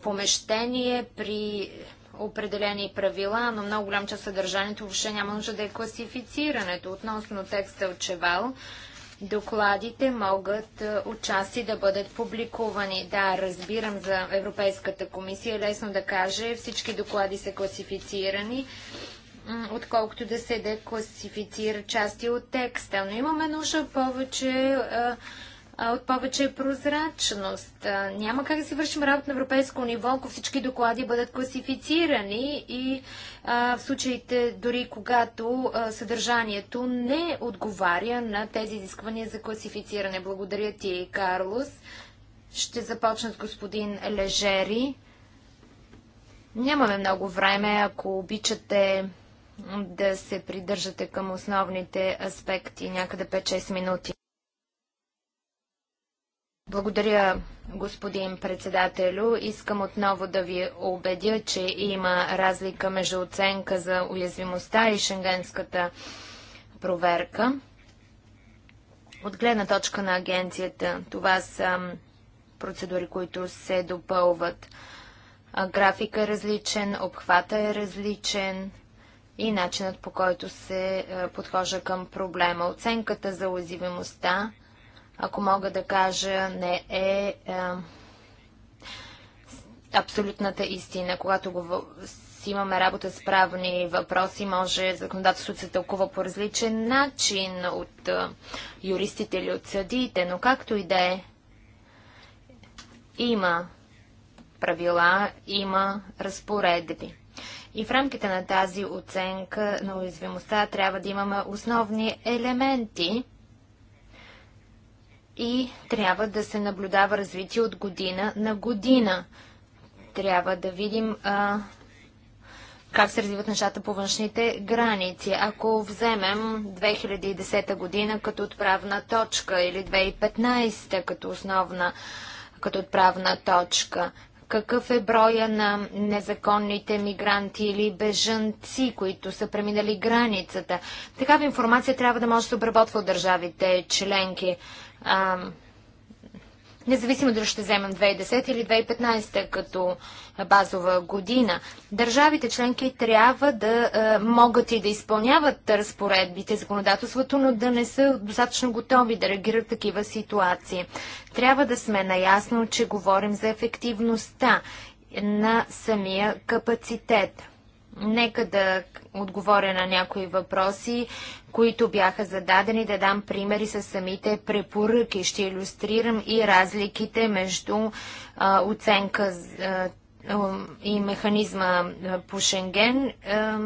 помещение при определени правила, но много голям част съдържанието въобще няма нужда да е класифицирането. Относно текста от Чевал, докладите могат е, отчасти да бъдат публикувани. Да, разбирам за Европейската комисия. Лесно да каже, всички доклади са класифицирани отколкото да се декласифицира части от текста. Но имаме нужда повече а, е, от повече прозрачност. Няма как да си вършим работа на европейско ниво, ако всички доклади бъдат класифицирани и а, в случаите дори когато а, съдържанието не отговаря на тези изисквания за класифициране. Благодаря ти, Карлос. Ще започна с господин Лежери. Нямаме много време, ако обичате да се придържате към основните аспекти, някъде 5-6 минути. Благодаря, господин председателю. Искам отново да ви убедя, че има разлика между оценка за уязвимостта и шенгенската проверка. От гледна точка на агенцията, това са процедури, които се допълват. График е различен, обхвата е различен и начинът по който се е, подхожа към проблема. Оценката за уязвимостта – ако мога да кажа, не е, е абсолютната истина. Когато го имаме работа с правни въпроси, може законодателството се тълкува по различен начин от е, юристите или от съдиите, но както и да е, има правила, има разпоредби. И в рамките на тази оценка на уязвимостта трябва да имаме основни елементи – и трябва да се наблюдава развитие от година на година. Трябва да видим а, как се развиват нещата по външните граници. Ако вземем 2010 година като отправна точка или 2015 като основна като отправна точка, какъв е броя на незаконните мигранти или бежанци, които са преминали границата. Такава информация трябва да може да се обработва от държавите членки независимо дали ще вземем 2010 или 2015 като базова година. Държавите членки трябва да могат и да изпълняват разпоредбите, законодателството, но да не са достатъчно готови да реагират в такива ситуации. Трябва да сме наясно, че говорим за ефективността на самия капацитет. Нека да отговоря на някои въпроси, които бяха зададени, да дам примери с самите препоръки. Ще иллюстрирам и разликите между а, оценка а, и механизма по Шенген. А,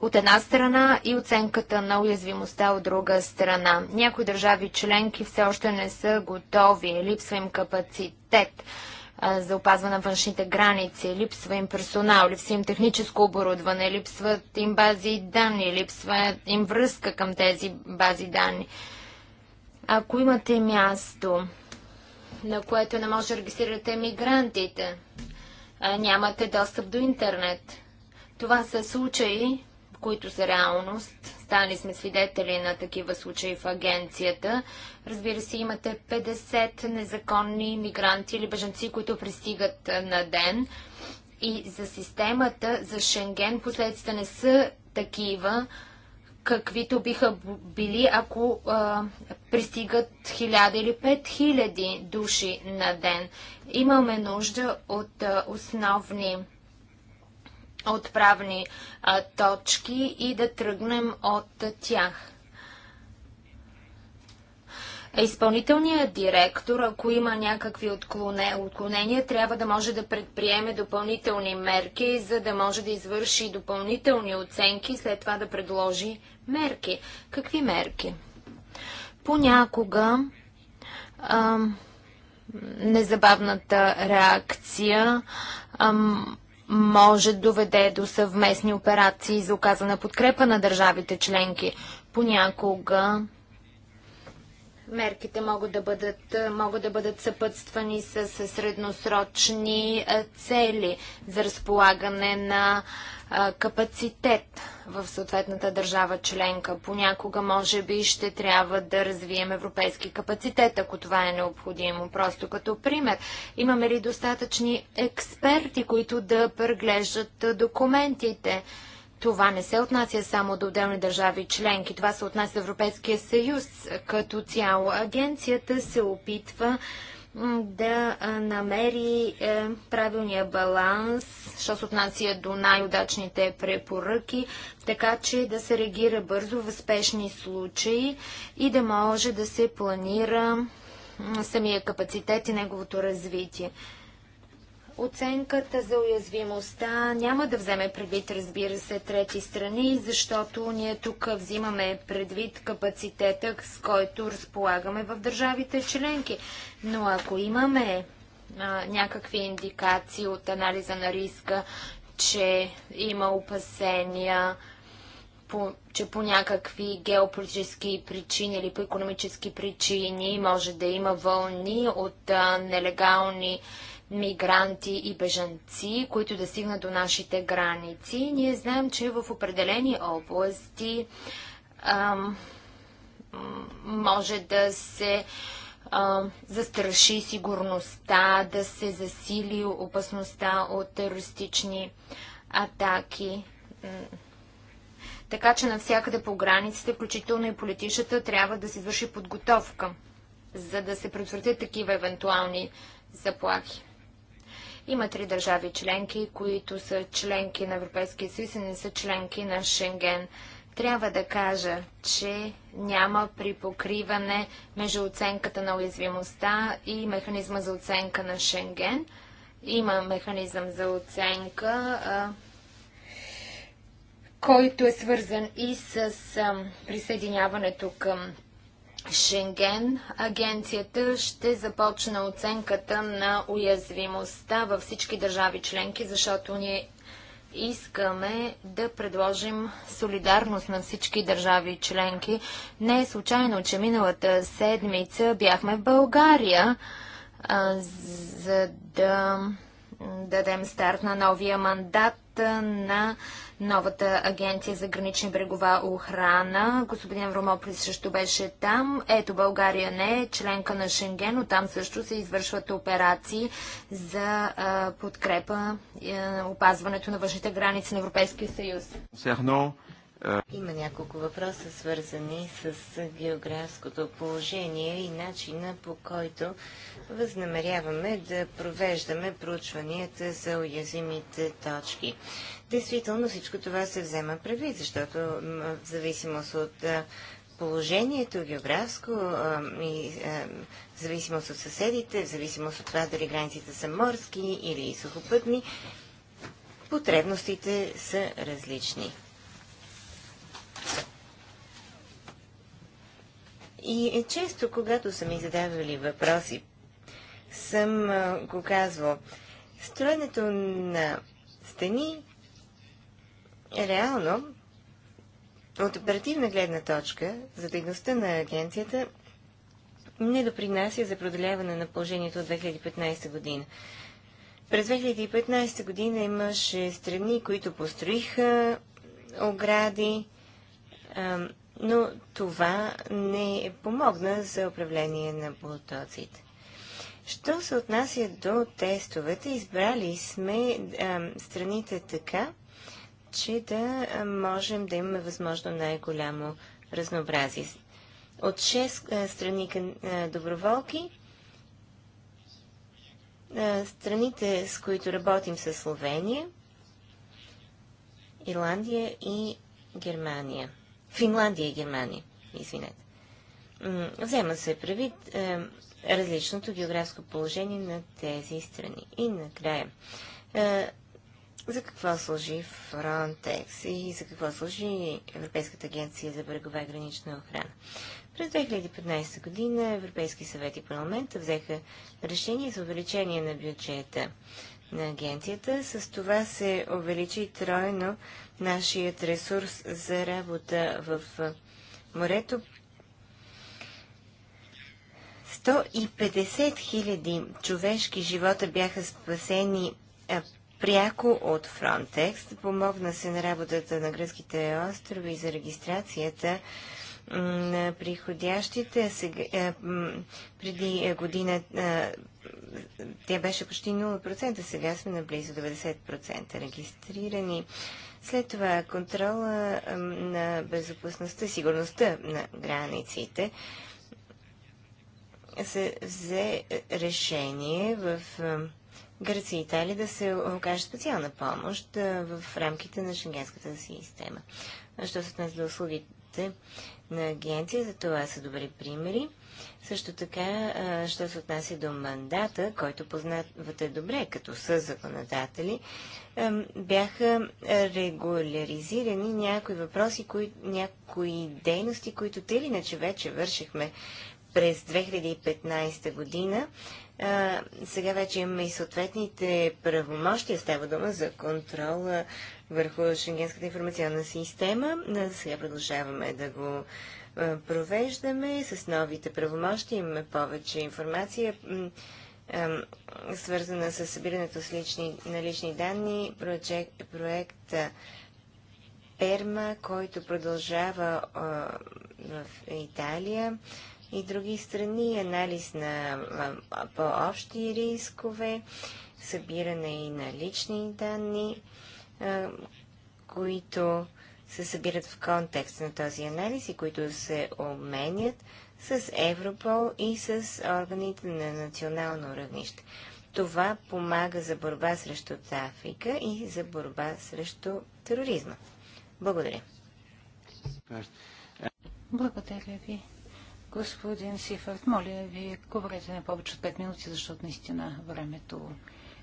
от една страна и оценката на уязвимостта от друга страна. Някои държави членки все още не са готови, липсва им капацитет за опазване на външните граници. Липсва им персонал, липсва им техническо оборудване, липсват им бази данни, липсва им връзка към тези бази данни. Ако имате място, на което не може да регистрирате мигрантите, нямате достъп до интернет. Това са случаи, които са реалност. Стали сме свидетели на такива случаи в агенцията. Разбира се, имате 50 незаконни мигранти или бежанци, които пристигат на ден. И за системата за Шенген последствията не са такива, каквито биха били, ако а, пристигат 1000 или 5000 души на ден. Имаме нужда от а, основни отправни а, точки и да тръгнем от тях. Изпълнителният директор, ако има някакви отклонения, трябва да може да предприеме допълнителни мерки, за да може да извърши допълнителни оценки, след това да предложи мерки. Какви мерки? Понякога а, незабавната реакция може да доведе до съвместни операции за оказана подкрепа на държавите членки. Понякога Мерките могат да бъдат, е, могат да бъдат съпътствани с средносрочни е, цели за разполагане на е, капацитет в съответната държава членка. Понякога, може би, ще трябва да развием европейски капацитет, ако това е необходимо. Просто като пример, имаме ли достатъчни експерти, които да преглеждат документите? Това не се отнася само до отделни държави членки, това се отнася до Европейския съюз като цяло. Агенцията се опитва да намери е, правилния баланс, що се отнася до най-удачните препоръки, така че да се реагира бързо в спешни случаи и да може да се планира самия капацитет и неговото развитие. Оценката за уязвимостта няма да вземе предвид, разбира се, трети страни, защото ние тук взимаме предвид капацитета, с който разполагаме в държавите членки. Но ако имаме а, някакви индикации от анализа на риска, че има опасения, по, че по някакви геополитически причини или по економически причини може да има вълни от а, нелегални мигранти и бежанци, които да стигнат до нашите граници. Ние знаем, че в определени области ам, може да се ам, застраши сигурността, да се засили опасността от терористични атаки. Така че навсякъде по границите, включително и политичата, трябва да се върши подготовка, за да се предотвратят такива евентуални заплахи. Има три държави членки, които са членки на Европейския съюз и не са членки на Шенген. Трябва да кажа, че няма припокриване между оценката на уязвимостта и механизма за оценка на Шенген. Има механизъм за оценка, който е свързан и с присъединяването към Шенген, агенцията ще започне оценката на уязвимостта във всички държави членки, защото ние искаме да предложим солидарност на всички държави членки. Не е случайно, че миналата седмица бяхме в България, а, за да дадем старт на новия мандат на новата агенция за гранична брегова охрана. Господин Вромоприс също беше там. Ето България не е членка на Шенген, но там също се извършват операции за а, подкрепа и опазването на външните граници на Европейския съюз. Серно. Има няколко въпроса, свързани с географското положение и начина по който възнамеряваме да провеждаме проучванията за уязвимите точки. Действително всичко това се взема прави, защото в зависимост от положението географско и в зависимост от съседите, в зависимост от това дали границите са морски или сухопътни, потребностите са различни. И е често, когато са ми задавали въпроси, съм го казвал, строенето на стени реално от оперативна гледна точка за дейността на агенцията не допринася за продоляване на положението от 2015 година. През 2015 година имаше страни, които построиха огради, но това не помогна за управление на потоците. Що се отнася до тестовете, избрали сме а, страните така, че да можем да имаме възможно най-голямо разнообразие. От 6 страни към доброволки, страните, с които работим са Словения, Ирландия и Германия – Финландия и Германия. Извинете. Взема се прави е, различното географско положение на тези страни. И накрая. Е, за какво служи Frontex и за какво служи Европейската агенция за брегова и гранична охрана. През 2015 година Европейски съвет и парламент взеха решение за увеличение на бюджета на агенцията. С това се увеличи тройно нашият ресурс за работа в морето. 150 хиляди човешки живота бяха спасени а, пряко от Frontex. Помогна се на работата на гръцките острови за регистрацията на приходящите. Сега, е, преди година е, тя беше почти 0%, сега сме на близо 90% регистрирани. След това контрола е, на безопасността, сигурността на границите се взе решение в Гърция и Италия да се окаже специална помощ в рамките на шенгенската система. Що се отнася до услугите, на агенция, за това са добри примери. Също така, що се отнася до мандата, който познавате добре като са законодатели, бяха регуляризирани някои въпроси, кои, някои дейности, които те или иначе вече вършихме през 2015 година, сега вече имаме и съответните правомощия. Става дума за контрол върху Шенгенската информационна система. Сега продължаваме да го провеждаме с новите правомощи. Имаме повече информация, свързана с събирането с лични, на лични данни. Проект, проект Перма, който продължава в Италия и други страни, анализ на по-общи рискове, събиране и на лични данни, които се събират в контекст на този анализ и които се обменят с Европол и с органите на национално равнище. Това помага за борба срещу Африка и за борба срещу тероризма. Благодаря. Благодаря ви. Господин Сифърт, моля ви, говорете не повече от 5 минути, защото наистина времето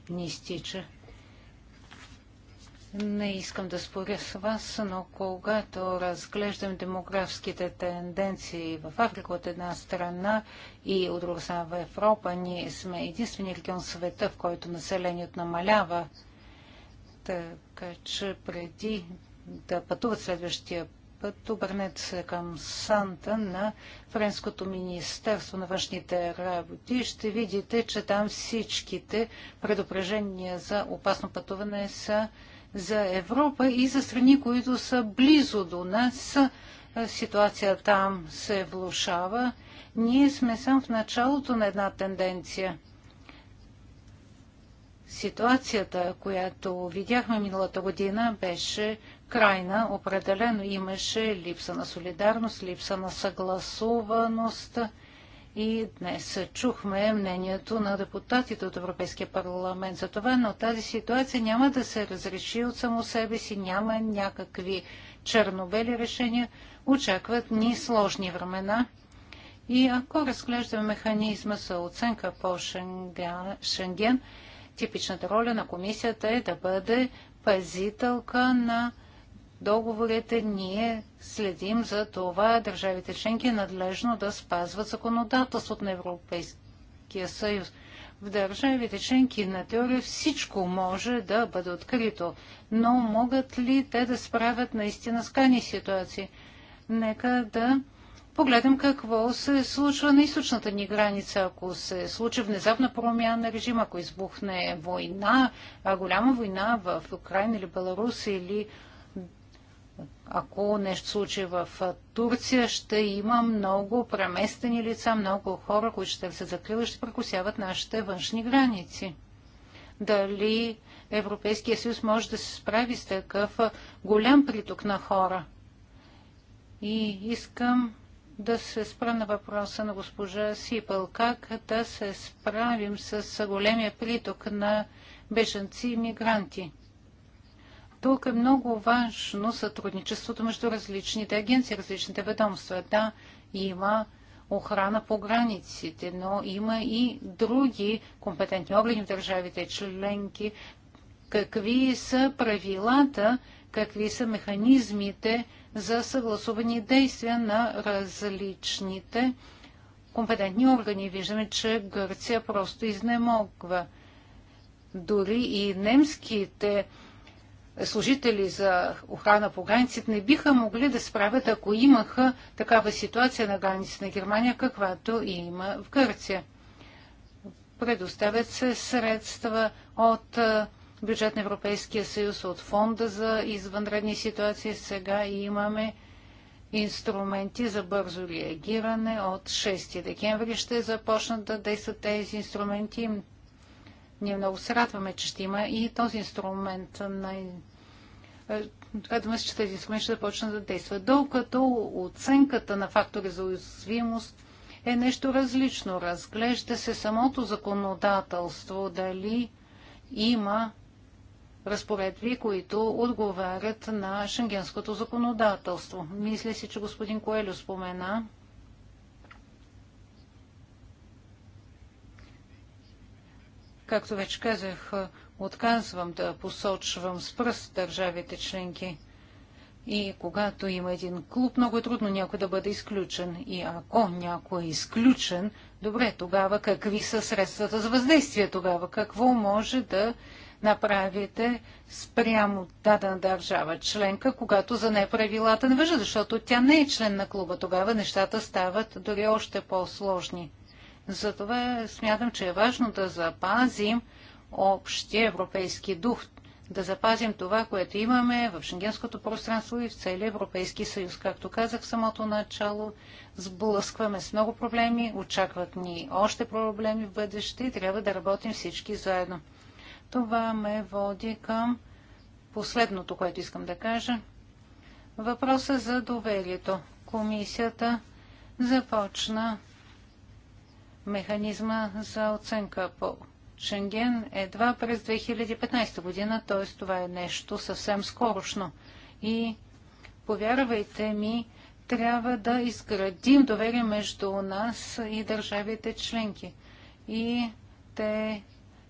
ни изтича. Не искам да споря с вас, но когато разглеждам демографските тенденции в Африка от една страна и от друга страна в Европа, ние сме единствения регион в света, в който населението намалява. Така че преди да пътуват следващия път обърнете се към Санта на Френското министерство на външните работи. Ще видите, че там всичките предупреждения за опасно пътуване са за Европа и за страни, които са близо до нас. Ситуация там се влушава. Ние сме сам в началото на една тенденция. Ситуацията, която видяхме миналата година, беше крайна определено имаше липса на солидарност, липса на съгласуваност и днес чухме мнението на депутатите от Европейския парламент за това, но тази ситуация няма да се разреши от само себе си, няма някакви чернобели решения, очакват ни сложни времена. И ако разглеждаме механизма за оценка по Шенген, типичната роля на комисията е да бъде пазителка на договорите, ние следим за това държавите членки надлежно да спазват законодателството на Европейския съюз. В държавите членки на теория всичко може да бъде открито, но могат ли те да справят наистина с кани ситуации? Нека да погледнем какво се случва на източната ни граница, ако се случи внезапна промяна на режима, ако избухне война, голяма война в Украина или Беларус или ако нещо случи в Турция, ще има много преместени лица, много хора, които ще се закрива ще прекусяват нашите външни граници. Дали Европейския съюз може да се справи с такъв голям приток на хора? И искам да се спра на въпроса на госпожа Сипъл. Как да се справим с големия приток на беженци и мигранти? Тук е много важно сътрудничеството между различните агенции, различните ведомства. Да, има охрана по границите, но има и други компетентни органи в държавите членки. Какви са правилата, какви са механизмите за съгласувани действия на различните компетентни органи. Виждаме, че Гърция просто изнемогва. Дори и немските служители за охрана по границите не биха могли да справят, ако имаха такава ситуация на границите на Германия, каквато има в Гърция. Предоставят се средства от бюджет на Европейския съюз, от фонда за извънредни ситуации. Сега имаме инструменти за бързо реагиране. От 6 декември ще започнат да действат тези инструменти. Ние много се радваме, че ще има и този инструмент на е, Радваме се, че тези инструменти ще започнат да действат. Докато оценката на фактори за уязвимост е нещо различно. Разглежда се самото законодателство, дали има разпоредви, които отговарят на шенгенското законодателство. Мисля си, че господин Коелю спомена, Както вече казах, е, отказвам да посочвам с пръст държавите членки. И когато има един клуб, много е трудно някой да бъде изключен. И ако някой е изключен, добре, тогава какви са средствата за въздействие тогава? Какво може да направите спрямо дадена държава членка, когато за нея правилата не въжат, защото тя не е член на клуба. Тогава нещата стават дори още по-сложни. Затова смятам, че е важно да запазим общия европейски дух, да запазим това, което имаме в шенгенското пространство и в целия Европейски съюз. Както казах в самото начало, сблъскваме с много проблеми, очакват ни още проблеми в бъдеще и трябва да работим всички заедно. Това ме води към последното, което искам да кажа. Въпроса за доверието. Комисията започна механизма за оценка по Шенген едва през 2015 година, т.е. това е нещо съвсем скорошно. И повярвайте ми, трябва да изградим доверие между нас и държавите членки. И те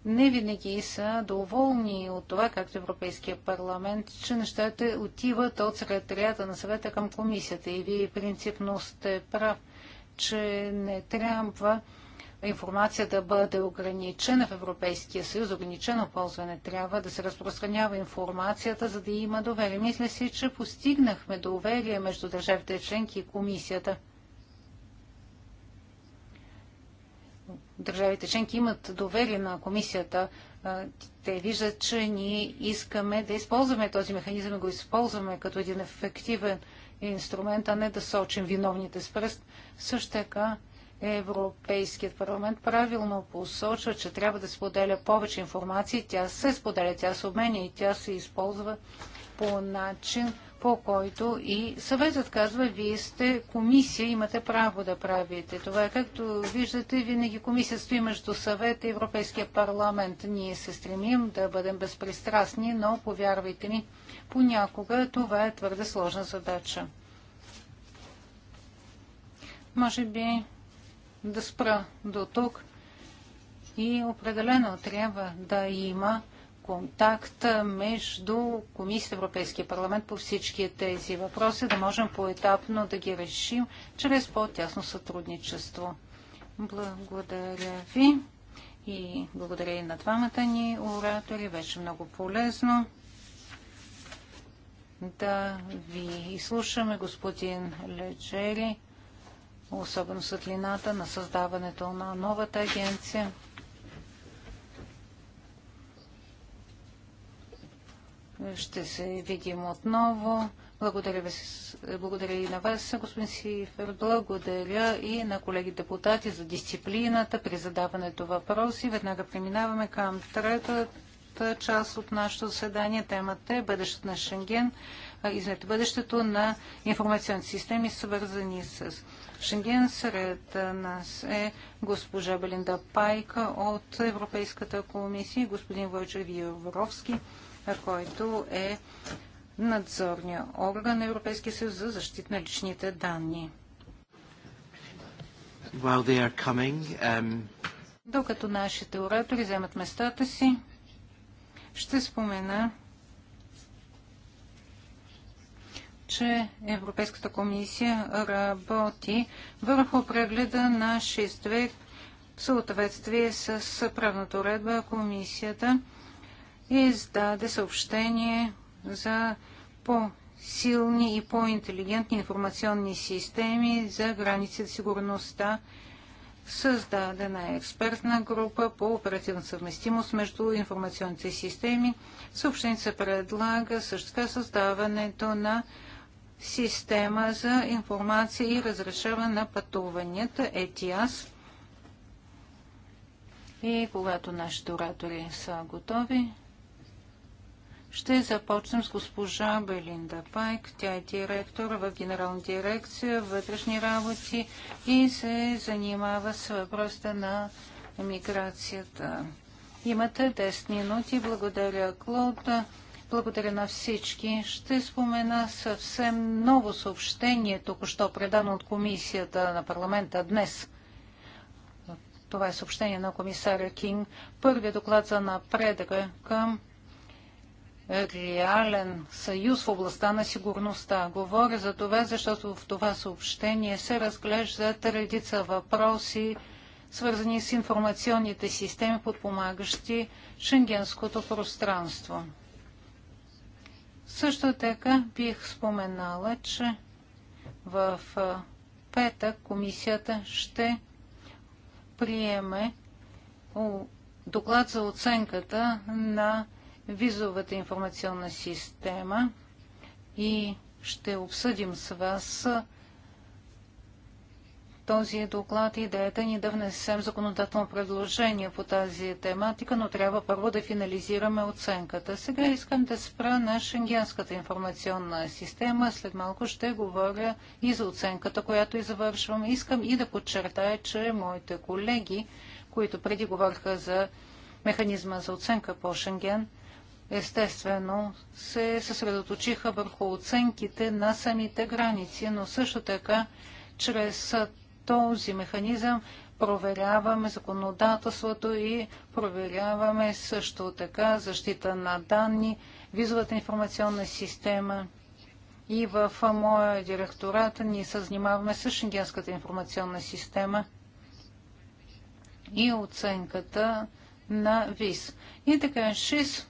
не винаги са доволни от това, както Европейския парламент, че нещата отиват от секретарията на съвета към комисията. И вие принципно сте прав, че не трябва Информацията да бъде ограничена в Европейския съюз, ограничено ползване. Трябва да се разпространява информацията, за да има доверие. Мисля си, че постигнахме доверие между държавите членки и комисията. Държавите членки имат доверие на комисията. Те виждат, че ние искаме да използваме този механизъм и го използваме като един ефективен инструмент, а не да сочим виновните с пръст. Също така Европейският парламент правилно посочва, че трябва да споделя повече информация. Тя се споделя, тя се обменя и тя се използва по начин, по който и съветът казва, вие сте комисия, имате право да правите. Това е както виждате, винаги комисия стои между съвета и Европейския парламент. Ние се стремим да бъдем безпристрастни, но повярвайте ми, понякога това е твърде сложна задача. Може би да спра до тук. И определено трябва да има контакт между Комисията Европейския парламент по всички тези въпроси, да можем поетапно да ги решим чрез по-тясно сътрудничество. Благодаря ви и благодаря и на двамата ни оратори. Беше много полезно да ви изслушаме господин Леджери особено светлината на създаването на новата агенция. Ще се видим отново. Благодаря, ви, благодаря и на вас, господин Сифер. Благодаря и на колеги депутати за дисциплината при задаването въпроси. Веднага преминаваме към третата част от нашето заседание. Темата е бъдещето на Шенген, извинете, бъдещето на информационни системи, свързани с Шенген. Сред нас е госпожа Белинда Пайка от Европейската комисия и господин Войчер Виевровски, който е надзорния орган на Европейския съюз за защита на личните данни. Coming, um... Докато нашите оратори вземат местата си, ще спомена че Европейската комисия работи върху прегледа на 6 век в съответствие с правната уредба. Комисията издаде съобщение за по-силни и по-интелигентни информационни системи за граници сигурността създадена е експертна група по оперативна съвместимост между информационните системи. Съобщение се предлага също така създаването на система за информация и разрешаване на пътуванията ETIAS. И когато нашите оратори са готови, ще започнем с госпожа Белинда Пайк. Тя е директор в Генерална дирекция вътрешни работи и се занимава с въпроса на миграцията. Имате 10 минути. Благодаря, Клод. Благодаря на всички. Ще спомена съвсем ново съобщение, току-що предано от комисията на парламента днес. Това е съобщение на комисаря Кинг. Първият доклад за напредъка е към реален съюз в областта на сигурността. Говоря за това, защото в това съобщение се разглеждат редица въпроси, свързани с информационните системи, подпомагащи шенгенското пространство. Също така бих споменала, че в петък комисията ще приеме доклад за оценката на визовата информационна система и ще обсъдим с вас този доклад. Идеята ни е да внесем законодателно предложение по тази тематика, но трябва първо да финализираме оценката. Сега искам да спра на шенгенската информационна система. След малко ще говоря и за оценката, която извършвам. Искам и да подчертая, че моите колеги, които преди говориха за механизма за оценка по Шенген, естествено се съсредоточиха върху оценките на самите граници, но също така чрез този механизъм проверяваме законодателството и проверяваме също така защита на данни, визовата информационна система. И в моя директорат ние се занимаваме с шенгенската информационна система и оценката на ВИС. И така, 6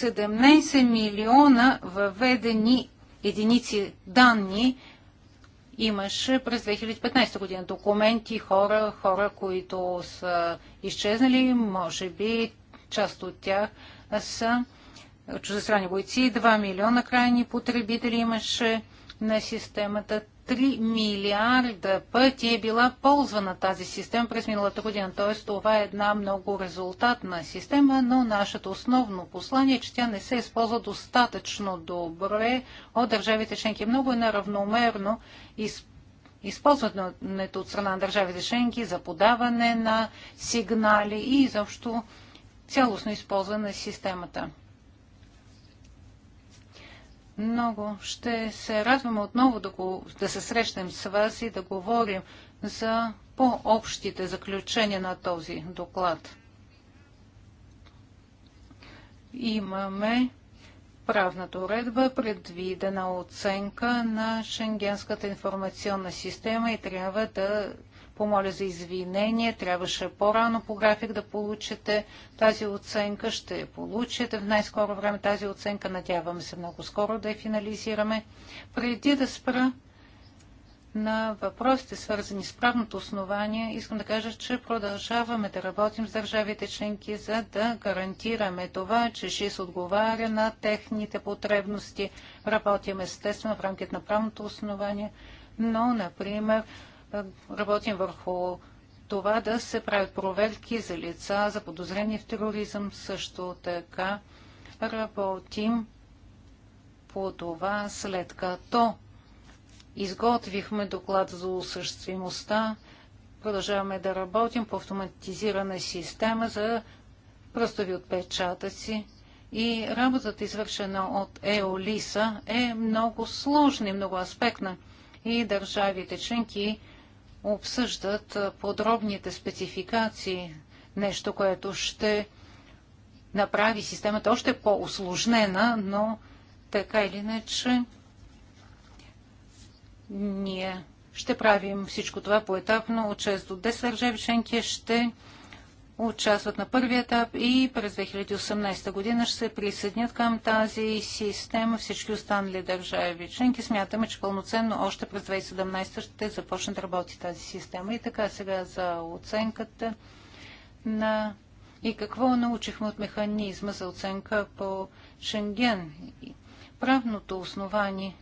17 милиона въведени единици данни имаше през 2015 година. Документи, хора, хора, които са изчезнали, може би част от тях са чуждестранни бойци, 2 милиона крайни потребители имаше на системата. 3 милиарда пъти е била ползвана тази система през миналата година. Т.е. това е една много резултатна система, но нашето основно послание е, че тя не се използва достатъчно добре от държавите членки. Много е неравномерно използването от страна на държавите членки за подаване на сигнали и изобщо цялостно използване на системата. Много ще се радвам отново да, го, да се срещнем с вас и да говорим за по-общите заключения на този доклад. Имаме правната уредба, предвидена оценка на Шенгенската информационна система и трябва да помоля за извинение. Трябваше по-рано по график да получите тази оценка. Ще получите в най-скоро време тази оценка. Надявам се много скоро да я финализираме. Преди да спра на въпросите, свързани с правното основание, искам да кажа, че продължаваме да работим с държавите членки, за да гарантираме това, че ШИС отговаря на техните потребности. Работим естествено в рамките на правното основание, но, например, работим върху това да се правят проверки за лица, за подозрение в тероризъм. Също така работим по това след като изготвихме доклад за осъществимостта. Продължаваме да работим по автоматизирана система за пръстови отпечатъци. И работата, извършена от ЕОЛИСА, е много сложна и много аспектна. И държавите членки обсъждат подробните спецификации, нещо, което ще направи системата още по-осложнена, но така или иначе ние ще правим всичко това поетапно от 6 до 10 държави ще участват на първи етап и през 2018 година ще се присъединят към тази система всички останали държави членки. Смятаме, че пълноценно още през 2017 ще започнат работи тази система. И така сега за оценката на и какво научихме от механизма за оценка по Шенген. Правното основание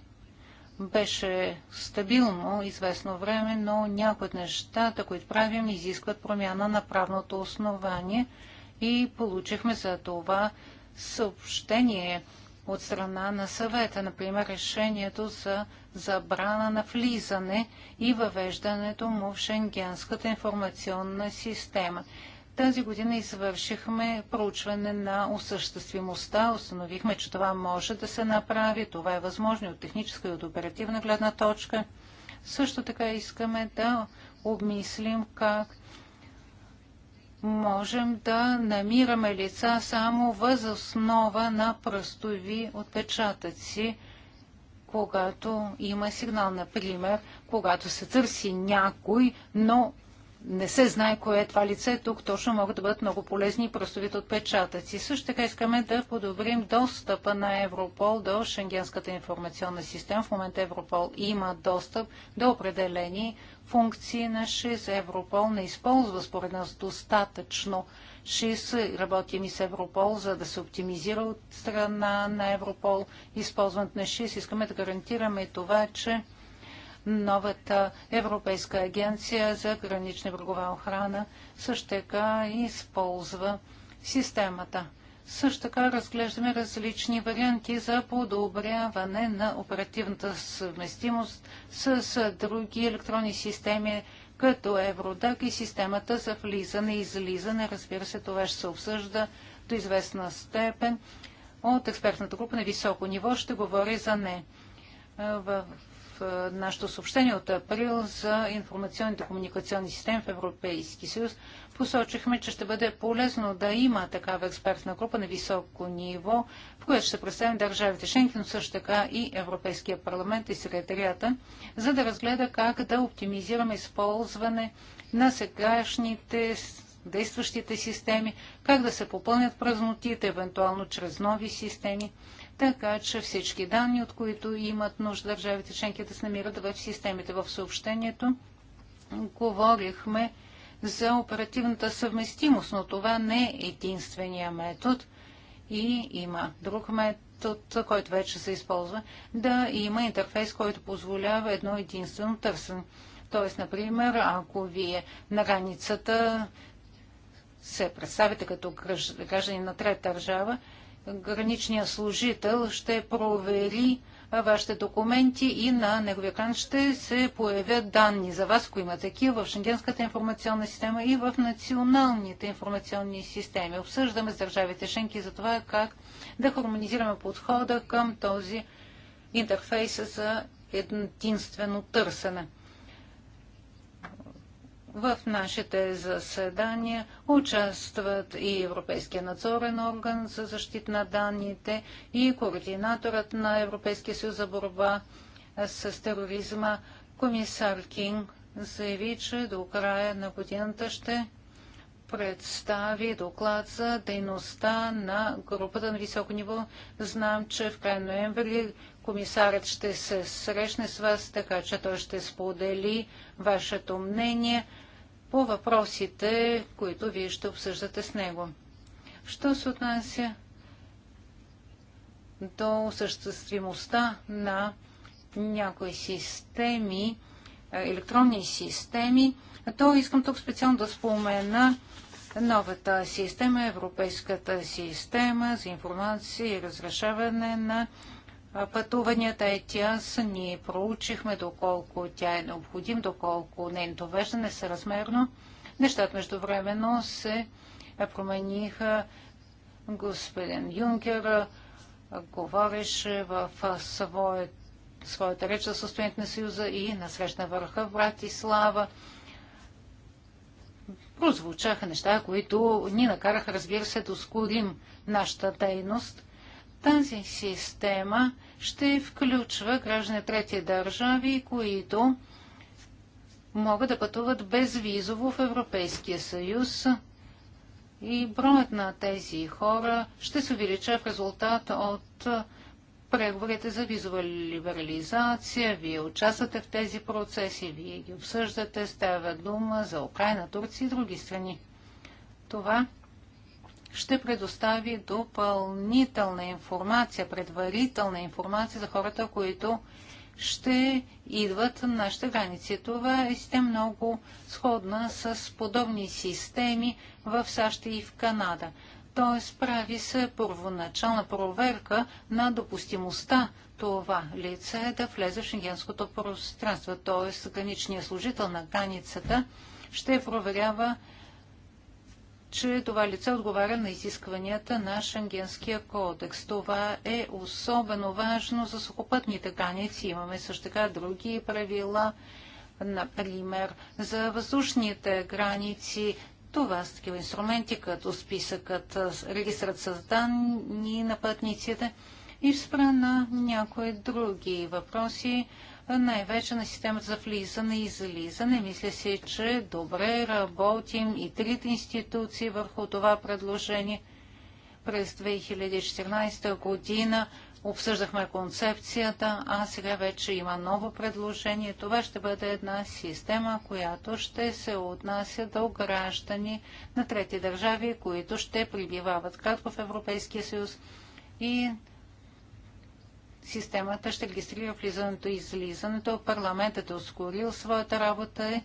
беше стабилно известно време, но някои от нещата, които правим, изискват промяна на правното основание и получихме за това съобщение от страна на съвета, например решението за забрана на влизане и въвеждането му в Шенгенската информационна система. Тази година извършихме проучване на осъществимостта. Установихме, че това може да се направи. Това е възможно и от техническа и от оперативна гледна точка. Също така искаме да обмислим как можем да намираме лица само въз основа на пръстови отпечатъци, когато има сигнал, например, когато се търси някой, но не се знае кое е това лице, тук точно могат да бъдат много полезни и вид отпечатъци. Също така искаме да подобрим достъпа на Европол до Шенгенската информационна система. В момента Европол има достъп до определени функции на ШИС. Европол не използва според нас достатъчно ШИС. Работим и с Европол, за да се оптимизира от страна на Европол използването на ШИС. Искаме да гарантираме това, че новата Европейска агенция за гранична врагова охрана също така използва системата. Също така разглеждаме различни варианти за подобряване на оперативната съвместимост с други електронни системи, като Евродак и системата за влизане и излизане. Разбира се, това ще се обсъжда до известна степен от експертната група на високо ниво. Ще говори за не. В е, нашето съобщение от април за информационните комуникационни системи в Европейски съюз посочихме, че ще бъде полезно да има такава експертна група на високо ниво, в която ще представим държавите членки, но също така и Европейския парламент и секретарията, за да разгледа как да оптимизираме използване на сегашните действащите системи, как да се попълнят празнотите, евентуално чрез нови системи така че всички данни, от които имат нужда държавите членки да се намират в системите. В съобщението говорихме за оперативната съвместимост, но това не е единствения метод и има друг метод, който вече се използва, да има интерфейс, който позволява едно единствено търсене. Тоест, например, ако вие на границата се представите като граждани на трета държава, граничният служител ще провери вашите документи и на неговия екран ще се появят данни за вас, ако има такива в Шенгенската информационна система и в националните информационни системи. Обсъждаме с държавите Шенки за това как да хармонизираме подхода към този интерфейс за единствено търсене. В нашите заседания участват и Европейския надзорен орган за защита на данните и координаторът на Европейския съюз за борба с тероризма, комисар Кинг заяви, че до края на годината ще представи доклад за дейността на групата на високо ниво. Знам, че в край ноември комисарът ще се срещне с вас, така че той ще сподели вашето мнение по въпросите, които вие ще обсъждате с него. Що се отнася до осъществимостта на някои системи, електронни системи, то искам тук специално да спомена новата система, европейската система за информация и разрешаване на пътуванията е Ние проучихме доколко тя е необходим, доколко нейното веждане е съразмерно. Нещата междувременно се промениха. Господин Юнкер говореше в своята реч за състоянието на Съюза и на срещна върха в Братислава прозвучаха неща, които ни накараха, разбира се, да ускорим нашата дейност. Тази система ще включва граждани трети държави, които могат да пътуват безвизово в Европейския съюз и броят на тези хора ще се увелича в резултат от преговорите за визова либерализация. Вие участвате в тези процеси, вие ги обсъждате. Става дума за Украина, Турция и други страни. Това ще предостави допълнителна информация, предварителна информация за хората, които ще идват на нашите граници. Това е система много сходна с подобни системи в САЩ и в Канада т.е. прави се първоначална проверка на допустимостта това лице да влезе в шенгенското пространство, т.е. граничният служител на границата ще проверява, че това лице отговаря на изискванията на Шенгенския кодекс. Това е особено важно за сухопътните граници. Имаме също така други правила, например, за въздушните граници това са такива инструменти, като списъкът, регистрат с данни на пътниците и спра на някои други въпроси, най-вече на системата за влизане и излизане. Мисля си, че добре работим и трите институции върху това предложение. През 2014 година обсъждахме концепцията, а сега вече има ново предложение. Това ще бъде една система, която ще се отнася до граждани на трети държави, които ще прибивават кратко в Европейския съюз и системата ще регистрира влизането и излизането. Парламентът е ускорил своята работа.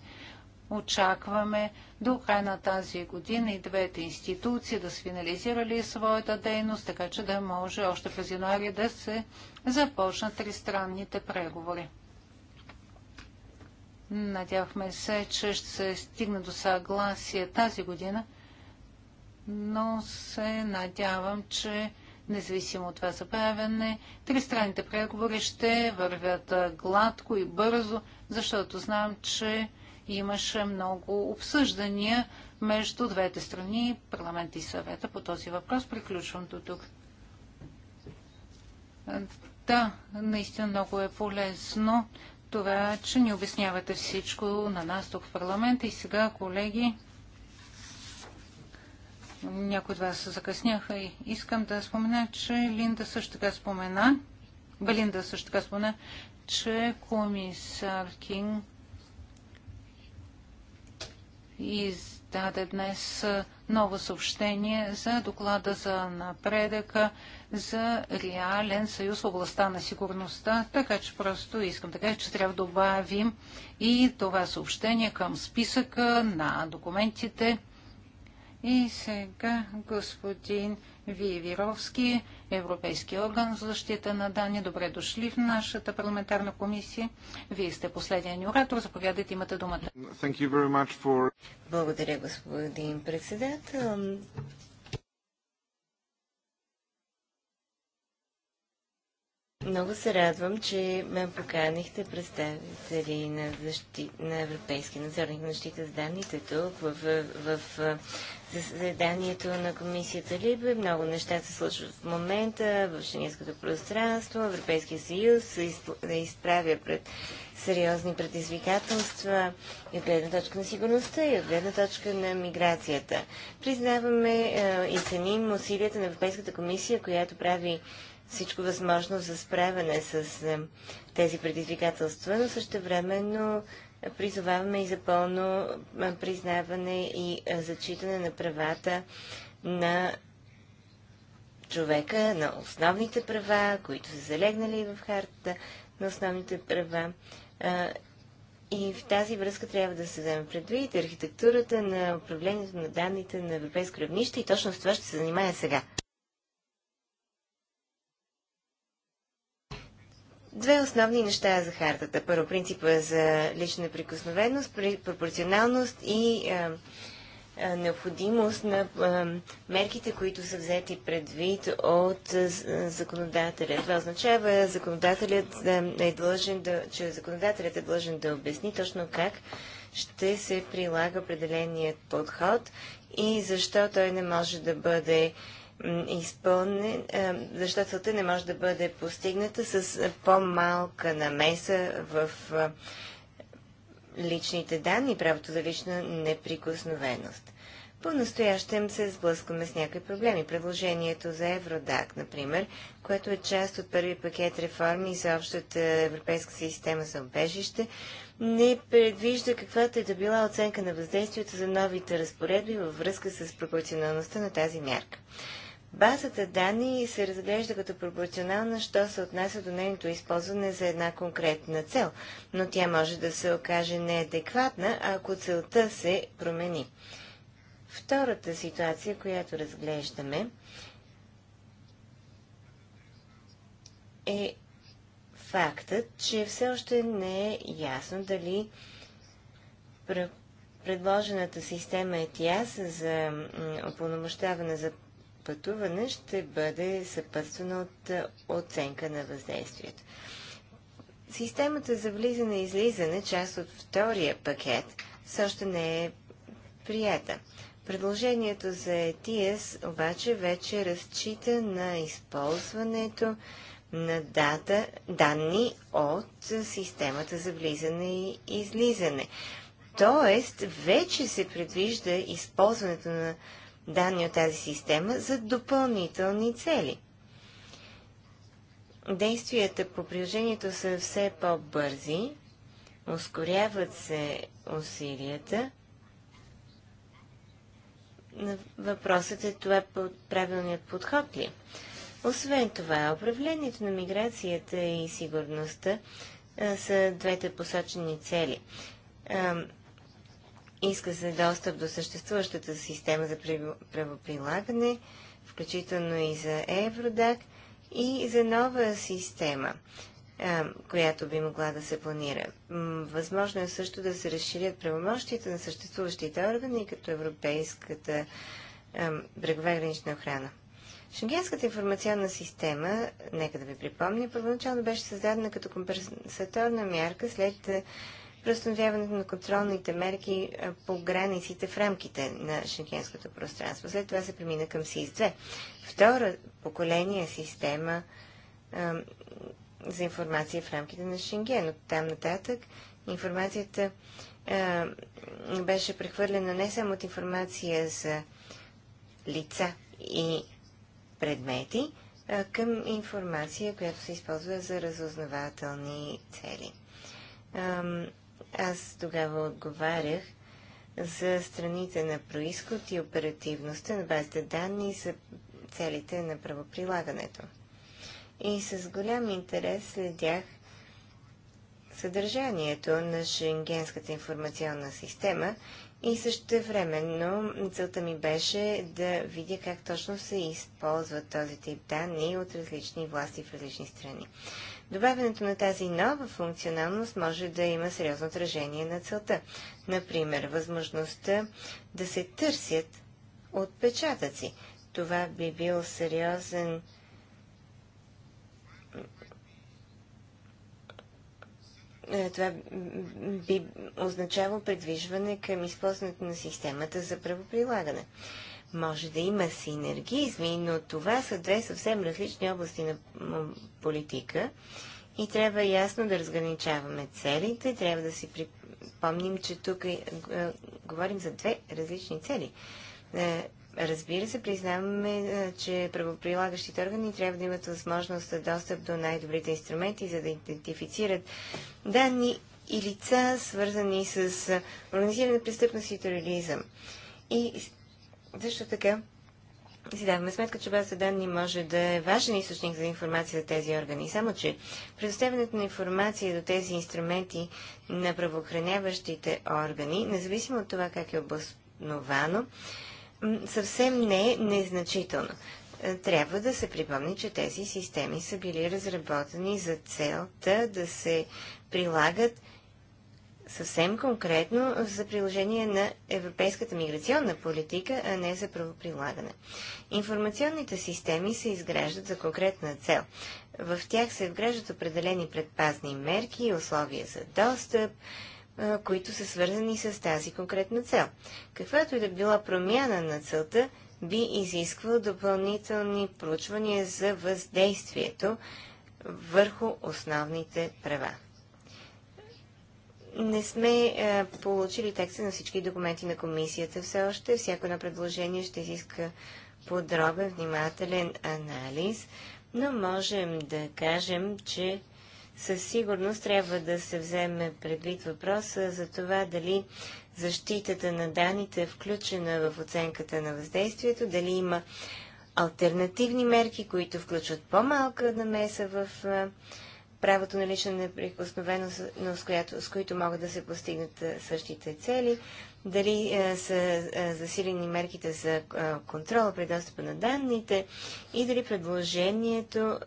Очакваме до края на тази година и двете институции да са финализирали своята дейност, така че да може още през януари да се започнат тристранните преговори. Надявахме се, че ще се стигне до съгласие тази година, но се надявам, че независимо от това забавяне, тристранните преговори ще вървят гладко и бързо, защото знам, че имаше много обсъждания между двете страни, парламент и съвета по този въпрос. Приключвам до тук. Да, наистина много е полезно това, че ни обяснявате всичко на нас тук в парламента. И сега, колеги, някои от вас закъсняха и искам да спомена, че Линда също така спомена, Белинда също така спомена, че комисар Кинг издаде днес ново съобщение за доклада за напредъка за реален съюз в областта на сигурността, така че просто искам да кажа, че трябва да добавим и това съобщение към списъка на документите, и сега господин Виевировски, Европейски орган за защита на данни. Добре дошли в нашата парламентарна комисия. Вие сте последния ни оратор. Заповядайте, имате думата. For... Благодаря, господин председател. Много се радвам, че ме поканихте представители на, защит... на Европейски надзорник на защита с данните тук в, в, в заседанието на комисията Либе. Много неща се случват в момента в шенинското пространство. Европейския съюз се е изправя пред сериозни предизвикателства и от гледна точка на сигурността, и от гледна точка на миграцията. Признаваме е, и ценим усилията на Европейската комисия, която прави всичко възможно за справяне с е, тези предизвикателства, но също времено призоваваме и за пълно признаване и зачитане на правата на човека, на основните права, които са залегнали в хартата на основните права. И в тази връзка трябва да се вземе предвид архитектурата на управлението на данните на европейско равнище и точно с това ще се занимая сега. Две основни неща за хартата. Първо, принципа за лична неприкосновеност, пропорционалност и а, а, необходимост на а, мерките, които са взети предвид от а, законодателя. Това означава, законодателят е дължен. да, че законодателят е длъжен да обясни точно как ще се прилага определеният подход и защо той не може да бъде изпълнен, е, защото целта не може да бъде постигната с по-малка намеса в е, личните данни, правото за лична неприкосновеност. По-настоящем се сблъскваме с някои проблеми. Предложението за Евродак, например, което е част от първи пакет реформи за общата европейска система за обежище, не предвижда каквато е да била оценка на въздействието за новите разпоредби във връзка с пропорционалността на тази мярка. Базата данни се разглежда като пропорционална, що се отнася до нейното използване за една конкретна цел, но тя може да се окаже неадекватна, ако целта се промени. Втората ситуация, която разглеждаме, е фактът, че все още не е ясно дали предложената система ETIAS за опълномощаване за пътуване ще бъде съпътствано от е, оценка на въздействието. Системата за влизане и излизане, част от втория пакет, също още не е прията. Предложението за ETS обаче вече разчита на използването на дата, данни от системата за влизане и излизане. Тоест, вече се предвижда използването на данни от тази система за допълнителни цели. Действията по приложението са все по-бързи, ускоряват се усилията. Въпросът е това правилният подход ли? Освен това, управлението на миграцията и сигурността са двете посочени цели. Иска се достъп до съществуващата система за правоприлагане, включително и за Евродак и за нова система, която би могла да се планира. Възможно е също да се разширят правомощите на съществуващите органи, като Европейската брегова гранична охрана. Шенгенската информационна система, нека да ви припомня, първоначално беше създадена като компенсаторна мярка след преустановяването на контролните мерки по границите в рамките на шенгенското пространство. След това се премина към СИС-2. Втора поколение система за информация в рамките на Шенген. От там нататък информацията беше прехвърлена не само от информация за лица и предмети, а, към информация, която се използва за разузнавателни цели. Аз тогава отговарях за страните на происход и оперативността на базата данни за целите на правоприлагането. И с голям интерес следях съдържанието на Шенгенската информационна система и също времено целта ми беше да видя как точно се използват този тип данни от различни власти в различни страни. Добавянето на тази нова функционалност може да има сериозно отражение на целта. Например, възможността да се търсят отпечатъци. Това би бил сериозен е, това би означавало предвижване към използването на системата за правоприлагане. Може да има синергизми, но това са две съвсем различни области на политика и трябва ясно да разграничаваме целите, трябва да си припомним, че тук е, е, говорим за две различни цели. Е, разбира се, признаваме, е, че правоприлагащите органи трябва да имат възможност за достъп до най-добрите инструменти, за да идентифицират данни и лица, свързани с организирана престъпност и тероризъм. И също така, си даваме сметка, че база данни може да е важен източник за информация за тези органи. Само, че предоставянето на информация до тези инструменти на правоохраняващите органи, независимо от това как е обосновано, съвсем не е незначително. Е, трябва да се припомни, че тези системи са били разработени за целта да се прилагат съвсем конкретно за приложение на европейската миграционна политика, а не за правоприлагане. Информационните системи се изграждат за конкретна цел. В тях се вграждат определени предпазни мерки, условия за достъп, които са свързани с тази конкретна цел. Каквато и да била промяна на целта, би изисквал допълнителни проучвания за въздействието върху основните права не сме е, получили текста на всички документи на комисията все още. Всяко на предложение ще изиска подробен, внимателен анализ, но можем да кажем, че със сигурност трябва да се вземе предвид въпроса за това дали защитата на данните е включена в оценката на въздействието, дали има альтернативни мерки, които включват по-малка намеса в е, правото на лична неприкосновеност, с, която, с които могат да се постигнат същите цели, дали са засилени мерките за контрол контрола при достъпа на данните и дали предложението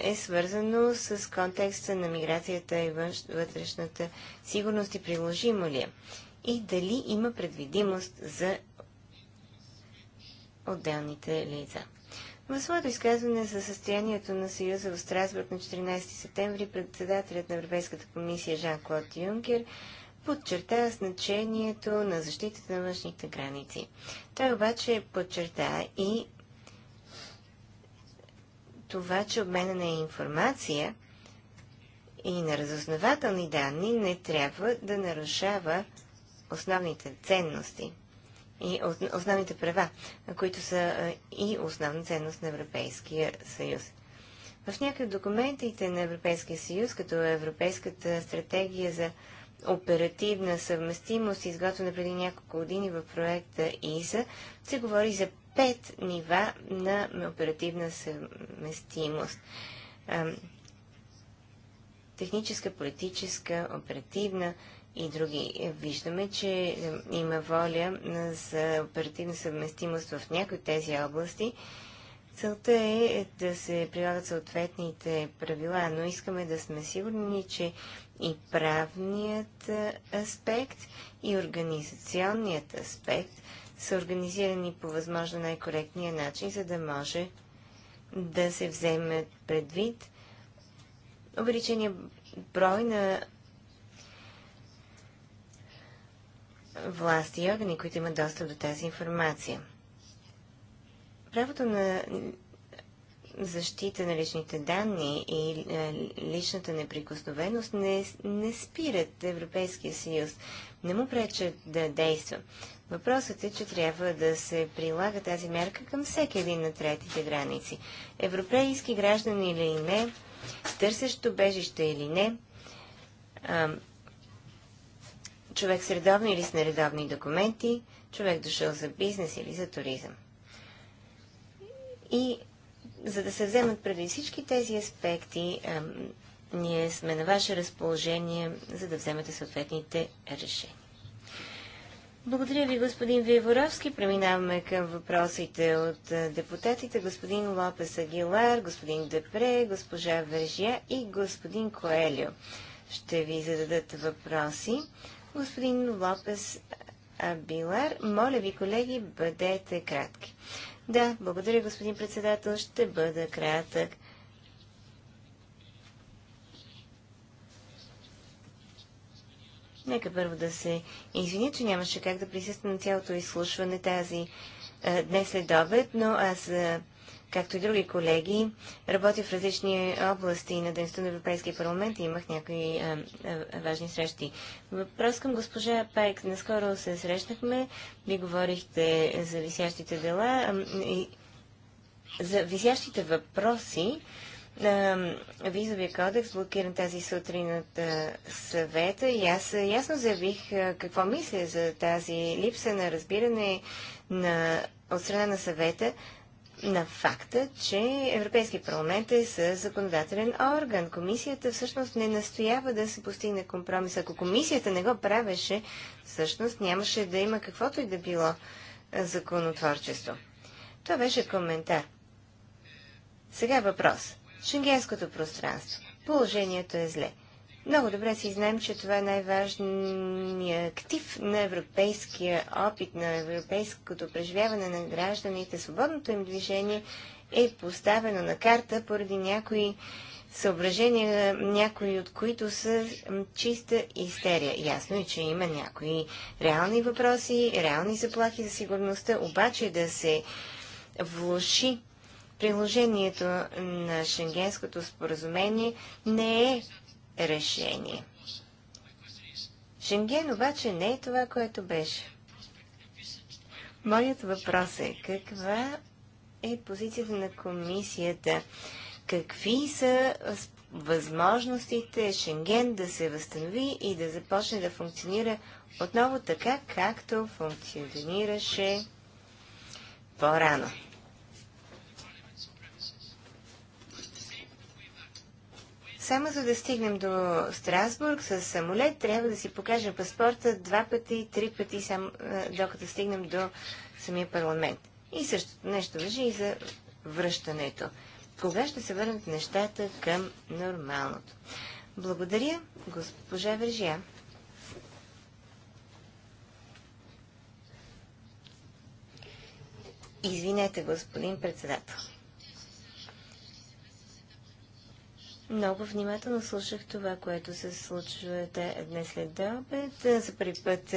е свързано с контекста на миграцията и вътрешната сигурност и приложимо ли е. И дали има предвидимост за отделните лица. В своето изказване за състоянието на Съюза в Страсбург на 14 септември председателят на Европейската комисия Жан-Клод Юнкер подчерта значението на защитата на външните граници. Той обаче подчерта и това, че обмена на информация и на разузнавателни данни не трябва да нарушава основните ценности – и основните права, които са и основна ценност на Европейския съюз. В някои от документите на Европейския съюз, като Европейската стратегия за оперативна съвместимост, изготвена преди няколко години в проекта ИСА, се говори за пет нива на оперативна съвместимост. Техническа, политическа, оперативна, и други. Виждаме, че има воля за оперативна съвместимост в някои от тези области. Целта е да се прилагат съответните правила, но искаме да сме сигурни, че и правният аспект, и организационният аспект са организирани по възможно най-коректния начин, за да може да се вземе предвид увеличения брой на власти и органи, които имат достъп до тази информация. Правото на защита на личните данни и е, личната неприкосновеност не, не спират Европейския съюз. Не му пречат да действа. Въпросът е, че трябва да се прилага тази мярка към всеки един на третите граници. Европейски граждани или не, търсещо бежище или не, човек с редовни или с нередовни документи, човек дошъл за бизнес или за туризъм. И за да се вземат преди всички тези аспекти, ние сме на ваше разположение, за да вземете съответните решения. Благодаря ви, господин Виворовски. Преминаваме към въпросите от депутатите. Господин Лопес Агилар, господин Депре, госпожа Вержия и господин Коелио ще ви зададат въпроси. Господин Лопес Абилар, моля ви, колеги, бъдете кратки. Да, благодаря, господин председател, ще бъда кратък. Нека първо да се извиня, че нямаше как да присъствам на цялото изслушване тази днес след обед, но аз е, както и други колеги, работя в различни области на Дънството на Европейския парламент и имах някои а, а, важни срещи. Въпрос към госпожа Пайк. Наскоро се срещнахме, ви говорихте за висящите дела, а, и, за висящите въпроси. Визовия кодекс блокиран тази сутрин от съвета и аз ясно заявих какво мисля за тази липса на разбиране на, от страна на съвета на факта, че Европейския парламент е със законодателен орган. Комисията всъщност не настоява да се постигне компромис. Ако комисията не го правеше, всъщност нямаше да има каквото и да било законотворчество. Това беше коментар. Сега въпрос. Шенгенското пространство. Положението е зле. Много добре си знаем, че това е най-важният актив на европейския опит, на европейското преживяване на гражданите. Свободното им движение е поставено на карта поради някои съображения, някои от които са чиста истерия. Ясно е, че има някои реални въпроси, реални заплахи за сигурността, обаче да се влуши приложението на Шенгенското споразумение не е решение. Шенген обаче не е това, което беше. Моят въпрос е каква е позицията на комисията? Какви са възможностите Шенген да се възстанови и да започне да функционира отново така, както функционираше по-рано? Само за да стигнем до Страсбург с самолет, трябва да си покажем паспорта два пъти, три пъти, сам, докато стигнем до самия парламент. И същото нещо въжи и за връщането. Кога ще се върнат нещата към нормалното? Благодаря, госпожа Вържия. Извинете, господин председател. Много внимателно слушах това, което се случва днес след обед. За първи път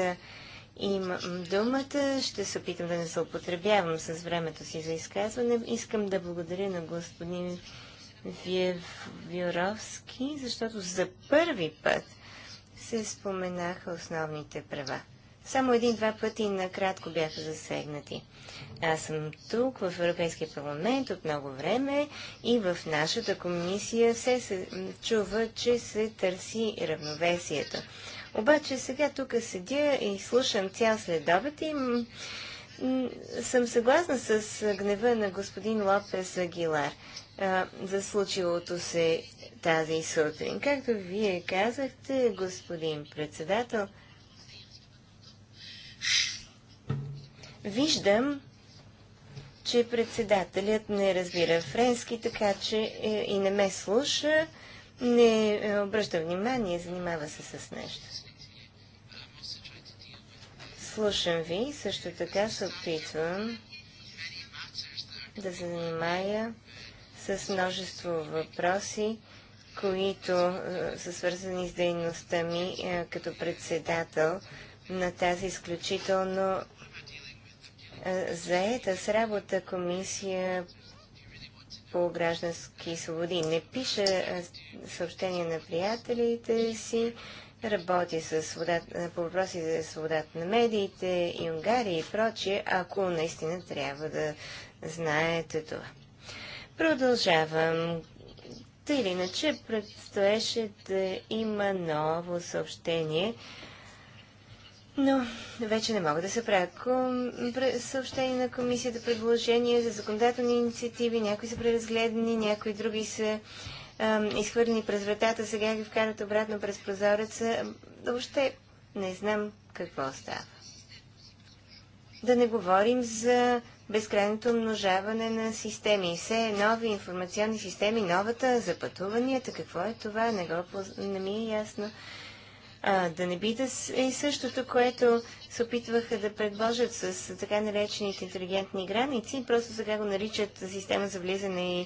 имам думата. Ще се опитам да не се употребявам с времето си за изказване. Искам да благодаря на господин Виоровски, защото за първи път се споменаха основните права. Само един-два пъти накратко бяха засегнати. Аз съм тук в Европейския парламент от много време и в нашата комисия все се чува, че се търси равновесието. Обаче сега тук седя и слушам цял следобед и съм съгласна с гнева на господин Лопес Агилар за случилото се тази сутрин. Както вие казахте, господин председател, Виждам, че председателят не разбира френски, така че е, и не ме слуша, не е, обръща внимание, занимава се с нещо. Слушам ви, също така се опитвам да се занимая с множество въпроси, които е, са свързани с дейността ми като председател на тази изключително заета с работа комисия по граждански свободи. Не пише съобщения на приятелите си, работи с свобода, по въпроси за свободата на медиите и Унгария и прочие, ако наистина трябва да знаете това. Продължавам. Та или иначе предстоеше да има ново съобщение но вече не мога да се правят съобщения на комисията, предложения за законодателни инициативи. Някои са преразгледани, някои други са е, изхвърлени през вратата, сега ги вкарат обратно през прозореца. Въобще не знам какво става. Да не говорим за безкрайното умножаване на системи. Все нови информационни системи, новата за пътуванията. Какво е това? Не, го, не ми е ясно. А, да не би да е същото, което се опитваха да предложат с така наречените интелигентни граници, просто сега го наричат система за влизане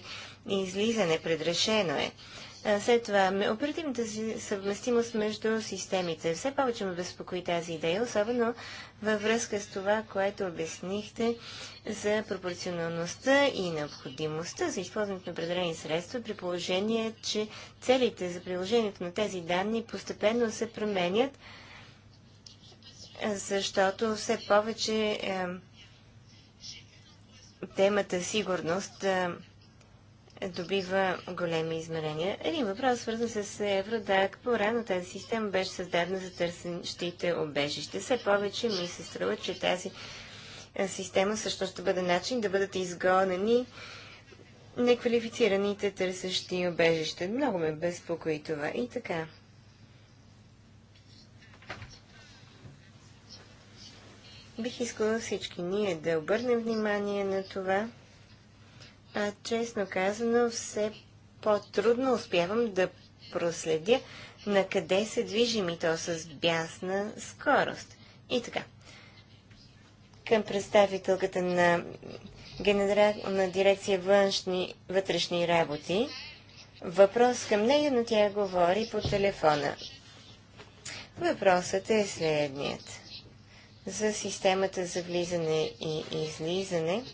и излизане, предрешено е. След това, оперативната съвместимост между системите. Все повече ме безпокои тази идея, особено във връзка с това, което обяснихте за пропорционалността и необходимостта за използването на определени средства, при положение, че целите за приложението на тези данни постепенно се променят, защото все повече темата сигурност е, добива големи измерения. Един въпрос, свързан с Евродак. По-рано тази система беше създадена за търсещите обежище. Все повече ми се струва, че тази система също ще бъде начин да бъдат изгонени неквалифицираните търсещи обежище. Много ме безпокои това. И така. Бих искала всички ние да обърнем внимание на това а, честно казано, все по-трудно успявам да проследя на къде се движи ми то с бясна скорост. И така. Към представителката на Генерална дирекция външни, вътрешни работи. Въпрос към нея, но тя говори по телефона. Въпросът е следният. За системата за влизане и излизане –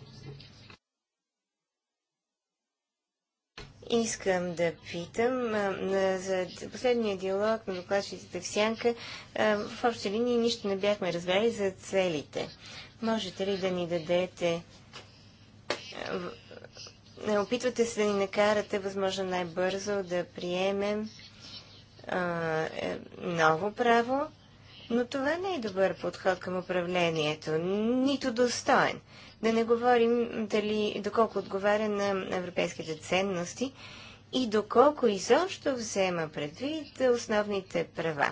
Искам да питам а, за последния диалог на докладчиците в Сянка. А, в общи линии нищо не бяхме разбрали за целите. Можете ли да ни дадете... А, опитвате се да ни накарате, възможно най-бързо, да приемем е, ново право, но това не е добър подход към управлението, нито достоен. Да не говорим дали, доколко отговаря на европейските ценности и доколко изобщо взема предвид основните права,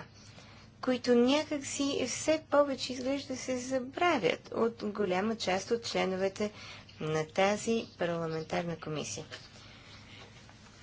които някакси все повече изглежда се забравят от голяма част от членовете на тази парламентарна комисия.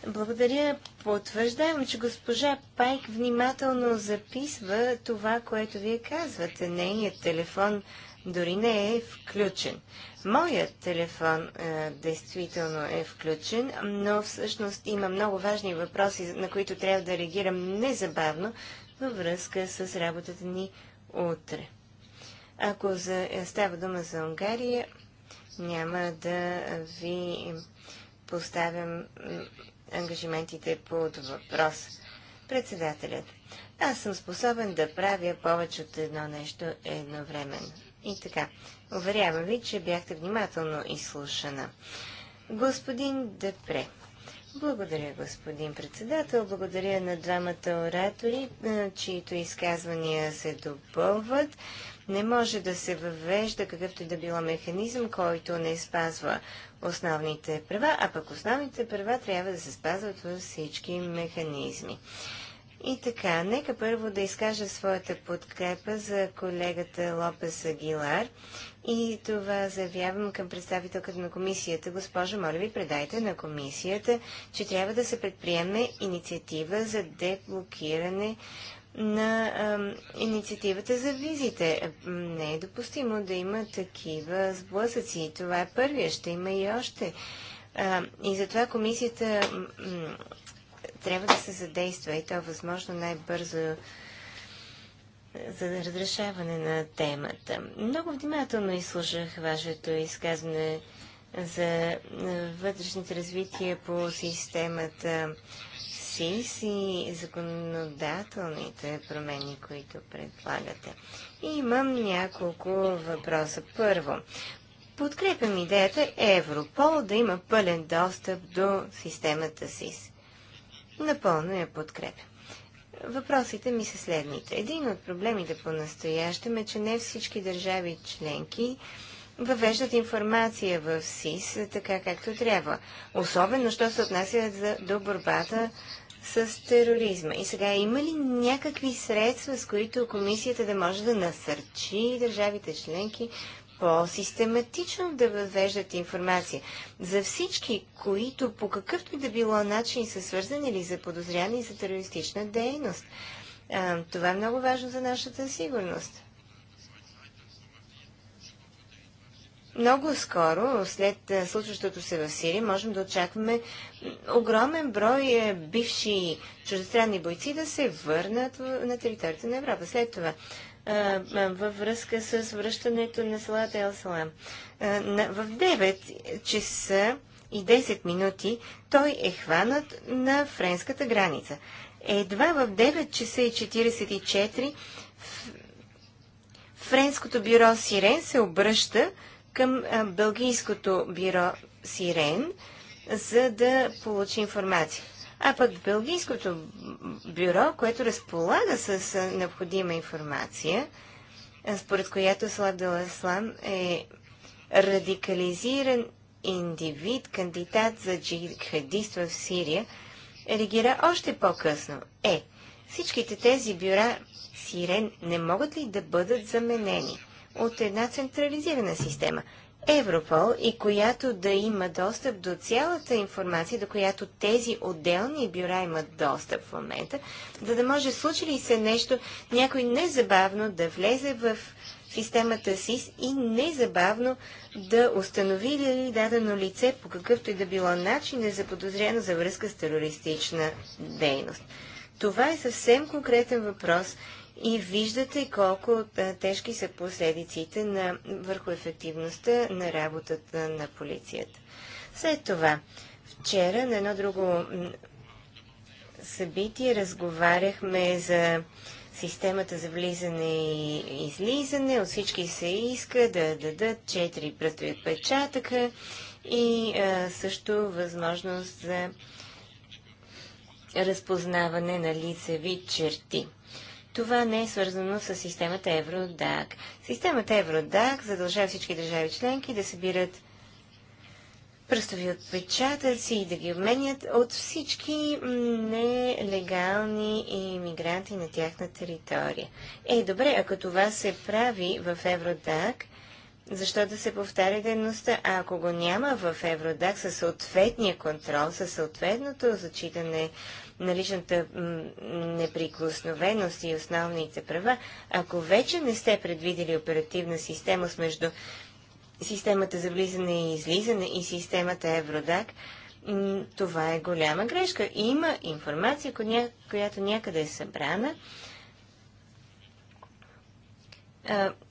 Благодаря. Потвърждавам, че госпожа Пайк внимателно записва това, което вие казвате. Нейният телефон дори не е включен. Моят телефон е, действително е включен, но всъщност има много важни въпроси, на които трябва да реагирам незабавно във връзка с работата ни утре. Ако за, е, става дума за Унгария, няма да ви поставям ангажиментите под въпрос. Председателят, аз съм способен да правя повече от едно нещо едновременно. И така, Уверявам ви, че бяхте внимателно изслушана. Господин Депре. Благодаря, господин председател. Благодаря на двамата оратори, чието изказвания се допълват. Не може да се въвежда какъвто и да било механизъм, който не спазва основните права, а пък основните права трябва да се спазват във всички механизми. И така, нека първо да изкажа своята подкрепа за колегата Лопес Агилар и това заявявам към представителката на комисията. Госпожо, моля ви, предайте на комисията, че трябва да се предприеме инициатива за деблокиране на ам, инициативата за визите. Не е допустимо да има такива сблъсъци. Това е първия, ще има и още. А, и затова комисията трябва да се задейства и то е възможно най-бързо е, за разрешаване на темата. Много внимателно изслушах вашето изказване за е, вътрешните развития по системата СИС и законодателните промени, които предлагате. И имам няколко въпроса. Първо, подкрепям идеята Европол да има пълен достъп до системата СИС. Напълно я подкрепя. Въпросите ми са следните. Един от проблемите по-настоящем е, че не всички държави членки въвеждат информация в СИС е, така както трябва. Особено, що се отнася за, до борбата с тероризма. И сега, има ли някакви средства, с които комисията да може да насърчи държавите членки по-систематично да въвеждат информация за всички, които по какъвто и да било начин са свързани или за подозряни за терористична дейност. А, това е много важно за нашата сигурност. Много скоро, след случващото се в Сирия, можем да очакваме огромен брой бивши чуждестранни бойци да се върнат на територията на Европа. След това във връзка с връщането на Салата Ел Салам. В 9 часа и 10 минути той е хванат на френската граница. Едва в 9 часа и 44 френското бюро Сирен се обръща към бългийското бюро Сирен, за да получи информация а пък Белгийското бюро, което разполага с необходима информация, според която Слаб Даласлам е радикализиран индивид, кандидат за джихадист в Сирия, реагира още по-късно. Е, всичките тези бюра Сирен не могат ли да бъдат заменени от една централизирана система? Европол и която да има достъп до цялата информация, до която тези отделни бюра имат достъп в момента, за да може случи ли се нещо, някой незабавно да влезе в системата СИС и незабавно да установи ли е дадено лице по какъвто и да било начин е заподозрено за връзка с терористична дейност. Това е съвсем конкретен въпрос и виждате колко тежки са последиците на, върху ефективността на работата на полицията. След това, вчера на едно друго събитие разговаряхме за системата за влизане и излизане. От всички се иска да дадат 4 пръстови отпечатъка и а, също възможност за разпознаване на лицеви черти. Това не е свързано с системата Евродак. Системата Евродак задължава всички държави членки да събират пръстови отпечатъци и да ги обменят от всички нелегални иммигранти на тяхна територия. Е, добре, ако това се прави в Евродак, защо да се повтаря дейността? А ако го няма в Евродак със съответния контрол, със съответното зачитане на личната неприкосновеност и основните права, ако вече не сте предвидели оперативна система с между системата за влизане и излизане и системата Евродак, това е голяма грешка. Има информация, която някъде е събрана,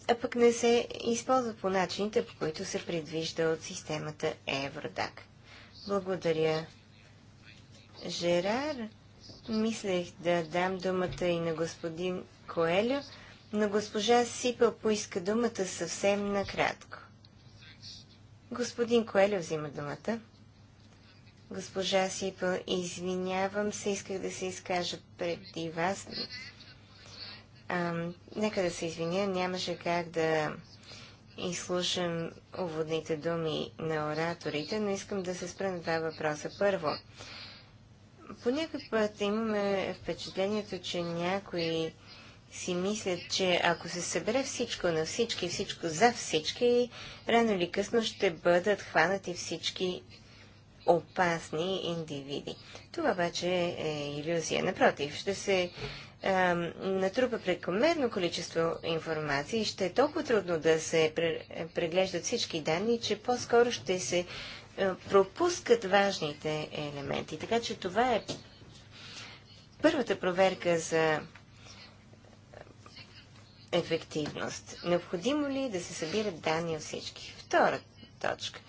а пък не се използва по начините, по които се предвижда от системата Евродак. Благодаря Жерар. Мислех да дам думата и на господин Коелю, но госпожа Сипел поиска думата съвсем накратко. Господин Коелю взима думата. Госпожа Сипел, извинявам се, исках да се изкажа преди вас. А, нека да се извиня, нямаше как да изслушам уводните думи на ораторите, но искам да се спра на два въпроса. Първо, по някакъв път имаме впечатлението, че някои си мислят, че ако се събере всичко на всички, всичко за всички, рано или късно ще бъдат хванати всички опасни индивиди. Това обаче е иллюзия. Напротив, ще се е, натрупа прекомерно количество информация и ще е толкова трудно да се преглеждат всички данни, че по-скоро ще се е, пропускат важните елементи. Така че това е първата проверка за ефективност. Необходимо ли е да се събират данни от всички? Втора точка.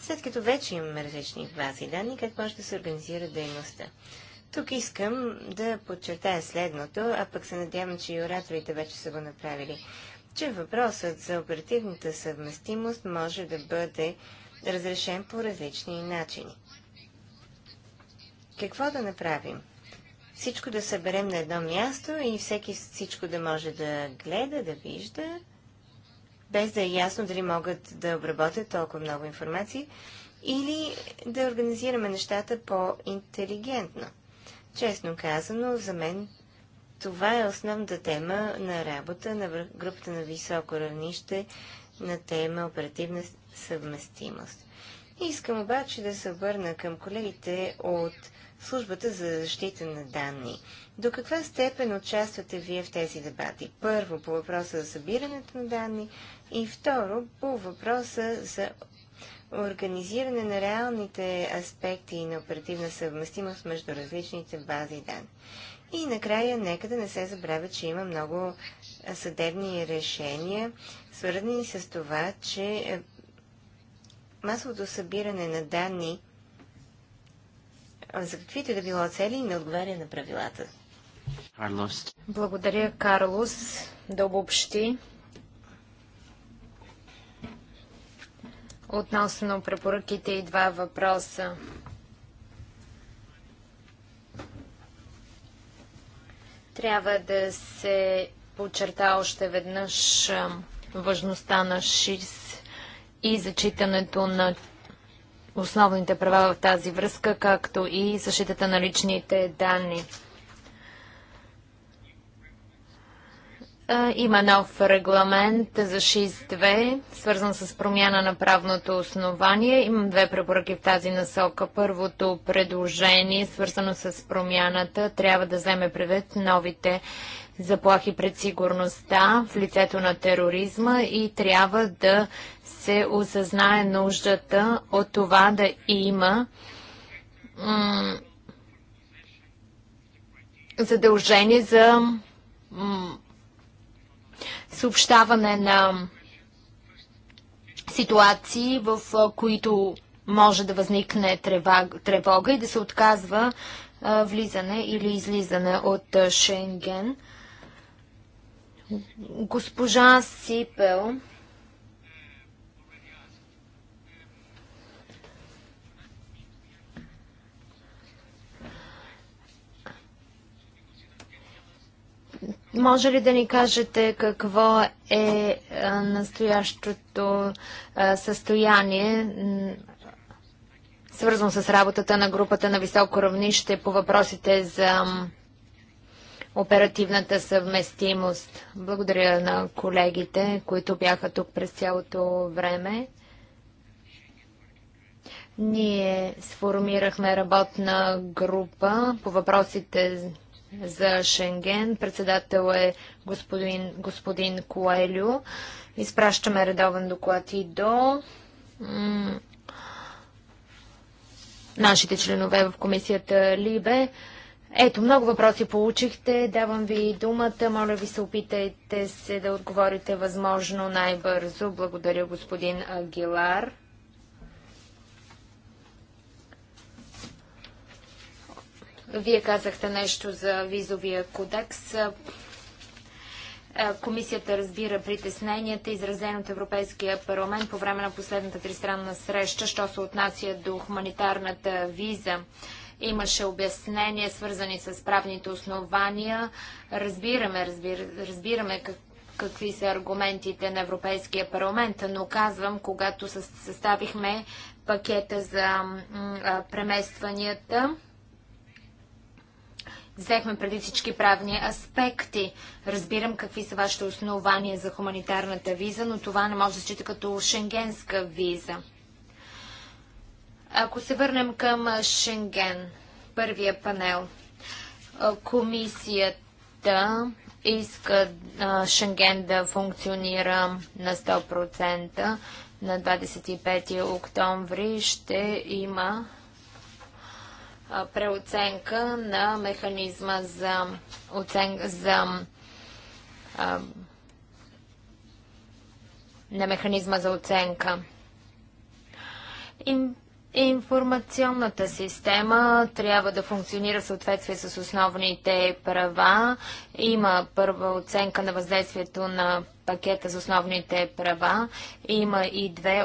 След като вече имаме различни бази данни, как може да се организира дейността? Тук искам да подчертая следното, а пък се надявам, че и ораторите вече са го направили, че въпросът за оперативната съвместимост може да бъде разрешен по различни начини. Какво да направим? Всичко да съберем на едно място и всеки всичко да може да гледа, да вижда, без да е ясно дали могат да обработят толкова много информации, или да организираме нещата по-интелигентно. Честно казано, за мен това е основната тема на работа на групата на високо равнище на тема оперативна съвместимост. Искам обаче да се обърна към колегите от Службата за защита на данни. До каква степен участвате вие в тези дебати? Първо, по въпроса за събирането на данни и второ, по въпроса за организиране на реалните аспекти на оперативна съвместимост между различните бази данни. И накрая, нека да не се забравя, че има много съдебни решения, свързани с това, че масовото събиране на данни за каквито да било цели не отговаря на правилата. Благодаря, Карлос, да обобщи. Относно препоръките и два въпроса. Трябва да се подчерта още веднъж важността на ШИС и зачитането на основните права в тази връзка, както и защитата на личните данни. Има нов регламент за 6.2, свързан с промяна на правното основание. Имам две препоръки в тази насока. Първото предложение, свързано с промяната, трябва да вземе предвид новите заплахи пред сигурността в лицето на тероризма и трябва да се осъзнае нуждата от това да има задължение за съобщаване на ситуации, в които може да възникне тревога и да се отказва влизане или излизане от Шенген. Госпожа Сипел Може ли да ни кажете какво е настоящото състояние, свързано с работата на групата на високо равнище по въпросите за оперативната съвместимост. Благодаря на колегите, които бяха тук през цялото време. Ние сформирахме работна група по въпросите за Шенген. Председател е господин, господин Коелю. Изпращаме редовен доклад и до нашите членове в комисията Либе. Ето, много въпроси получихте. Давам ви думата. Моля ви се опитайте се да отговорите възможно най-бързо. Благодаря, господин Агилар. Вие казахте нещо за визовия кодекс. Комисията разбира притесненията, изразени от Европейския парламент по време на последната тристранна среща, що се отнася до хуманитарната виза. Имаше обяснения, свързани с правните основания. Разбираме, разбира, разбираме как, какви са аргументите на Европейския парламент, но казвам, когато съставихме пакета за преместванията, взехме преди всички правни аспекти. Разбирам какви са вашите основания за хуманитарната виза, но това не може да се счита като шенгенска виза. Ако се върнем към Шенген, първия панел, комисията иска Шенген да функционира на 100%. На 25 октомври ще има преоценка на механизма за, оцен... за на механизма за оценка. И Информационната система трябва да функционира в съответствие с основните права. Има първа оценка на въздействието на пакета за основните права. Има и, две,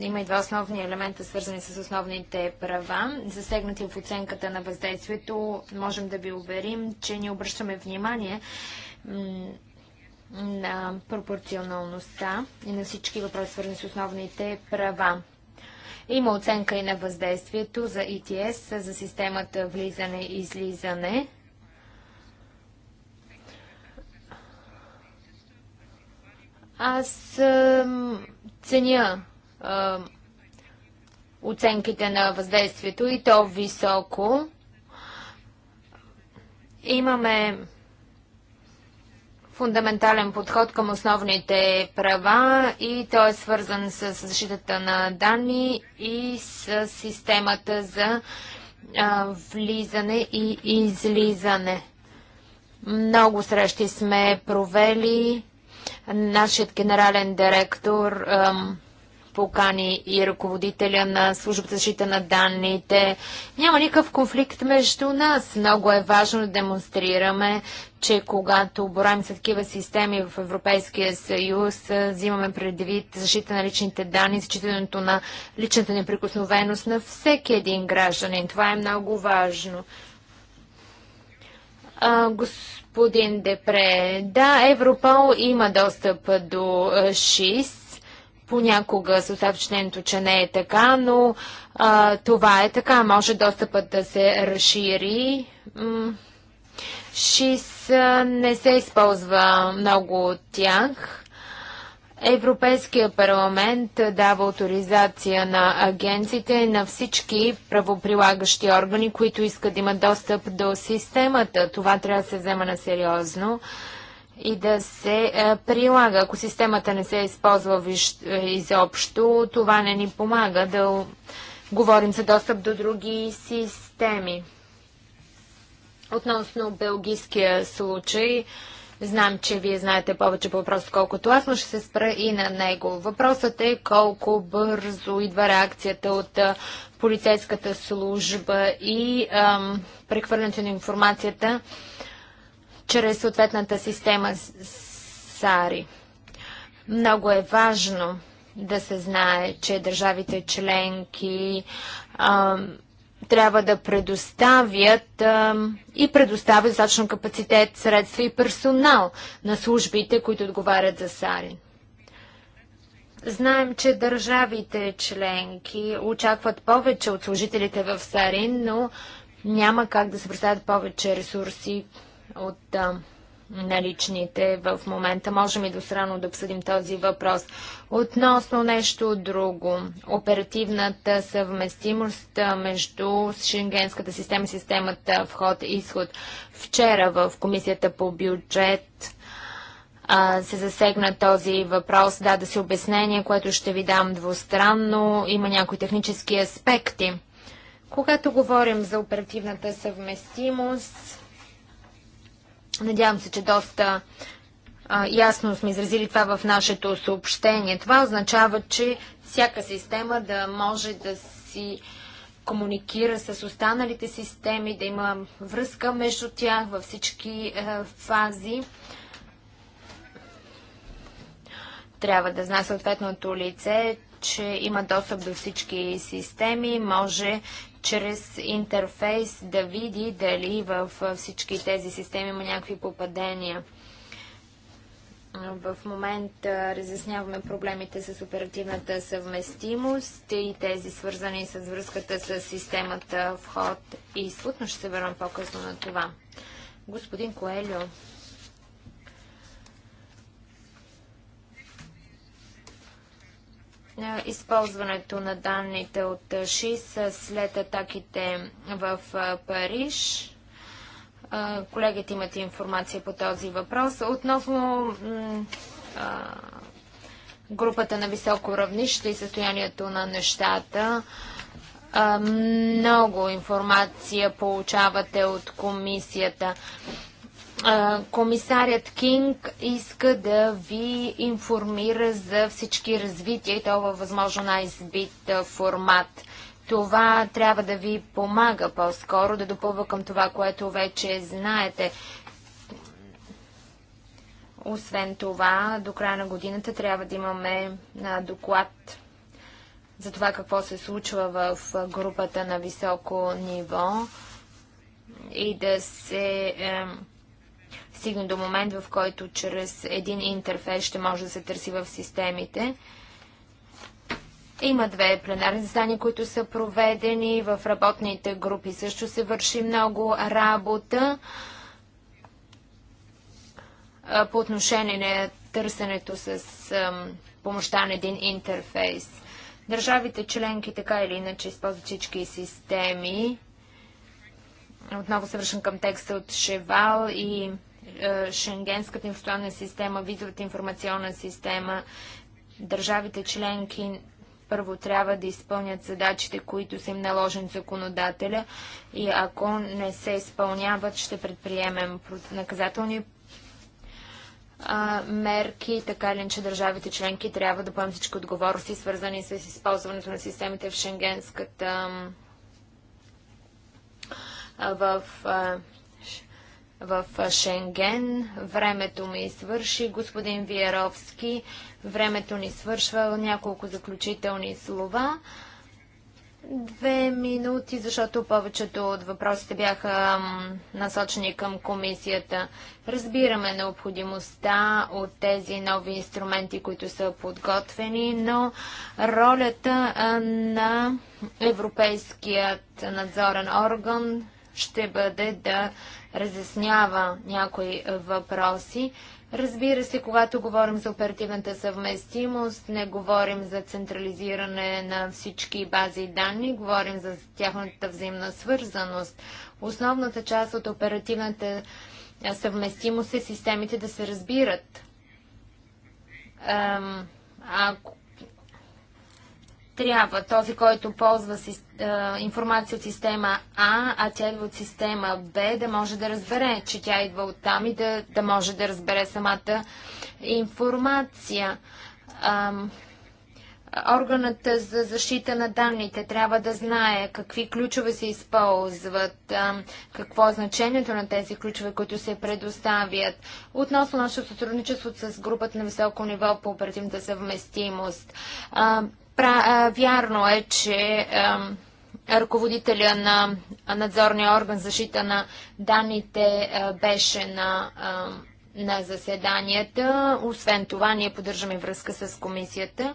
има и два основни елемента, свързани с основните права. Засегнати в оценката на въздействието, можем да ви уверим, че ни обръщаме внимание на пропорционалността и на всички въпроси, свързани с основните права. Има оценка и на въздействието за ETS, за системата влизане и излизане. Аз ценя оценките на въздействието и то високо. Имаме фундаментален подход към основните права и той е свързан с защитата на данни и с системата за влизане и излизане. Много срещи сме провели. Нашият генерален директор покани и ръководителя на службата защита на данните. Няма никакъв конфликт между нас. Много е важно да демонстрираме, че когато борим с такива системи в Европейския съюз, взимаме предвид защита на личните данни, зачитането на личната неприкосновеност на всеки един гражданин. Това е много важно. А, господин Депре, да, Европол има достъп до ШИС Понякога с оставя че не е така, но а, това е така. Може достъпът да се разшири. ШИС не се използва много от тях. Европейския парламент дава авторизация на агенците и на всички правоприлагащи органи, които искат да имат достъп до системата. Това трябва да се взема на сериозно и да се е, прилага. Ако системата не се използва виж, е, изобщо, това не ни помага да говорим за достъп до други системи. Относно белгийския случай, знам, че вие знаете повече по въпроса, колкото аз, но ще се спра и на него. Въпросът е колко бързо идва реакцията от е, полицейската служба и прехвърлянето на информацията чрез съответната система САРИ. Много е важно да се знае, че държавите членки а, трябва да предоставят а, и предоставят достатъчно капацитет, средства и персонал на службите, които отговарят за САРИ. Знаем, че държавите членки очакват повече от служителите в САРИН, но няма как да се представят повече ресурси от а, наличните в момента. Можем и досрано да обсъдим този въпрос. Относно нещо друго, оперативната съвместимост между Шенгенската система и системата вход-изход. Вчера в Комисията по бюджет а, се засегна този въпрос. Да, да се обяснение, което ще ви дам двустранно. Има някои технически аспекти. Когато говорим за оперативната съвместимост, Надявам се, че доста а, ясно сме изразили това в нашето съобщение. Това означава, че всяка система да може да си комуникира с останалите системи, да има връзка между тях във всички а, е, фази. Трябва да знае съответното лице, че има достъп до всички системи, може чрез интерфейс да види дали в всички тези системи има някакви попадения. В момента разясняваме проблемите с оперативната съвместимост и тези свързани с връзката с системата вход и изход, но ще се върнем по-късно на това. Господин Коелю, Е, използването на данните от е, ШИС е, след атаките в Париж. Колегите имат информация по този въпрос. Относно групата на високо равнище и състоянието на нещата, много информация получавате от комисията. Комисарят Кинг иска да ви информира за всички развития и то във възможно най-избит формат. Това трябва да ви помага по-скоро да допълва към това, което вече знаете. Освен това, до края на годината трябва да имаме доклад за това какво се случва в групата на високо ниво и да се. Е, стигне до момент, в който чрез един интерфейс ще може да се търси в системите. Има две пленарни заседания, които са проведени. В работните групи също се върши много работа по отношение на търсенето с помощта на един интерфейс. Държавите членки така или иначе използват всички системи. Отново се връщам към текста от Шевал и е, Шенгенската информационна система, визовата информационна система, държавите членки първо трябва да изпълнят задачите, които са им наложени законодателя и ако не се изпълняват, ще предприемем наказателни а, мерки, така ли, че държавите членки трябва да поемат всички отговорности, свързани с използването на системите в Шенгенската в в Шенген. Времето ми свърши, господин Виеровски. Времето ни свършва няколко заключителни слова. Две минути, защото повечето от въпросите бяха насочени към комисията. Разбираме необходимостта от тези нови инструменти, които са подготвени, но ролята на Европейският надзорен орган ще бъде да разяснява някои е, въпроси. Разбира се, когато говорим за оперативната съвместимост, не говорим за централизиране на всички бази данни, говорим за тяхната взаимна свързаност. Основната част от оперативната е, съвместимост е системите да се разбират. Ако трябва този, който ползва си, а, информация от система А, а тя идва от система Б, да може да разбере, че тя идва от там и да, да може да разбере самата информация. А, органът за защита на данните трябва да знае какви ключове се използват, какво е значението на тези ключове, които се предоставят. Относно нашето сътрудничество с групата на високо ниво по оперативната съвместимост, Вярно е, че ръководителя на надзорния орган защита на данните беше на, на заседанията. Освен това, ние поддържаме връзка с комисията.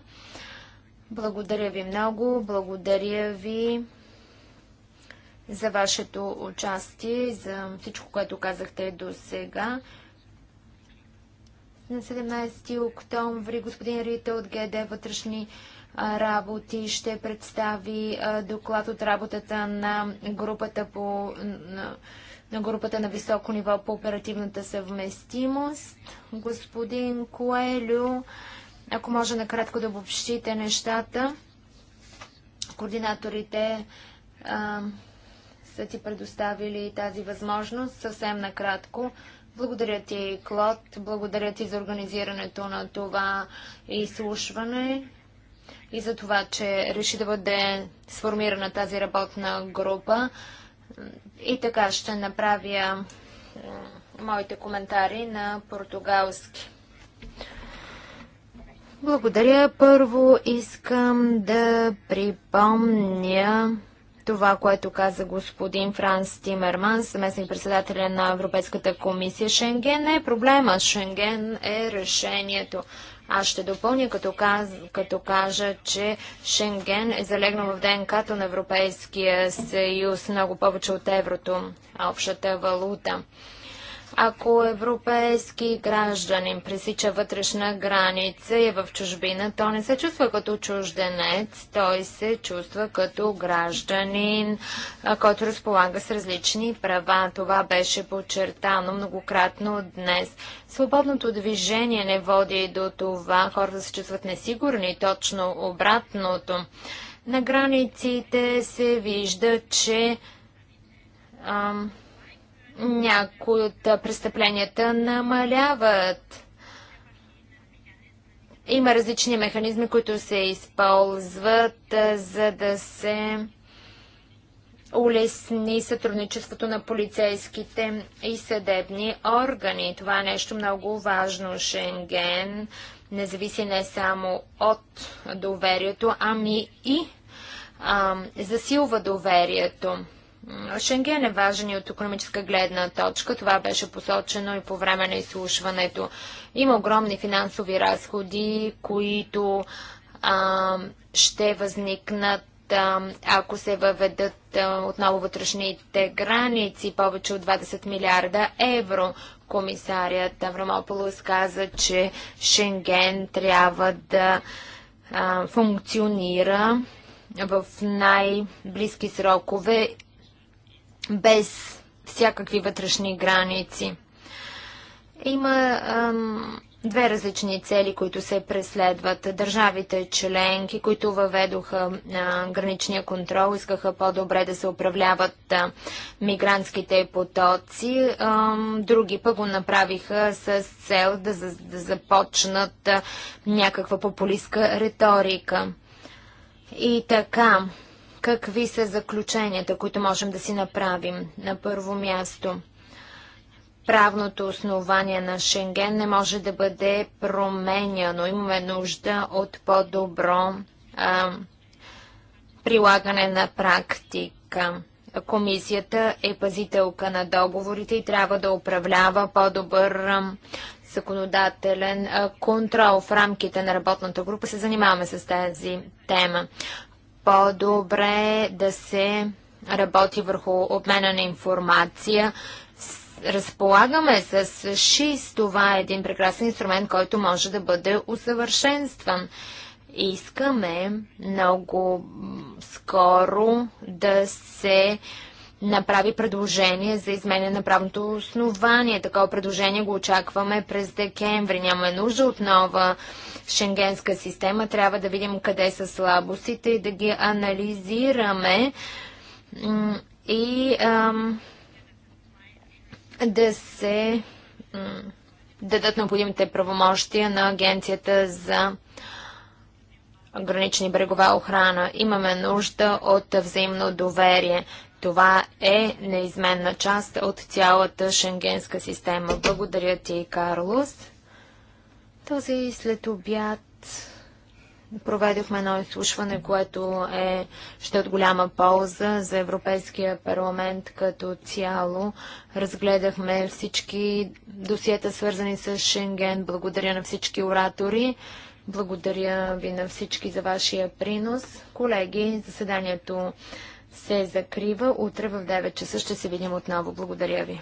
Благодаря ви много. Благодаря ви за вашето участие, за всичко, което казахте до сега. На 17 октомври господин Рита от ГД Вътрешни работи, ще представи доклад от работата на групата, по, на, групата на високо ниво по оперативната съвместимост. Господин Коелю, ако може накратко да обобщите нещата, координаторите а, са ти предоставили тази възможност съвсем накратко. Благодаря ти, Клод. Благодаря ти за организирането на това изслушване и за това, че реши да бъде сформирана тази работна група. И така ще направя моите коментари на португалски. Благодаря. Първо искам да припомня това, което каза господин Франс Тимерман, съместник председателя на Европейската комисия. Шенген не е проблема. Шенген е решението. Аз ще допълня, като, каз, като кажа, че Шенген е залегнал в ДНК-то на Европейския съюз много повече от еврото, общата валута. Ако европейски гражданин пресича вътрешна граница и е в чужбина, то не се чувства като чужденец, той се чувства като гражданин, който разполага с различни права. Това беше подчертано многократно днес. Свободното движение не води до това хората да се чувстват несигурни, точно обратното. На границите се вижда, че ам, някои от престъпленията намаляват. Има различни механизми, които се използват, за да се улесни сътрудничеството на полицейските и съдебни органи. Това е нещо много важно. Шенген не зависи не само от доверието, ами и а, засилва доверието. Шенген е важен и от економическа гледна точка. Това беше посочено и по време на изслушването. Има огромни финансови разходи, които а, ще възникнат ако се въведат отново вътрешните граници повече от 20 милиарда евро. Комисарият Аврамополос каза, че Шенген трябва да функционира в най-близки срокове без всякакви вътрешни граници. Има ам, две различни цели, които се преследват. Държавите членки, които въведоха а, граничния контрол, искаха по-добре да се управляват а, мигрантските потоци. Ам, други пък го направиха с цел да, да започнат а, някаква популистка риторика. И така, Какви са заключенията, които можем да си направим? На първо място, правното основание на Шенген не може да бъде променяно. Имаме нужда от по-добро прилагане на практика. Комисията е пазителка на договорите и трябва да управлява по-добър законодателен контрол. В рамките на работната група се занимаваме с тази тема по-добре да се работи върху обмена на информация. Разполагаме с ШИС. Това е един прекрасен инструмент, който може да бъде усъвършенстван. Искаме много скоро да се направи предложение за измене на правното основание. Такова предложение го очакваме през декември. Нямаме нужда от нова шенгенска система. Трябва да видим къде са слабостите и да ги анализираме и ам, да се дадат необходимите правомощия на Агенцията за гранични брегова охрана. Имаме нужда от взаимно доверие. Това е неизменна част от цялата шенгенска система. Благодаря ти, Карлос. Този след обяд проведохме едно изслушване, което е, ще е от голяма полза за Европейския парламент като цяло. Разгледахме всички досиета, свързани с Шенген. Благодаря на всички оратори. Благодаря ви на всички за вашия принос. Колеги, заседанието се закрива. Утре в 9 часа ще се видим отново. Благодаря ви.